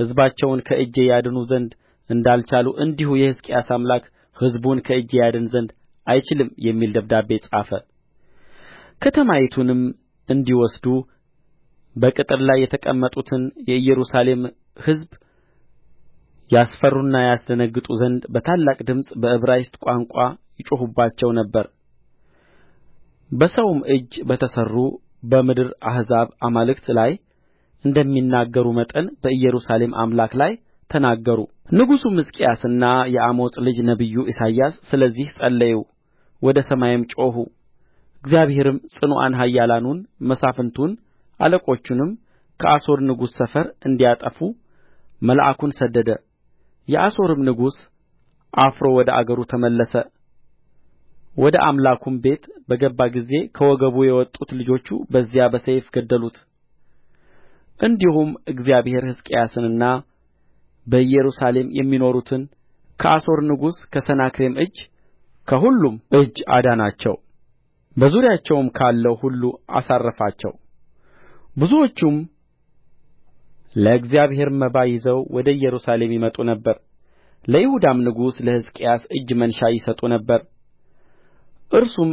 ሕዝባቸውን ከእጄ ያድኑ ዘንድ እንዳልቻሉ እንዲሁ የሕዝቅያስ አምላክ ሕዝቡን ከእጄ ያድን ዘንድ አይችልም የሚል ደብዳቤ ጻፈ ከተማይቱንም እንዲወስዱ በቅጥር ላይ የተቀመጡትን የኢየሩሳሌም ሕዝብ ያስፈሩና ያስደነግጡ ዘንድ በታላቅ ድምፅ በዕብራይስጥ ቋንቋ ይጮኹባቸው ነበር በሰውም እጅ በተሠሩ በምድር አሕዛብ አማልክት ላይ እንደሚናገሩ መጠን በኢየሩሳሌም አምላክ ላይ ተናገሩ ንጉሡም ሕዝቅያስና የአሞጽ ልጅ ነቢዩ ኢሳይያስ ስለዚህ ጸለዩ ወደ ሰማይም ጮኹ እግዚአብሔርም ጽኑዓን ኃያላኑን መሳፍንቱን አለቆቹንም ከአሦር ንጉሥ ሰፈር እንዲያጠፉ መልአኩን ሰደደ የአሦርም ንጉሥ አፍሮ ወደ አገሩ ተመለሰ ወደ አምላኩም ቤት በገባ ጊዜ ከወገቡ የወጡት ልጆቹ በዚያ በሰይፍ ገደሉት እንዲሁም እግዚአብሔር ሕዝቅያስንና በኢየሩሳሌም የሚኖሩትን ከአሦር ንጉሥ ከሰናክሬም እጅ ከሁሉም እጅ አዳናቸው በዙሪያቸውም ካለው ሁሉ አሳረፋቸው ብዙዎቹም ለእግዚአብሔር መባ ይዘው ወደ ኢየሩሳሌም ይመጡ ነበር ለይሁዳም ንጉሥ ለሕዝቅያስ እጅ መንሻ ይሰጡ ነበር እርሱም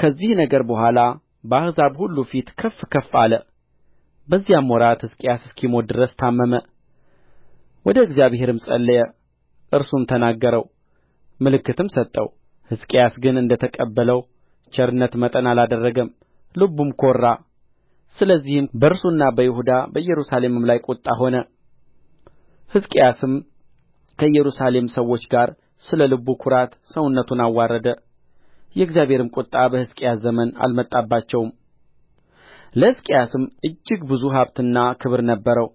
ከዚህ ነገር በኋላ በአሕዛብ ሁሉ ፊት ከፍ ከፍ አለ በዚያም ወራት ሕዝቅያስ እስኪሞት ድረስ ታመመ ወደ እግዚአብሔርም ጸለየ እርሱም ተናገረው ምልክትም ሰጠው ሕዝቅያስ ግን እንደ ተቀበለው ቸርነት መጠን አላደረገም ልቡም ኰራ ስለዚህም በእርሱና በይሁዳ በኢየሩሳሌምም ላይ ቍጣ ሆነ ሕዝቅያስም ከኢየሩሳሌም ሰዎች ጋር ስለ ልቡ ኵራት ሰውነቱን አዋረደ የእግዚአብሔርም ቍጣ በሕዝቅያስ ዘመን አልመጣባቸውም ለሕዝቅያስም እጅግ ብዙ ሀብትና ክብር ነበረው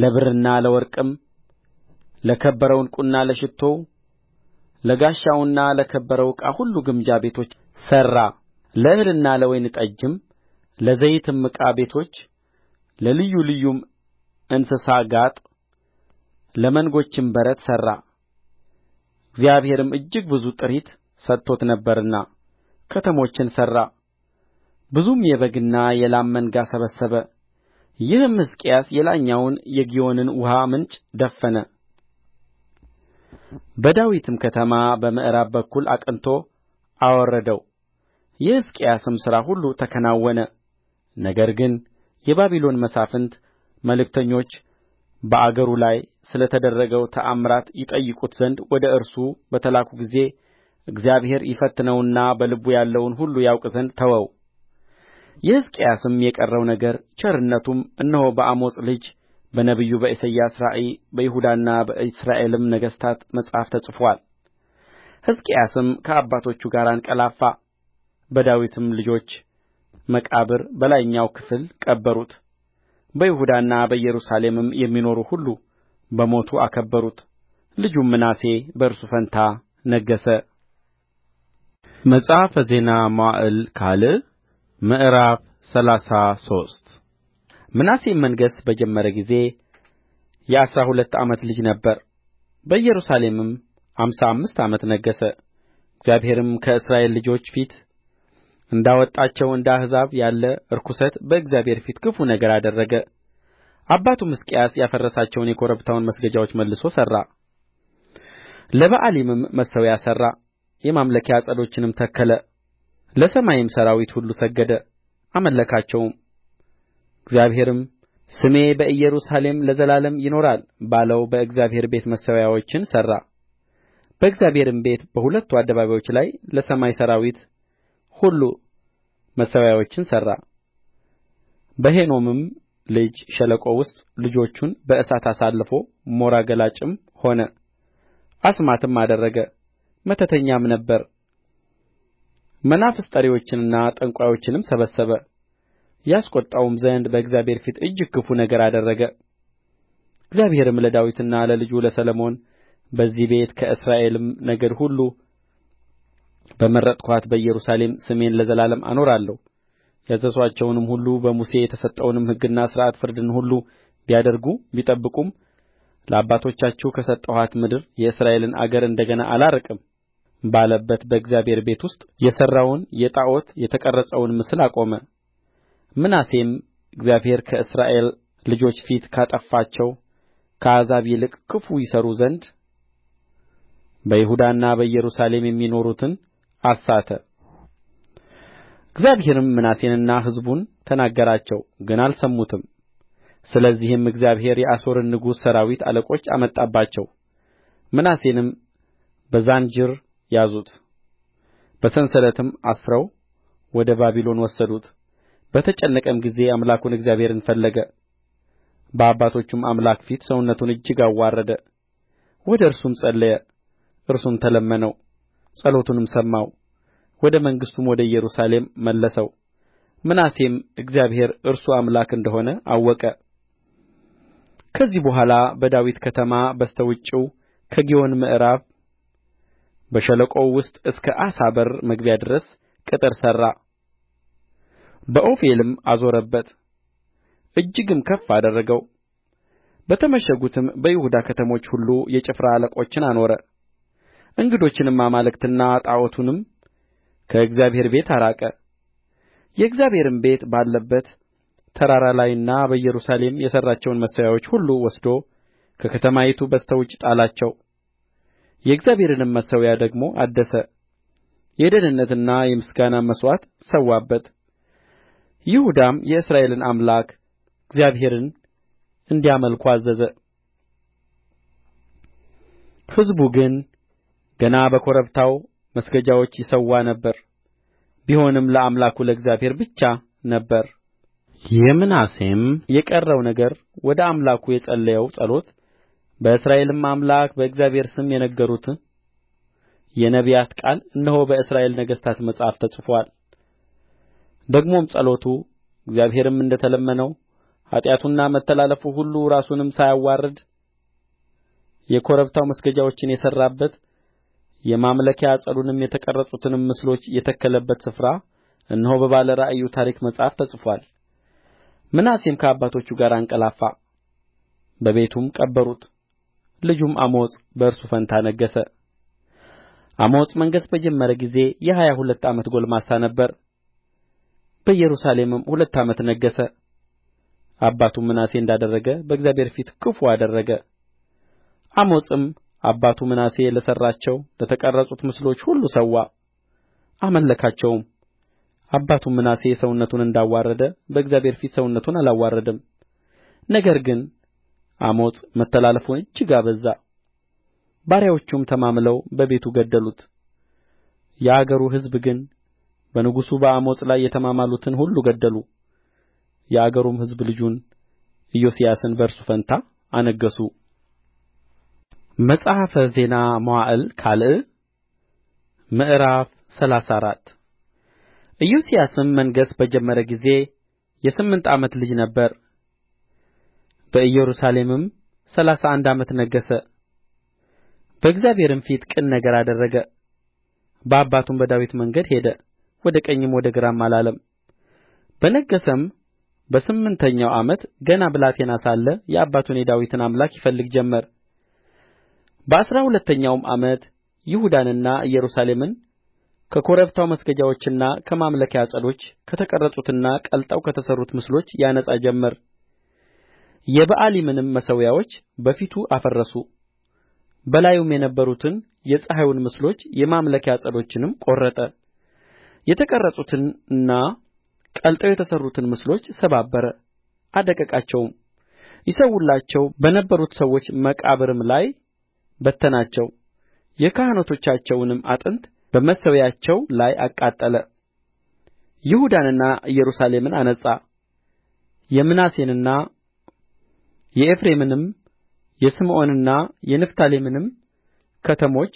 ለብርና ለወርቅም ለከበረ ዕንቍና ለሽቱ ለጋሻውና ለከበረው ዕቃ ሁሉ ግምጃ ቤቶች ሠራ ለእህልና ለወይን ጠጅም ለዘይትም ዕቃ ቤቶች ለልዩ ልዩም እንስሳ ጋጥ ለመንጎችም በረት ሠራ እግዚአብሔርም እጅግ ብዙ ጥሪት ሰጥቶት ነበርና ከተሞችን ሠራ ብዙም የበግና የላም መንጋ ሰበሰበ ይህም ሕዝቅያስ የላይኛውን የግዮንን ውኃ ምንጭ ደፈነ በዳዊትም ከተማ በምዕራብ በኩል አቅንቶ አወረደው የሕዝቅያስም ሥራ ሁሉ ተከናወነ ነገር ግን የባቢሎን መሳፍንት መልእክተኞች በአገሩ ላይ ስለ ተደረገው ተአምራት ይጠይቁት ዘንድ ወደ እርሱ በተላኩ ጊዜ እግዚአብሔር ይፈትነውና በልቡ ያለውን ሁሉ ያውቅ ዘንድ ተወው። የሕዝቅያስም የቀረው ነገር ቸርነቱም እነሆ በአሞጽ ልጅ በነቢዩ በኢሳይያስ ራእይ በይሁዳና በእስራኤልም ነገሥታት መጽሐፍ ተጽፎአል ሕዝቅያስም ከአባቶቹ ጋር አንቀላፋ በዳዊትም ልጆች መቃብር በላይኛው ክፍል ቀበሩት በይሁዳና በኢየሩሳሌምም የሚኖሩ ሁሉ በሞቱ አከበሩት ልጁም ምናሴ በእርሱ ፈንታ ነገሠ መጽሐፈ ዜና መዋዕል ካልዕ ምዕራፍ ሰላሳ ሶስት ምናሴም መንገሥ በጀመረ ጊዜ የአሥራ ሁለት ዓመት ልጅ ነበረ በኢየሩሳሌምም አምሳ አምስት ዓመት ነገሠ እግዚአብሔርም ከእስራኤል ልጆች ፊት እንዳወጣቸው እንደ አሕዛብ ያለ ርኵሰት በእግዚአብሔር ፊት ክፉ ነገር አደረገ አባቱም ሕዝቅያስ ያፈረሳቸውን የኮረብታውን መስገጃዎች መልሶ ሠራ ለበኣሊምም መሠዊያ ሠራ የማምለኪያ ዐፀዶችንም ተከለ ለሰማይም ሠራዊት ሁሉ ሰገደ አመለካቸውም እግዚአብሔርም ስሜ በኢየሩሳሌም ለዘላለም ይኖራል ባለው በእግዚአብሔር ቤት መሠዊያዎችን ሠራ በእግዚአብሔርም ቤት በሁለቱ አደባባዮች ላይ ለሰማይ ሠራዊት ሁሉ መሠዊያዎችን ሠራ በሄኖምም ልጅ ሸለቆ ውስጥ ልጆቹን በእሳት አሳልፎ ሞራ ገላጭም ሆነ አስማትም አደረገ መተተኛም ነበረ መናፍስት ጠሪዎችንና ጠንቋዮችንም ሰበሰበ ያስቈጣውም ዘንድ በእግዚአብሔር ፊት እጅግ ክፉ ነገር አደረገ እግዚአብሔርም ለዳዊትና ለልጁ ለሰሎሞን በዚህ ቤት ከእስራኤልም ነገድ ሁሉ በመረጥኋት በኢየሩሳሌም ስሜን ለዘላለም አኖራለሁ ያዘዝኋቸውንም ሁሉ በሙሴ የተሰጠውንም ሕግና ሥርዓት ፍርድን ሁሉ ቢያደርጉ ቢጠብቁም ለአባቶቻችሁ ከሰጠኋት ምድር የእስራኤልን አገር እንደ ገና አላርቅም ባለበት በእግዚአብሔር ቤት ውስጥ የሠራውን የጣዖት የተቀረጸውን ምስል አቆመ ምናሴም እግዚአብሔር ከእስራኤል ልጆች ፊት ካጠፋቸው ከአሕዛብ ይልቅ ክፉ ይሠሩ ዘንድ በይሁዳና በኢየሩሳሌም የሚኖሩትን አሳተ እግዚአብሔርም ምናሴንና ሕዝቡን ተናገራቸው ግን አልሰሙትም ስለዚህም እግዚአብሔር የአሦርን ንጉሥ ሠራዊት አለቆች አመጣባቸው ምናሴንም በዛንጅር ያዙት በሰንሰለትም አስረው ወደ ባቢሎን ወሰዱት በተጨነቀም ጊዜ አምላኩን እግዚአብሔርን ፈለገ በአባቶቹም አምላክ ፊት ሰውነቱን እጅግ አዋረደ ወደ እርሱም ጸለየ እርሱም ተለመነው ጸሎቱንም ሰማው ወደ መንግሥቱም ወደ ኢየሩሳሌም መለሰው ምናሴም እግዚአብሔር እርሱ አምላክ እንደ ሆነ አወቀ ከዚህ በኋላ በዳዊት ከተማ በስተ ውጭው ከግዮን ምዕራብ በሸለቆው ውስጥ እስከ ዓሳ በር መግቢያ ድረስ ቅጥር ሠራ በዖፌልም አዞረበት እጅግም ከፍ አደረገው በተመሸጉትም በይሁዳ ከተሞች ሁሉ የጭፍራ አለቆችን አኖረ እንግዶችንም አማልክትና ጣዖቱንም ከእግዚአብሔር ቤት አራቀ የእግዚአብሔርም ቤት ባለበት ተራራ ላይና በኢየሩሳሌም የሠራቸውን መሠዊያዎች ሁሉ ወስዶ ከከተማይቱ በስተ ውጭ ጣላቸው የእግዚአብሔርንም መሠዊያ ደግሞ አደሰ የደኅንነትና የምስጋናም መሥዋዕት ሠዋበት ይሁዳም የእስራኤልን አምላክ እግዚአብሔርን እንዲያመልኩ አዘዘ ሕዝቡ ግን ገና በኮረብታው መስገጃዎች ይሠዋ ነበር ቢሆንም ለአምላኩ ለእግዚአብሔር ብቻ ነበር የምናሴም የቀረው ነገር ወደ አምላኩ የጸለየው ጸሎት በእስራኤልም አምላክ በእግዚአብሔር ስም የነገሩት የነቢያት ቃል እነሆ በእስራኤል ነገሥታት መጽሐፍ ተጽፎአል ደግሞም ጸሎቱ እግዚአብሔርም እንደ ተለመነው ኃጢአቱና መተላለፉ ሁሉ ራሱንም ሳያዋርድ የኮረብታው መስገጃዎችን የሠራበት የማምለኪያ ዐፀዱንም የተቀረጹትንም ምስሎች የተከለበት ስፍራ እነሆ በባለ ራእዩ ታሪክ መጽሐፍ ተጽፎአል ምናሴም ከአባቶቹ ጋር አንቀላፋ በቤቱም ቀበሩት ልጁም አሞጽ በእርሱ ፋንታ ነገሠ አሞጽ መንገሥ በጀመረ ጊዜ የሀያ ሁለት ዓመት ጕልማሳ ነበረ በኢየሩሳሌምም ሁለት ዓመት ነገሠ አባቱም ምናሴ እንዳደረገ በእግዚአብሔር ፊት ክፉ አደረገ አሞጽም አባቱ ምናሴ ለሠራቸው ለተቀረጹት ምስሎች ሁሉ ሠዋ አመለካቸውም አባቱም ምናሴ ሰውነቱን እንዳዋረደ በእግዚአብሔር ፊት ሰውነቱን አላዋረደም ነገር ግን አሞጽ መተላለፉን እጅግ አበዛ ባሪያዎቹም ተማምለው በቤቱ ገደሉት የአገሩ ሕዝብ ግን በንጉሡ በአሞጽ ላይ የተማማሉትን ሁሉ ገደሉ የአገሩም ሕዝብ ልጁን ኢዮስያስን በእርሱ ፋንታ አነገሡ መጽሐፈ ዜና መዋዕል ካልዕ ምዕራፍ ሰላሳ አራት ኢዮስያስም መንገሥ በጀመረ ጊዜ የስምንት ዓመት ልጅ ነበረ። በኢየሩሳሌምም ሠላሳ አንድ ዓመት ነገሠ። በእግዚአብሔርም ፊት ቅን ነገር አደረገ፣ በአባቱም በዳዊት መንገድ ሄደ። ወደ ቀኝም ወደ ግራም አላለም በነገሠም በስምንተኛው ዓመት ገና ብላቴና ሳለ የአባቱን የዳዊትን አምላክ ይፈልግ ጀመር በአሥራ ሁለተኛውም ዓመት ይሁዳንና ኢየሩሳሌምን ከኮረብታው መስገጃዎችና ከማምለኪያ ዐፀዶች ከተቀረጹትና ቀልጠው ከተሠሩት ምስሎች ያነጻ ጀመር የበኣሊምንም መሠዊያዎች በፊቱ አፈረሱ በላዩም የነበሩትን የፀሐዩን ምስሎች የማምለኪያ ዐፀዶቹንም ቈረጠ የተቀረጹትንና ቀልጠው የተሠሩትን ምስሎች ሰባበረ አደቀቃቸውም ይሠዉላቸው በነበሩት ሰዎች መቃብርም ላይ በተናቸው የካህናቶቻቸውንም አጥንት በመሠዊያቸው ላይ አቃጠለ ይሁዳንና ኢየሩሳሌምን አነጻ የምናሴንና የኤፍሬምንም የስምዖንና የንፍታሌምንም ከተሞች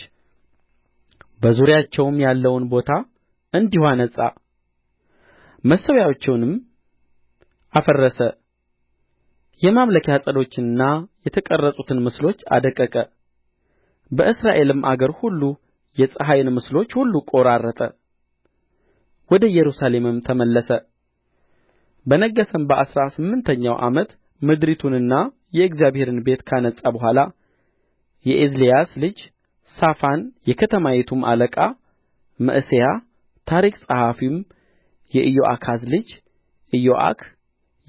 በዙሪያቸውም ያለውን ቦታ እንዲሁ አነጻ መሠዊያዎቹንም አፈረሰ የማምለኪያ ዐፀዶቹንና የተቀረጹትን ምስሎች አደቀቀ በእስራኤልም አገር ሁሉ የፀሐይን ምስሎች ሁሉ ቈራረጠ ወደ ኢየሩሳሌምም ተመለሰ በነገሠም በአሥራ ስምንተኛው ዓመት ምድሪቱንና የእግዚአብሔርን ቤት ካነጻ በኋላ የኤዜልያስ ልጅ ሳፋን የከተማይቱም አለቃ መዕሤያ ታሪክ ጸሐፊም የኢዮአካዝ ልጅ ኢዮአክ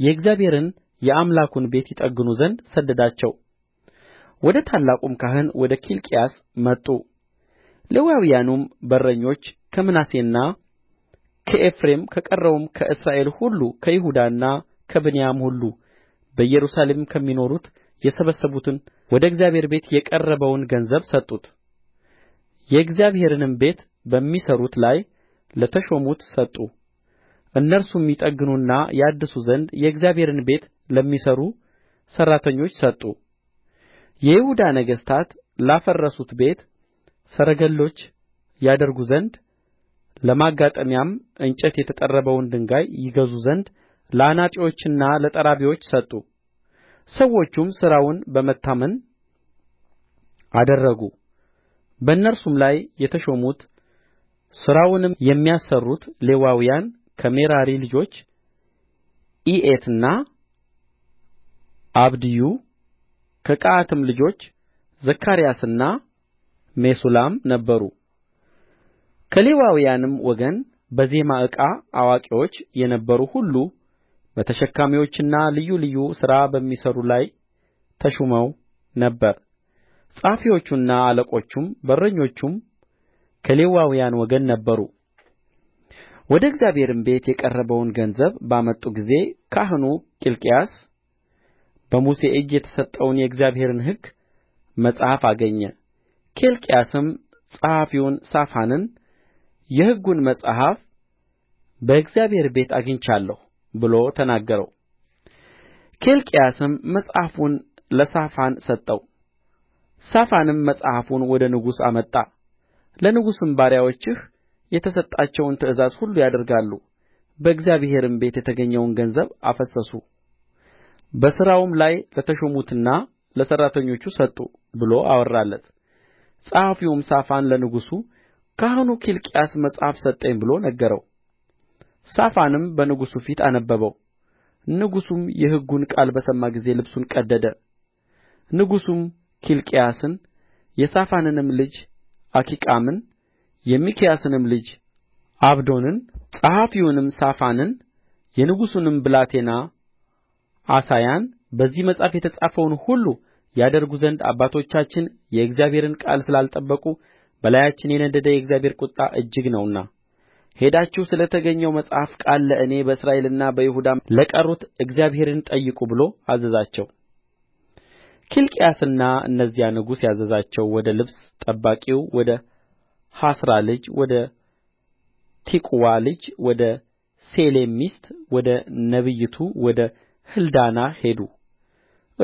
የእግዚአብሔርን የአምላኩን ቤት ይጠግኑ ዘንድ ሰደዳቸው ወደ ታላቁም ካህን ወደ ኬልቅያስ መጡ ሌዋውያኑም በረኞች ከምናሴና ከኤፍሬም ከቀረውም ከእስራኤል ሁሉ ከይሁዳና ከብንያም ሁሉ በኢየሩሳሌም ከሚኖሩት የሰበሰቡትን ወደ እግዚአብሔር ቤት የቀረበውን ገንዘብ ሰጡት የእግዚአብሔርንም ቤት በሚሠሩት ላይ ለተሾሙት ሰጡ እነርሱም ይጠግኑና ያድሱ ዘንድ የእግዚአብሔርን ቤት ለሚሠሩ ሠራተኞች ሰጡ የይሁዳ ነገሥታት ላፈረሱት ቤት ሰረገሎች ያደርጉ ዘንድ ለማጋጠሚያም እንጨት የተጠረበውን ድንጋይ ይገዙ ዘንድ ለአናጢዎችና ለጠራቢዎች ሰጡ ሰዎቹም ሥራውን በመታመን አደረጉ በእነርሱም ላይ የተሾሙት ሥራውንም የሚያሠሩት ሌዋውያን ከሜራሪ ልጆች ኢኤትና አብድዩ ከቀዓትም ልጆች ዘካርያስና ሜሱላም ነበሩ ከሌዋውያንም ወገን በዜማ ዕቃ አዋቂዎች የነበሩ ሁሉ በተሸካሚዎችና ልዩ ልዩ ሥራ በሚሠሩ ላይ ተሾመው ነበር ጸሐፊዎቹና አለቆቹም በረኞቹም ከሌዋውያን ወገን ነበሩ ወደ እግዚአብሔርም ቤት የቀረበውን ገንዘብ ባመጡ ጊዜ ካህኑ ኬልቅያስ በሙሴ እጅ የተሰጠውን የእግዚአብሔርን ሕግ መጽሐፍ አገኘ ኬልቅያስም ጸሐፊውን ሳፋንን የሕጉን መጽሐፍ በእግዚአብሔር ቤት አግኝቻለሁ ብሎ ተናገረው። ኬልቅያስም መጽሐፉን ለሳፋን ሰጠው። ሳፋንም መጽሐፉን ወደ ንጉሡ አመጣ። ለንጉሡም ባሪያዎችህ የተሰጣቸውን ትእዛዝ ሁሉ ያደርጋሉ በእግዚአብሔርም ቤት የተገኘውን ገንዘብ አፈሰሱ በሥራውም ላይ ለተሾሙትና ለሠራተኞቹ ሰጡ ብሎ አወራለት ጸሐፊውም ሳፋን ለንጉሡ ካህኑ ኬልቅያስ መጽሐፍ ሰጠኝ ብሎ ነገረው ሳፋንም በንጉሡ ፊት አነበበው ንጉሡም የሕጉን ቃል በሰማ ጊዜ ልብሱን ቀደደ ንጉሡም ኬልቅያስን የሳፋንንም ልጅ አኪቃምን የሚክያስንም ልጅ ዓብዶንን ጸሐፊውንም ሳፋንን የንጉሡንም ብላቴና ዓሳያን በዚህ መጽሐፍ የተጻፈውን ሁሉ ያደርጉ ዘንድ አባቶቻችን የእግዚአብሔርን ቃል ስላልጠበቁ በላያችን የነደደ የእግዚአብሔር ቍጣ እጅግ ነውና ሄዳችሁ ስለ ተገኘው መጽሐፍ ቃል ለእኔ በእስራኤልና በይሁዳ ለቀሩት እግዚአብሔርን ጠይቁ ብሎ አዘዛቸው ኬልቅያስና እነዚያ ንጉሥ ያዘዛቸው ወደ ልብስ ጠባቂው ወደ ሐስራ ልጅ ወደ ቲቁዋ ልጅ ወደ ሴሌም ሚስት ወደ ነቢይቱ ወደ ሕልዳና ሄዱ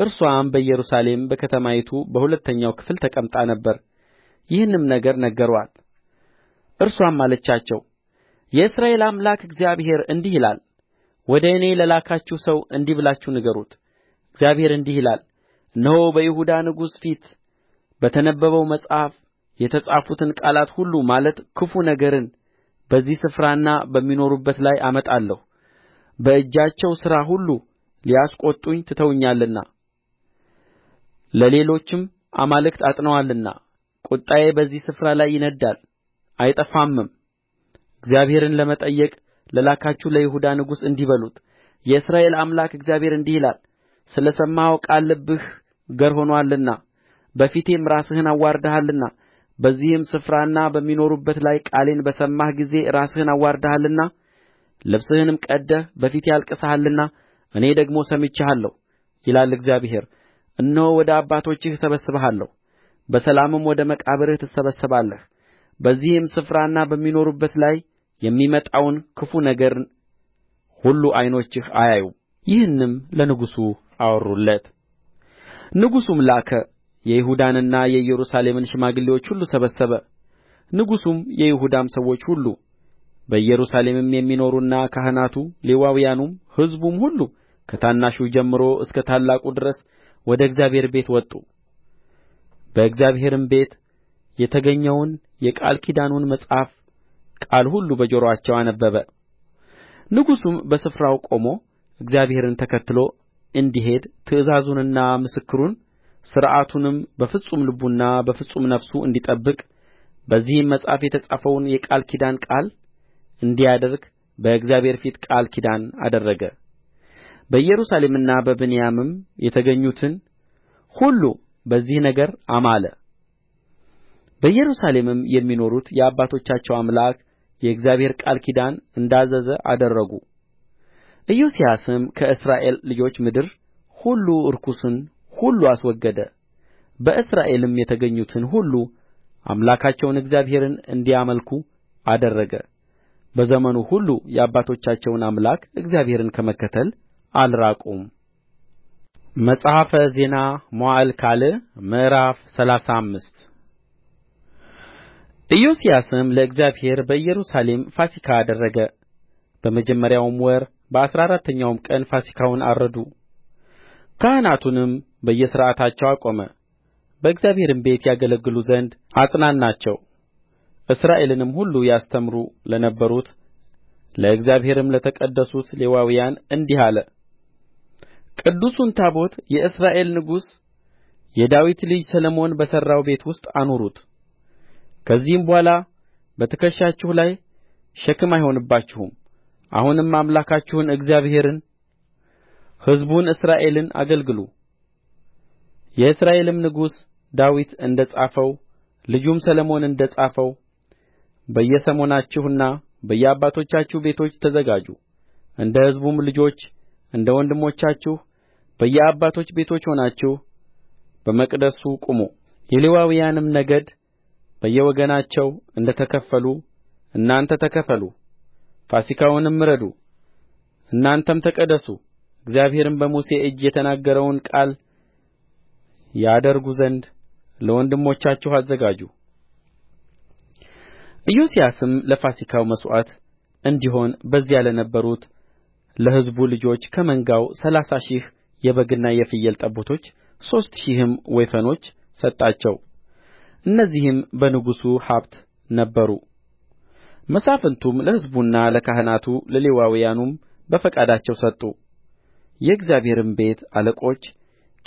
እርስዋም በኢየሩሳሌም በከተማይቱ በሁለተኛው ክፍል ተቀምጣ ነበር ይህንም ነገር ነገሩአት እርሷም አለቻቸው የእስራኤል አምላክ እግዚአብሔር እንዲህ ይላል ወደ እኔ ለላካችሁ ሰው እንዲህ ብላችሁ ንገሩት እግዚአብሔር እንዲህ ይላል እነሆ በይሁዳ ንጉሥ ፊት በተነበበው መጽሐፍ የተጻፉትን ቃላት ሁሉ ማለት ክፉ ነገርን በዚህ ስፍራና በሚኖሩበት ላይ አመጣለሁ በእጃቸው ሥራ ሁሉ ሊያስቈጡኝ ትተውኛልና ለሌሎችም አማልክት ዐጥነዋልና ቍጣዬ በዚህ ስፍራ ላይ ይነድዳል አይጠፋምም እግዚአብሔርን ለመጠየቅ ለላካችሁ ለይሁዳ ንጉሥ እንዲህ በሉት የእስራኤል አምላክ እግዚአብሔር እንዲህ ይላል ስለ ሰማኸው ቃል ልብህ ገር ሆኖአልና በፊቴም ራስህን አዋርደሃልና በዚህም ስፍራና በሚኖሩበት ላይ ቃሌን በሰማህ ጊዜ ራስህን አዋርደሃልና ልብስህንም ቀድደህ በፊቴ አልቅሰሃልና እኔ ደግሞ ሰምቼሃለሁ ይላል እግዚአብሔር እነሆ ወደ አባቶችህ እሰበስብሃለሁ በሰላምም ወደ መቃብርህ ትሰበሰባለህ በዚህም ስፍራና በሚኖሩበት ላይ የሚመጣውን ክፉ ነገር ሁሉ ዓይኖችህ አያዩም ይህንም ለንጉሡ አወሩለት ንጉሡም ላከ የይሁዳንና የኢየሩሳሌምን ሽማግሌዎች ሁሉ ሰበሰበ ንጉሡም የይሁዳም ሰዎች ሁሉ በኢየሩሳሌምም የሚኖሩና ካህናቱ ሌዋውያኑም ሕዝቡም ሁሉ ከታናሹ ጀምሮ እስከ ታላቁ ድረስ ወደ እግዚአብሔር ቤት ወጡ በእግዚአብሔርም ቤት የተገኘውን የቃል ኪዳኑን መጽሐፍ ቃል ሁሉ በጆሮአቸው አነበበ ንጉሡም በስፍራው ቆሞ እግዚአብሔርን ተከትሎ እንዲሄድ ትእዛዙንና ምስክሩን ሥርዓቱንም በፍጹም ልቡና በፍጹም ነፍሱ እንዲጠብቅ በዚህም መጽሐፍ የተጻፈውን የቃል ኪዳን ቃል እንዲያደርግ በእግዚአብሔር ፊት ቃል ኪዳን አደረገ በኢየሩሳሌምና በብንያምም የተገኙትን ሁሉ በዚህ ነገር አማለ በኢየሩሳሌምም የሚኖሩት የአባቶቻቸው አምላክ የእግዚአብሔር ቃል ኪዳን እንዳዘዘ አደረጉ ኢዮስያስም ከእስራኤል ልጆች ምድር ሁሉ ርኩሱን ሁሉ አስወገደ በእስራኤልም የተገኙትን ሁሉ አምላካቸውን እግዚአብሔርን እንዲያመልኩ አደረገ በዘመኑ ሁሉ የአባቶቻቸውን አምላክ እግዚአብሔርን ከመከተል አልራቁም መጽሐፈ ዜና መዋዕል ካልዕ ምዕራፍ ሰላሳ አምስት ኢዮስያስም ለእግዚአብሔር በኢየሩሳሌም ፋሲካ አደረገ በመጀመሪያውም ወር በአሥራ አራተኛውም ቀን ፋሲካውን አረዱ ካህናቱንም በየሥርዓታቸው አቆመ በእግዚአብሔርም ቤት ያገለግሉ ዘንድ አጽናናቸው። እስራኤልንም ሁሉ ያስተምሩ ለነበሩት ለእግዚአብሔርም ለተቀደሱት ሌዋውያን እንዲህ አለ ቅዱሱን ታቦት የእስራኤል ንጉሥ የዳዊት ልጅ ሰሎሞን በሠራው ቤት ውስጥ አኑሩት ከዚህም በኋላ በትከሻችሁ ላይ ሸክም አይሆንባችሁም አሁንም አምላካችሁን እግዚአብሔርን ሕዝቡን እስራኤልን አገልግሉ የእስራኤልም ንጉሥ ዳዊት እንደ ጻፈው ልጁም ሰሎሞን እንደ ጻፈው በየሰሞናችሁና በየአባቶቻችሁ ቤቶች ተዘጋጁ እንደ ሕዝቡም ልጆች እንደ ወንድሞቻችሁ በየአባቶች ቤቶች ሆናችሁ በመቅደሱ ቁሙ የሌዋውያንም ነገድ በየወገናቸው እንደ ተከፈሉ እናንተ ተከፈሉ ፋሲካውንም እረዱ እናንተም ተቀደሱ እግዚአብሔርም በሙሴ እጅ የተናገረውን ቃል ያደርጉ ዘንድ ለወንድሞቻችሁ አዘጋጁ ኢዮስያስም ለፋሲካው መሥዋዕት እንዲሆን በዚያ ለነበሩት ለሕዝቡ ልጆች ከመንጋው ሠላሳ ሺህ የበግና የፍየል ጠቦቶች ሦስት ሺህም ወይፈኖች ሰጣቸው እነዚህም በንጉሡ ሀብት ነበሩ መሳፍንቱም ለሕዝቡና ለካህናቱ ለሌዋውያኑም በፈቃዳቸው ሰጡ የእግዚአብሔርም ቤት አለቆች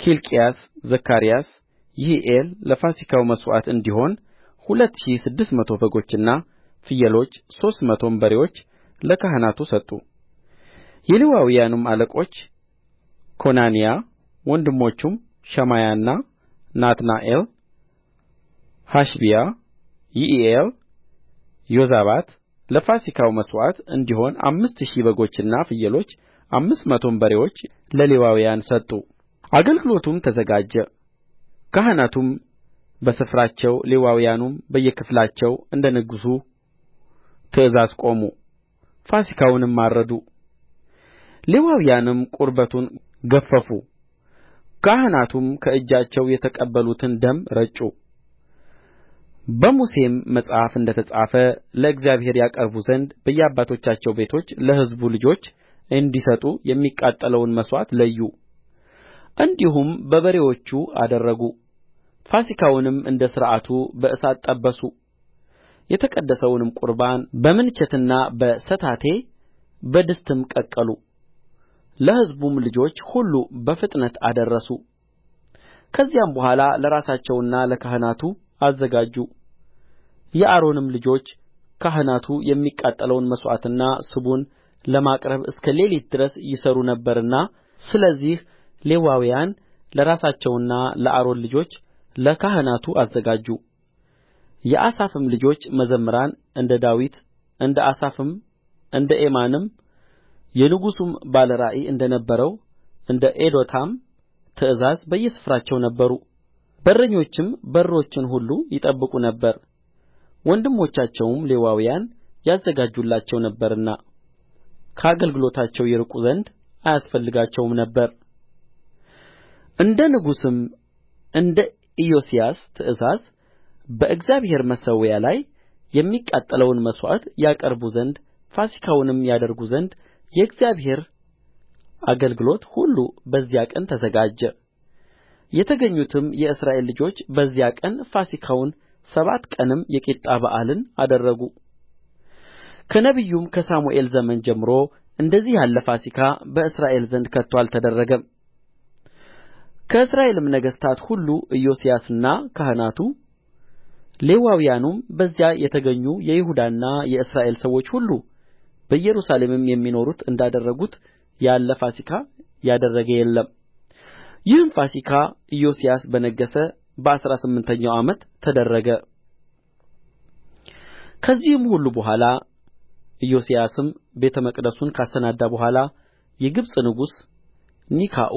ኬልቅያስ ዘካርያስ ይሒኤል ለፋሲካው መሥዋዕት እንዲሆን ሁለት ሺህ ስድስት መቶ በጎችና ፍየሎች ሦስት መቶም በሬዎች ለካህናቱ ሰጡ የሌዋውያኑም አለቆች ኮናንያ ወንድሞቹም ሸማያና ናትናኤል ሐሸቢያ ይዒኤል ዮዛባት ለፋሲካው መሥዋዕት እንዲሆን አምስት ሺህ በጎችና ፍየሎች አምስት መቶም በሬዎች ለሌዋውያን ሰጡ አገልግሎቱም ተዘጋጀ ካህናቱም በስፍራቸው ሌዋውያኑም በየክፍላቸው እንደ ንጉሡ ትእዛዝ ቆሙ ፋሲካውንም አረዱ ሌዋውያንም ቁርበቱን ገፈፉ ካህናቱም ከእጃቸው የተቀበሉትን ደም ረጩ በሙሴም መጽሐፍ እንደ ተጻፈ ለእግዚአብሔር ያቀርቡ ዘንድ በየአባቶቻቸው ቤቶች ለሕዝቡ ልጆች እንዲሰጡ የሚቃጠለውን መሥዋዕት ለዩ እንዲሁም በበሬዎቹ አደረጉ ፋሲካውንም እንደ ሥርዓቱ በእሳት ጠበሱ የተቀደሰውንም ቁርባን በምንቸትና በሰታቴ በድስትም ቀቀሉ ለሕዝቡም ልጆች ሁሉ በፍጥነት አደረሱ ከዚያም በኋላ ለራሳቸውና ለካህናቱ አዘጋጁ የአሮንም ልጆች ካህናቱ የሚቃጠለውን መሥዋዕትና ስቡን ለማቅረብ እስከ ሌሊት ድረስ ይሠሩ ነበርና ስለዚህ ሌዋውያን ለራሳቸውና ለአሮን ልጆች ለካህናቱ አዘጋጁ የአሳፍም ልጆች መዘምራን እንደ ዳዊት እንደ አሳፍም እንደ ኤማንም የንጉሡም ባለ ራእይ እንደ ነበረው እንደ ኤዶታም ትእዛዝ በየስፍራቸው ነበሩ በረኞችም በሮቹን ሁሉ ይጠብቁ ነበር ወንድሞቻቸውም ሌዋውያን ያዘጋጁላቸው ነበርና ከአገልግሎታቸው ይርቁ ዘንድ አያስፈልጋቸውም ነበር እንደ ንጉሡም እንደ ኢዮስያስ ትእዛዝ በእግዚአብሔር መሠዊያ ላይ የሚቃጠለውን መሥዋዕት ያቀርቡ ዘንድ ፋሲካውንም ያደርጉ ዘንድ የእግዚአብሔር አገልግሎት ሁሉ በዚያ ቀን ተዘጋጀ የተገኙትም የእስራኤል ልጆች በዚያ ቀን ፋሲካውን ሰባት ቀንም የቂጣ በዓልን አደረጉ ከነቢዩም ከሳሙኤል ዘመን ጀምሮ እንደዚህ ያለ ፋሲካ በእስራኤል ዘንድ ከቶ አልተደረገም ከእስራኤልም ነገሥታት ሁሉ ኢዮስያስና ካህናቱ ሌዋውያኑም በዚያ የተገኙ የይሁዳና የእስራኤል ሰዎች ሁሉ በኢየሩሳሌምም የሚኖሩት እንዳደረጉት ያለ ፋሲካ ያደረገ የለም ይህም ፋሲካ ኢዮስያስ በነገሠ በአሥራ ስምንተኛው ዓመት ተደረገ ከዚህም ሁሉ በኋላ ኢዮስያስም ቤተ መቅደሱን ካሰናዳ በኋላ የግብጽ ንጉሥ ኒካዑ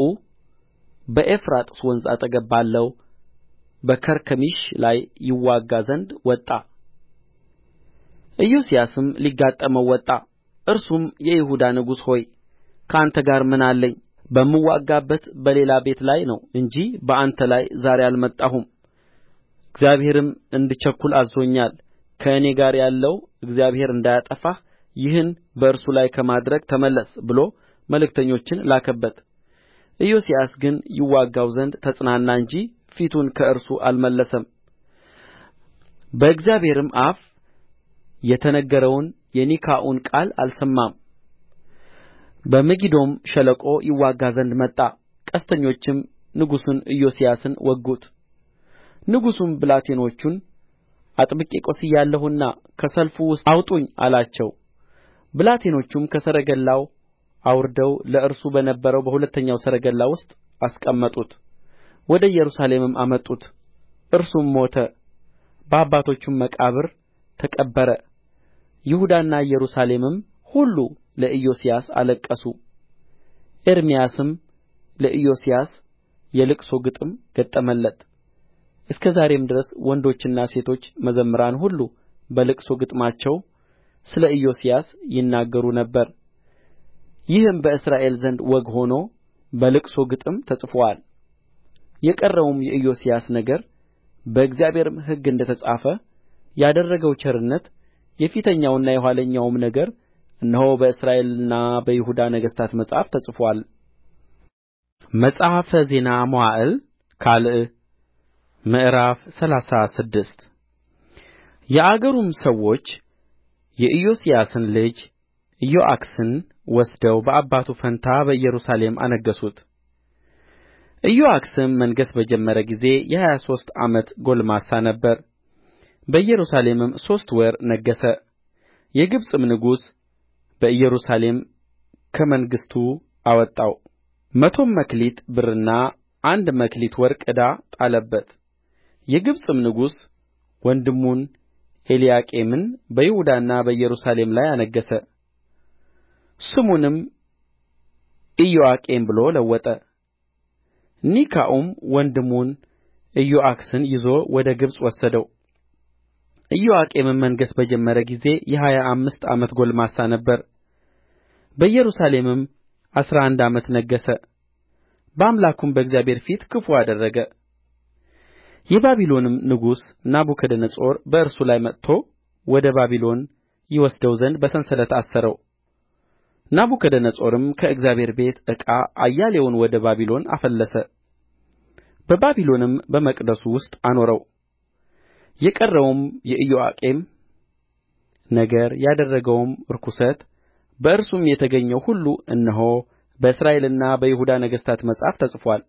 በኤፍራጥስ ወንዝ አጠገብ ባለው በከርከሚሽ ላይ ይዋጋ ዘንድ ወጣ። ኢዮስያስም ሊጋጠመው ወጣ። እርሱም የይሁዳ ንጉሥ ሆይ ከአንተ ጋር ምን አለኝ በምዋጋበት በሌላ ቤት ላይ ነው እንጂ በአንተ ላይ ዛሬ አልመጣሁም እግዚአብሔርም እንድቸኵል አዝዞኛል ከእኔ ጋር ያለው እግዚአብሔር እንዳያጠፋህ ይህን በእርሱ ላይ ከማድረግ ተመለስ ብሎ መልእክተኞችን ላከበት ኢዮስያስ ግን ይዋጋው ዘንድ ተጽናና እንጂ ፊቱን ከእርሱ አልመለሰም በእግዚአብሔርም አፍ የተነገረውን የኒካዑን ቃል አልሰማም በመጊዶም ሸለቆ ይዋጋ ዘንድ መጣ ቀስተኞችም ንጉሡን ኢዮስያስን ወጉት ንጉሡም ብላቴኖቹን አጥብቄ ቈስያለሁና ከሰልፉ ውስጥ አውጡኝ አላቸው ብላቴኖቹም ከሰረገላው አውርደው ለእርሱ በነበረው በሁለተኛው ሰረገላ ውስጥ አስቀመጡት ወደ ኢየሩሳሌምም አመጡት እርሱም ሞተ በአባቶቹም መቃብር ተቀበረ ይሁዳና ኢየሩሳሌምም ሁሉ ለኢዮስያስ አለቀሱ ኤርምያስም ለኢዮስያስ የልቅሶ ግጥም ገጠመለት እስከ ዛሬም ድረስ ወንዶችና ሴቶች መዘምራን ሁሉ በልቅሶ ግጥማቸው ስለ ኢዮስያስ ይናገሩ ነበር ይህም በእስራኤል ዘንድ ወግ ሆኖ በልቅሶ ግጥም ተጽፎአል የቀረውም የኢዮስያስ ነገር በእግዚአብሔርም ሕግ እንደ ተጻፈ ያደረገው ቸርነት የፊተኛውና የኋለኛውም ነገር እነሆ በእስራኤልና በይሁዳ ነገሥታት መጽሐፍ ተጽፎአል መጽሐፈ ዜና መዋዕል ካልዕ ምዕራፍ ሰላሳ ስድስት የአገሩም ሰዎች የኢዮስያስን ልጅ ኢዮአክስን ወስደው በአባቱ ፋንታ በኢየሩሳሌም አነገሡት። ኢዮአክስም መንገሥ በጀመረ ጊዜ የሀያ ሦስት ዓመት ጎልማሳ ነበር። በኢየሩሳሌምም ሦስት ወር ነገሠ። የግብጽም ንጉሥ በኢየሩሳሌም ከመንግሥቱ አወጣው መቶም መክሊት ብርና አንድ መክሊት ወርቅ ዕዳ ጣለበት የግብጽም ንጉሥ ወንድሙን ኤልያቄምን በይሁዳና በኢየሩሳሌም ላይ አነገሠ ስሙንም ኢዮአቄም ብሎ ለወጠ ኒካዑም ወንድሙን ኢዮአክስን ይዞ ወደ ግብጽ ወሰደው ኢዮአቄምም መንገሥ በጀመረ ጊዜ የሀያ አምስት ዓመት ጕልማሳ ነበረ በኢየሩሳሌምም አሥራ አንድ ዓመት ነገሠ በአምላኩም በእግዚአብሔር ፊት ክፉ አደረገ የባቢሎንም ንጉሥ ናቡከደነፆር በእርሱ ላይ መጥቶ ወደ ባቢሎን ይወስደው ዘንድ በሰንሰለት አሰረው ናቡከደነፆርም ከእግዚአብሔር ቤት ዕቃ አያሌውን ወደ ባቢሎን አፈለሰ በባቢሎንም በመቅደሱ ውስጥ አኖረው የቀረውም የኢዮአቄም ነገር ያደረገውም ርኵሰት በእርሱም የተገኘው ሁሉ እነሆ በእስራኤልና በይሁዳ ነገሥታት መጽሐፍ ተጽፎአል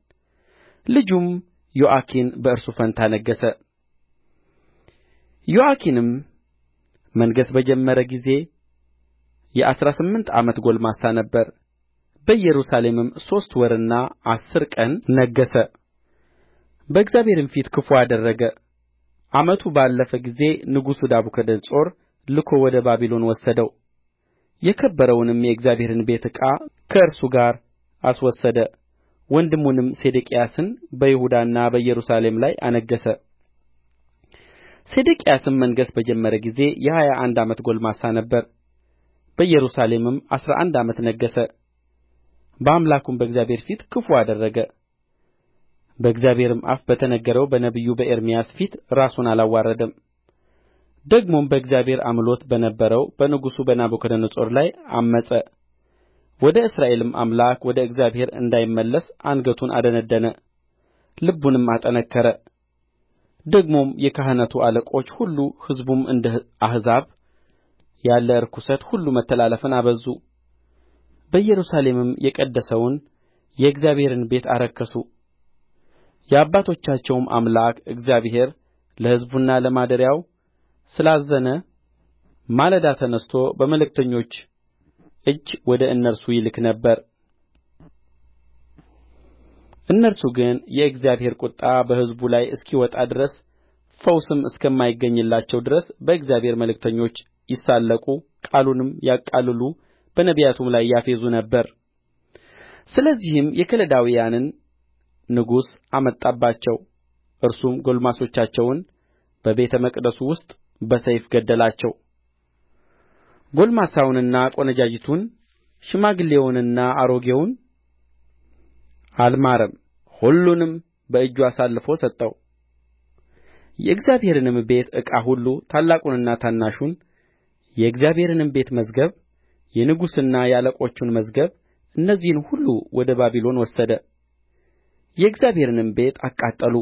ልጁም ዮአኪን በእርሱ ፋንታ ነገሠ ዮአኪንም መንገሥ በጀመረ ጊዜ የአሥራ ስምንት ዓመት ጕልማሳ ነበረ በኢየሩሳሌምም ሦስት ወርና አሥር ቀን ነገሠ በእግዚአብሔርም ፊት ክፉ አደረገ ዓመቱ ባለፈ ጊዜ ንጉሡ ናቡከደነፆር ልኮ ወደ ባቢሎን ወሰደው የከበረውንም የእግዚአብሔርን ቤት ዕቃ ከእርሱ ጋር አስወሰደ ወንድሙንም ሴዴቅያስን በይሁዳና በኢየሩሳሌም ላይ አነገሠ ሴዴቅያስም መንገሥ በጀመረ ጊዜ የሀያ አንድ ዓመት ጕልማሳ ነበረ በኢየሩሳሌምም አሥራ አንድ ዓመት ነገሠ በአምላኩም በእግዚአብሔር ፊት ክፉ አደረገ በእግዚአብሔርም አፍ በተናገረው በነቢዩ በኤርምያስ ፊት ራሱን አላዋረደም ደግሞም በእግዚአብሔር አምሎት በነበረው በንጉሡ በናቡከደነፆር ላይ ዐመፀ ወደ እስራኤልም አምላክ ወደ እግዚአብሔር እንዳይመለስ አንገቱን አደነደነ ልቡንም አጠነከረ ደግሞም የካህናቱ አለቆች ሁሉ ሕዝቡም እንደ አሕዛብ ያለ ርኵሰት ሁሉ መተላለፍን አበዙ በኢየሩሳሌምም የቀደሰውን የእግዚአብሔርን ቤት አረከሱ የአባቶቻቸውም አምላክ እግዚአብሔር ለሕዝቡና ለማደሪያው ስላዘነ ማለዳ ተነሥቶ በመልእክተኞች እጅ ወደ እነርሱ ይልክ ነበር እነርሱ ግን የእግዚአብሔር ቍጣ በሕዝቡ ላይ እስኪወጣ ድረስ ፈውስም እስከማይገኝላቸው ድረስ በእግዚአብሔር መልእክተኞች ይሳለቁ ቃሉንም ያቃልሉ በነቢያቱም ላይ ያፌዙ ነበር ስለዚህም የከለዳውያንን ንጉሥ አመጣባቸው እርሱም ጕልማሶቻቸውን በቤተ መቅደሱ ውስጥ በሰይፍ ገደላቸው ጕልማሳውንና ቈነጃጅቱን ሽማግሌውንና አሮጌውን አልማረም ሁሉንም በእጁ አሳልፎ ሰጠው የእግዚአብሔርንም ቤት ዕቃ ሁሉ ታላቁንና ታናሹን የእግዚአብሔርንም ቤት መዝገብ የንጉሡንና የአለቆቹን መዝገብ እነዚህን ሁሉ ወደ ባቢሎን ወሰደ የእግዚአብሔርንም ቤት አቃጠሉ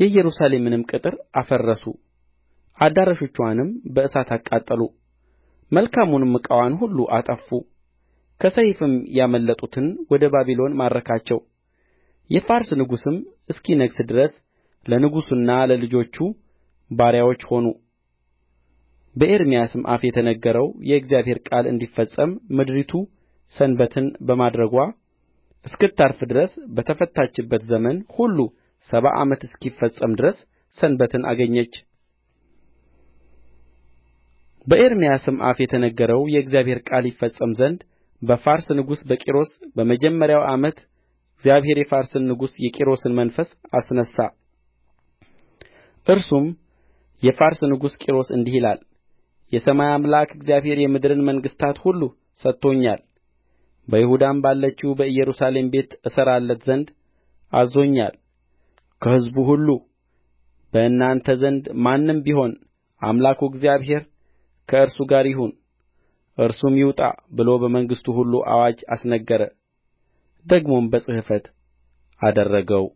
የኢየሩሳሌምንም ቅጥር አፈረሱ አዳራሾችዋንም በእሳት አቃጠሉ መልካሙንም ዕቃዋን ሁሉ አጠፉ ከሰይፍም ያመለጡትን ወደ ባቢሎን ማረካቸው የፋርስ ንጉሥም እስኪነግሥ ድረስ ለንጉሡና ለልጆቹ ባሪያዎች ሆኑ በኤርምያስም አፍ የተነገረው የእግዚአብሔር ቃል እንዲፈጸም ምድሪቱ ሰንበትን በማድረግዋ እስክታርፍ ድረስ በተፈታችበት ዘመን ሁሉ ሰባ ዓመት እስኪፈጸም ድረስ ሰንበትን አገኘች በኤርምያስም አፍ የተነገረው የእግዚአብሔር ቃል ይፈጸም ዘንድ በፋርስ ንጉሥ በቂሮስ በመጀመሪያው ዓመት እግዚአብሔር የፋርስን ንጉሥ የቂሮስን መንፈስ አስነሣ እርሱም የፋርስ ንጉሥ ቂሮስ እንዲህ ይላል የሰማይ አምላክ እግዚአብሔር የምድርን መንግሥታት ሁሉ ሰጥቶኛል በይሁዳም ባለችው በኢየሩሳሌም ቤት እሠራለት ዘንድ አዝዞኛል ከሕዝቡ ሁሉ በእናንተ ዘንድ ማንም ቢሆን አምላኩ እግዚአብሔር ከእርሱ ጋር ይሁን እርሱም ይውጣ ብሎ በመንግሥቱ ሁሉ አዋጅ አስነገረ ደግሞም በጽሕፈት አደረገው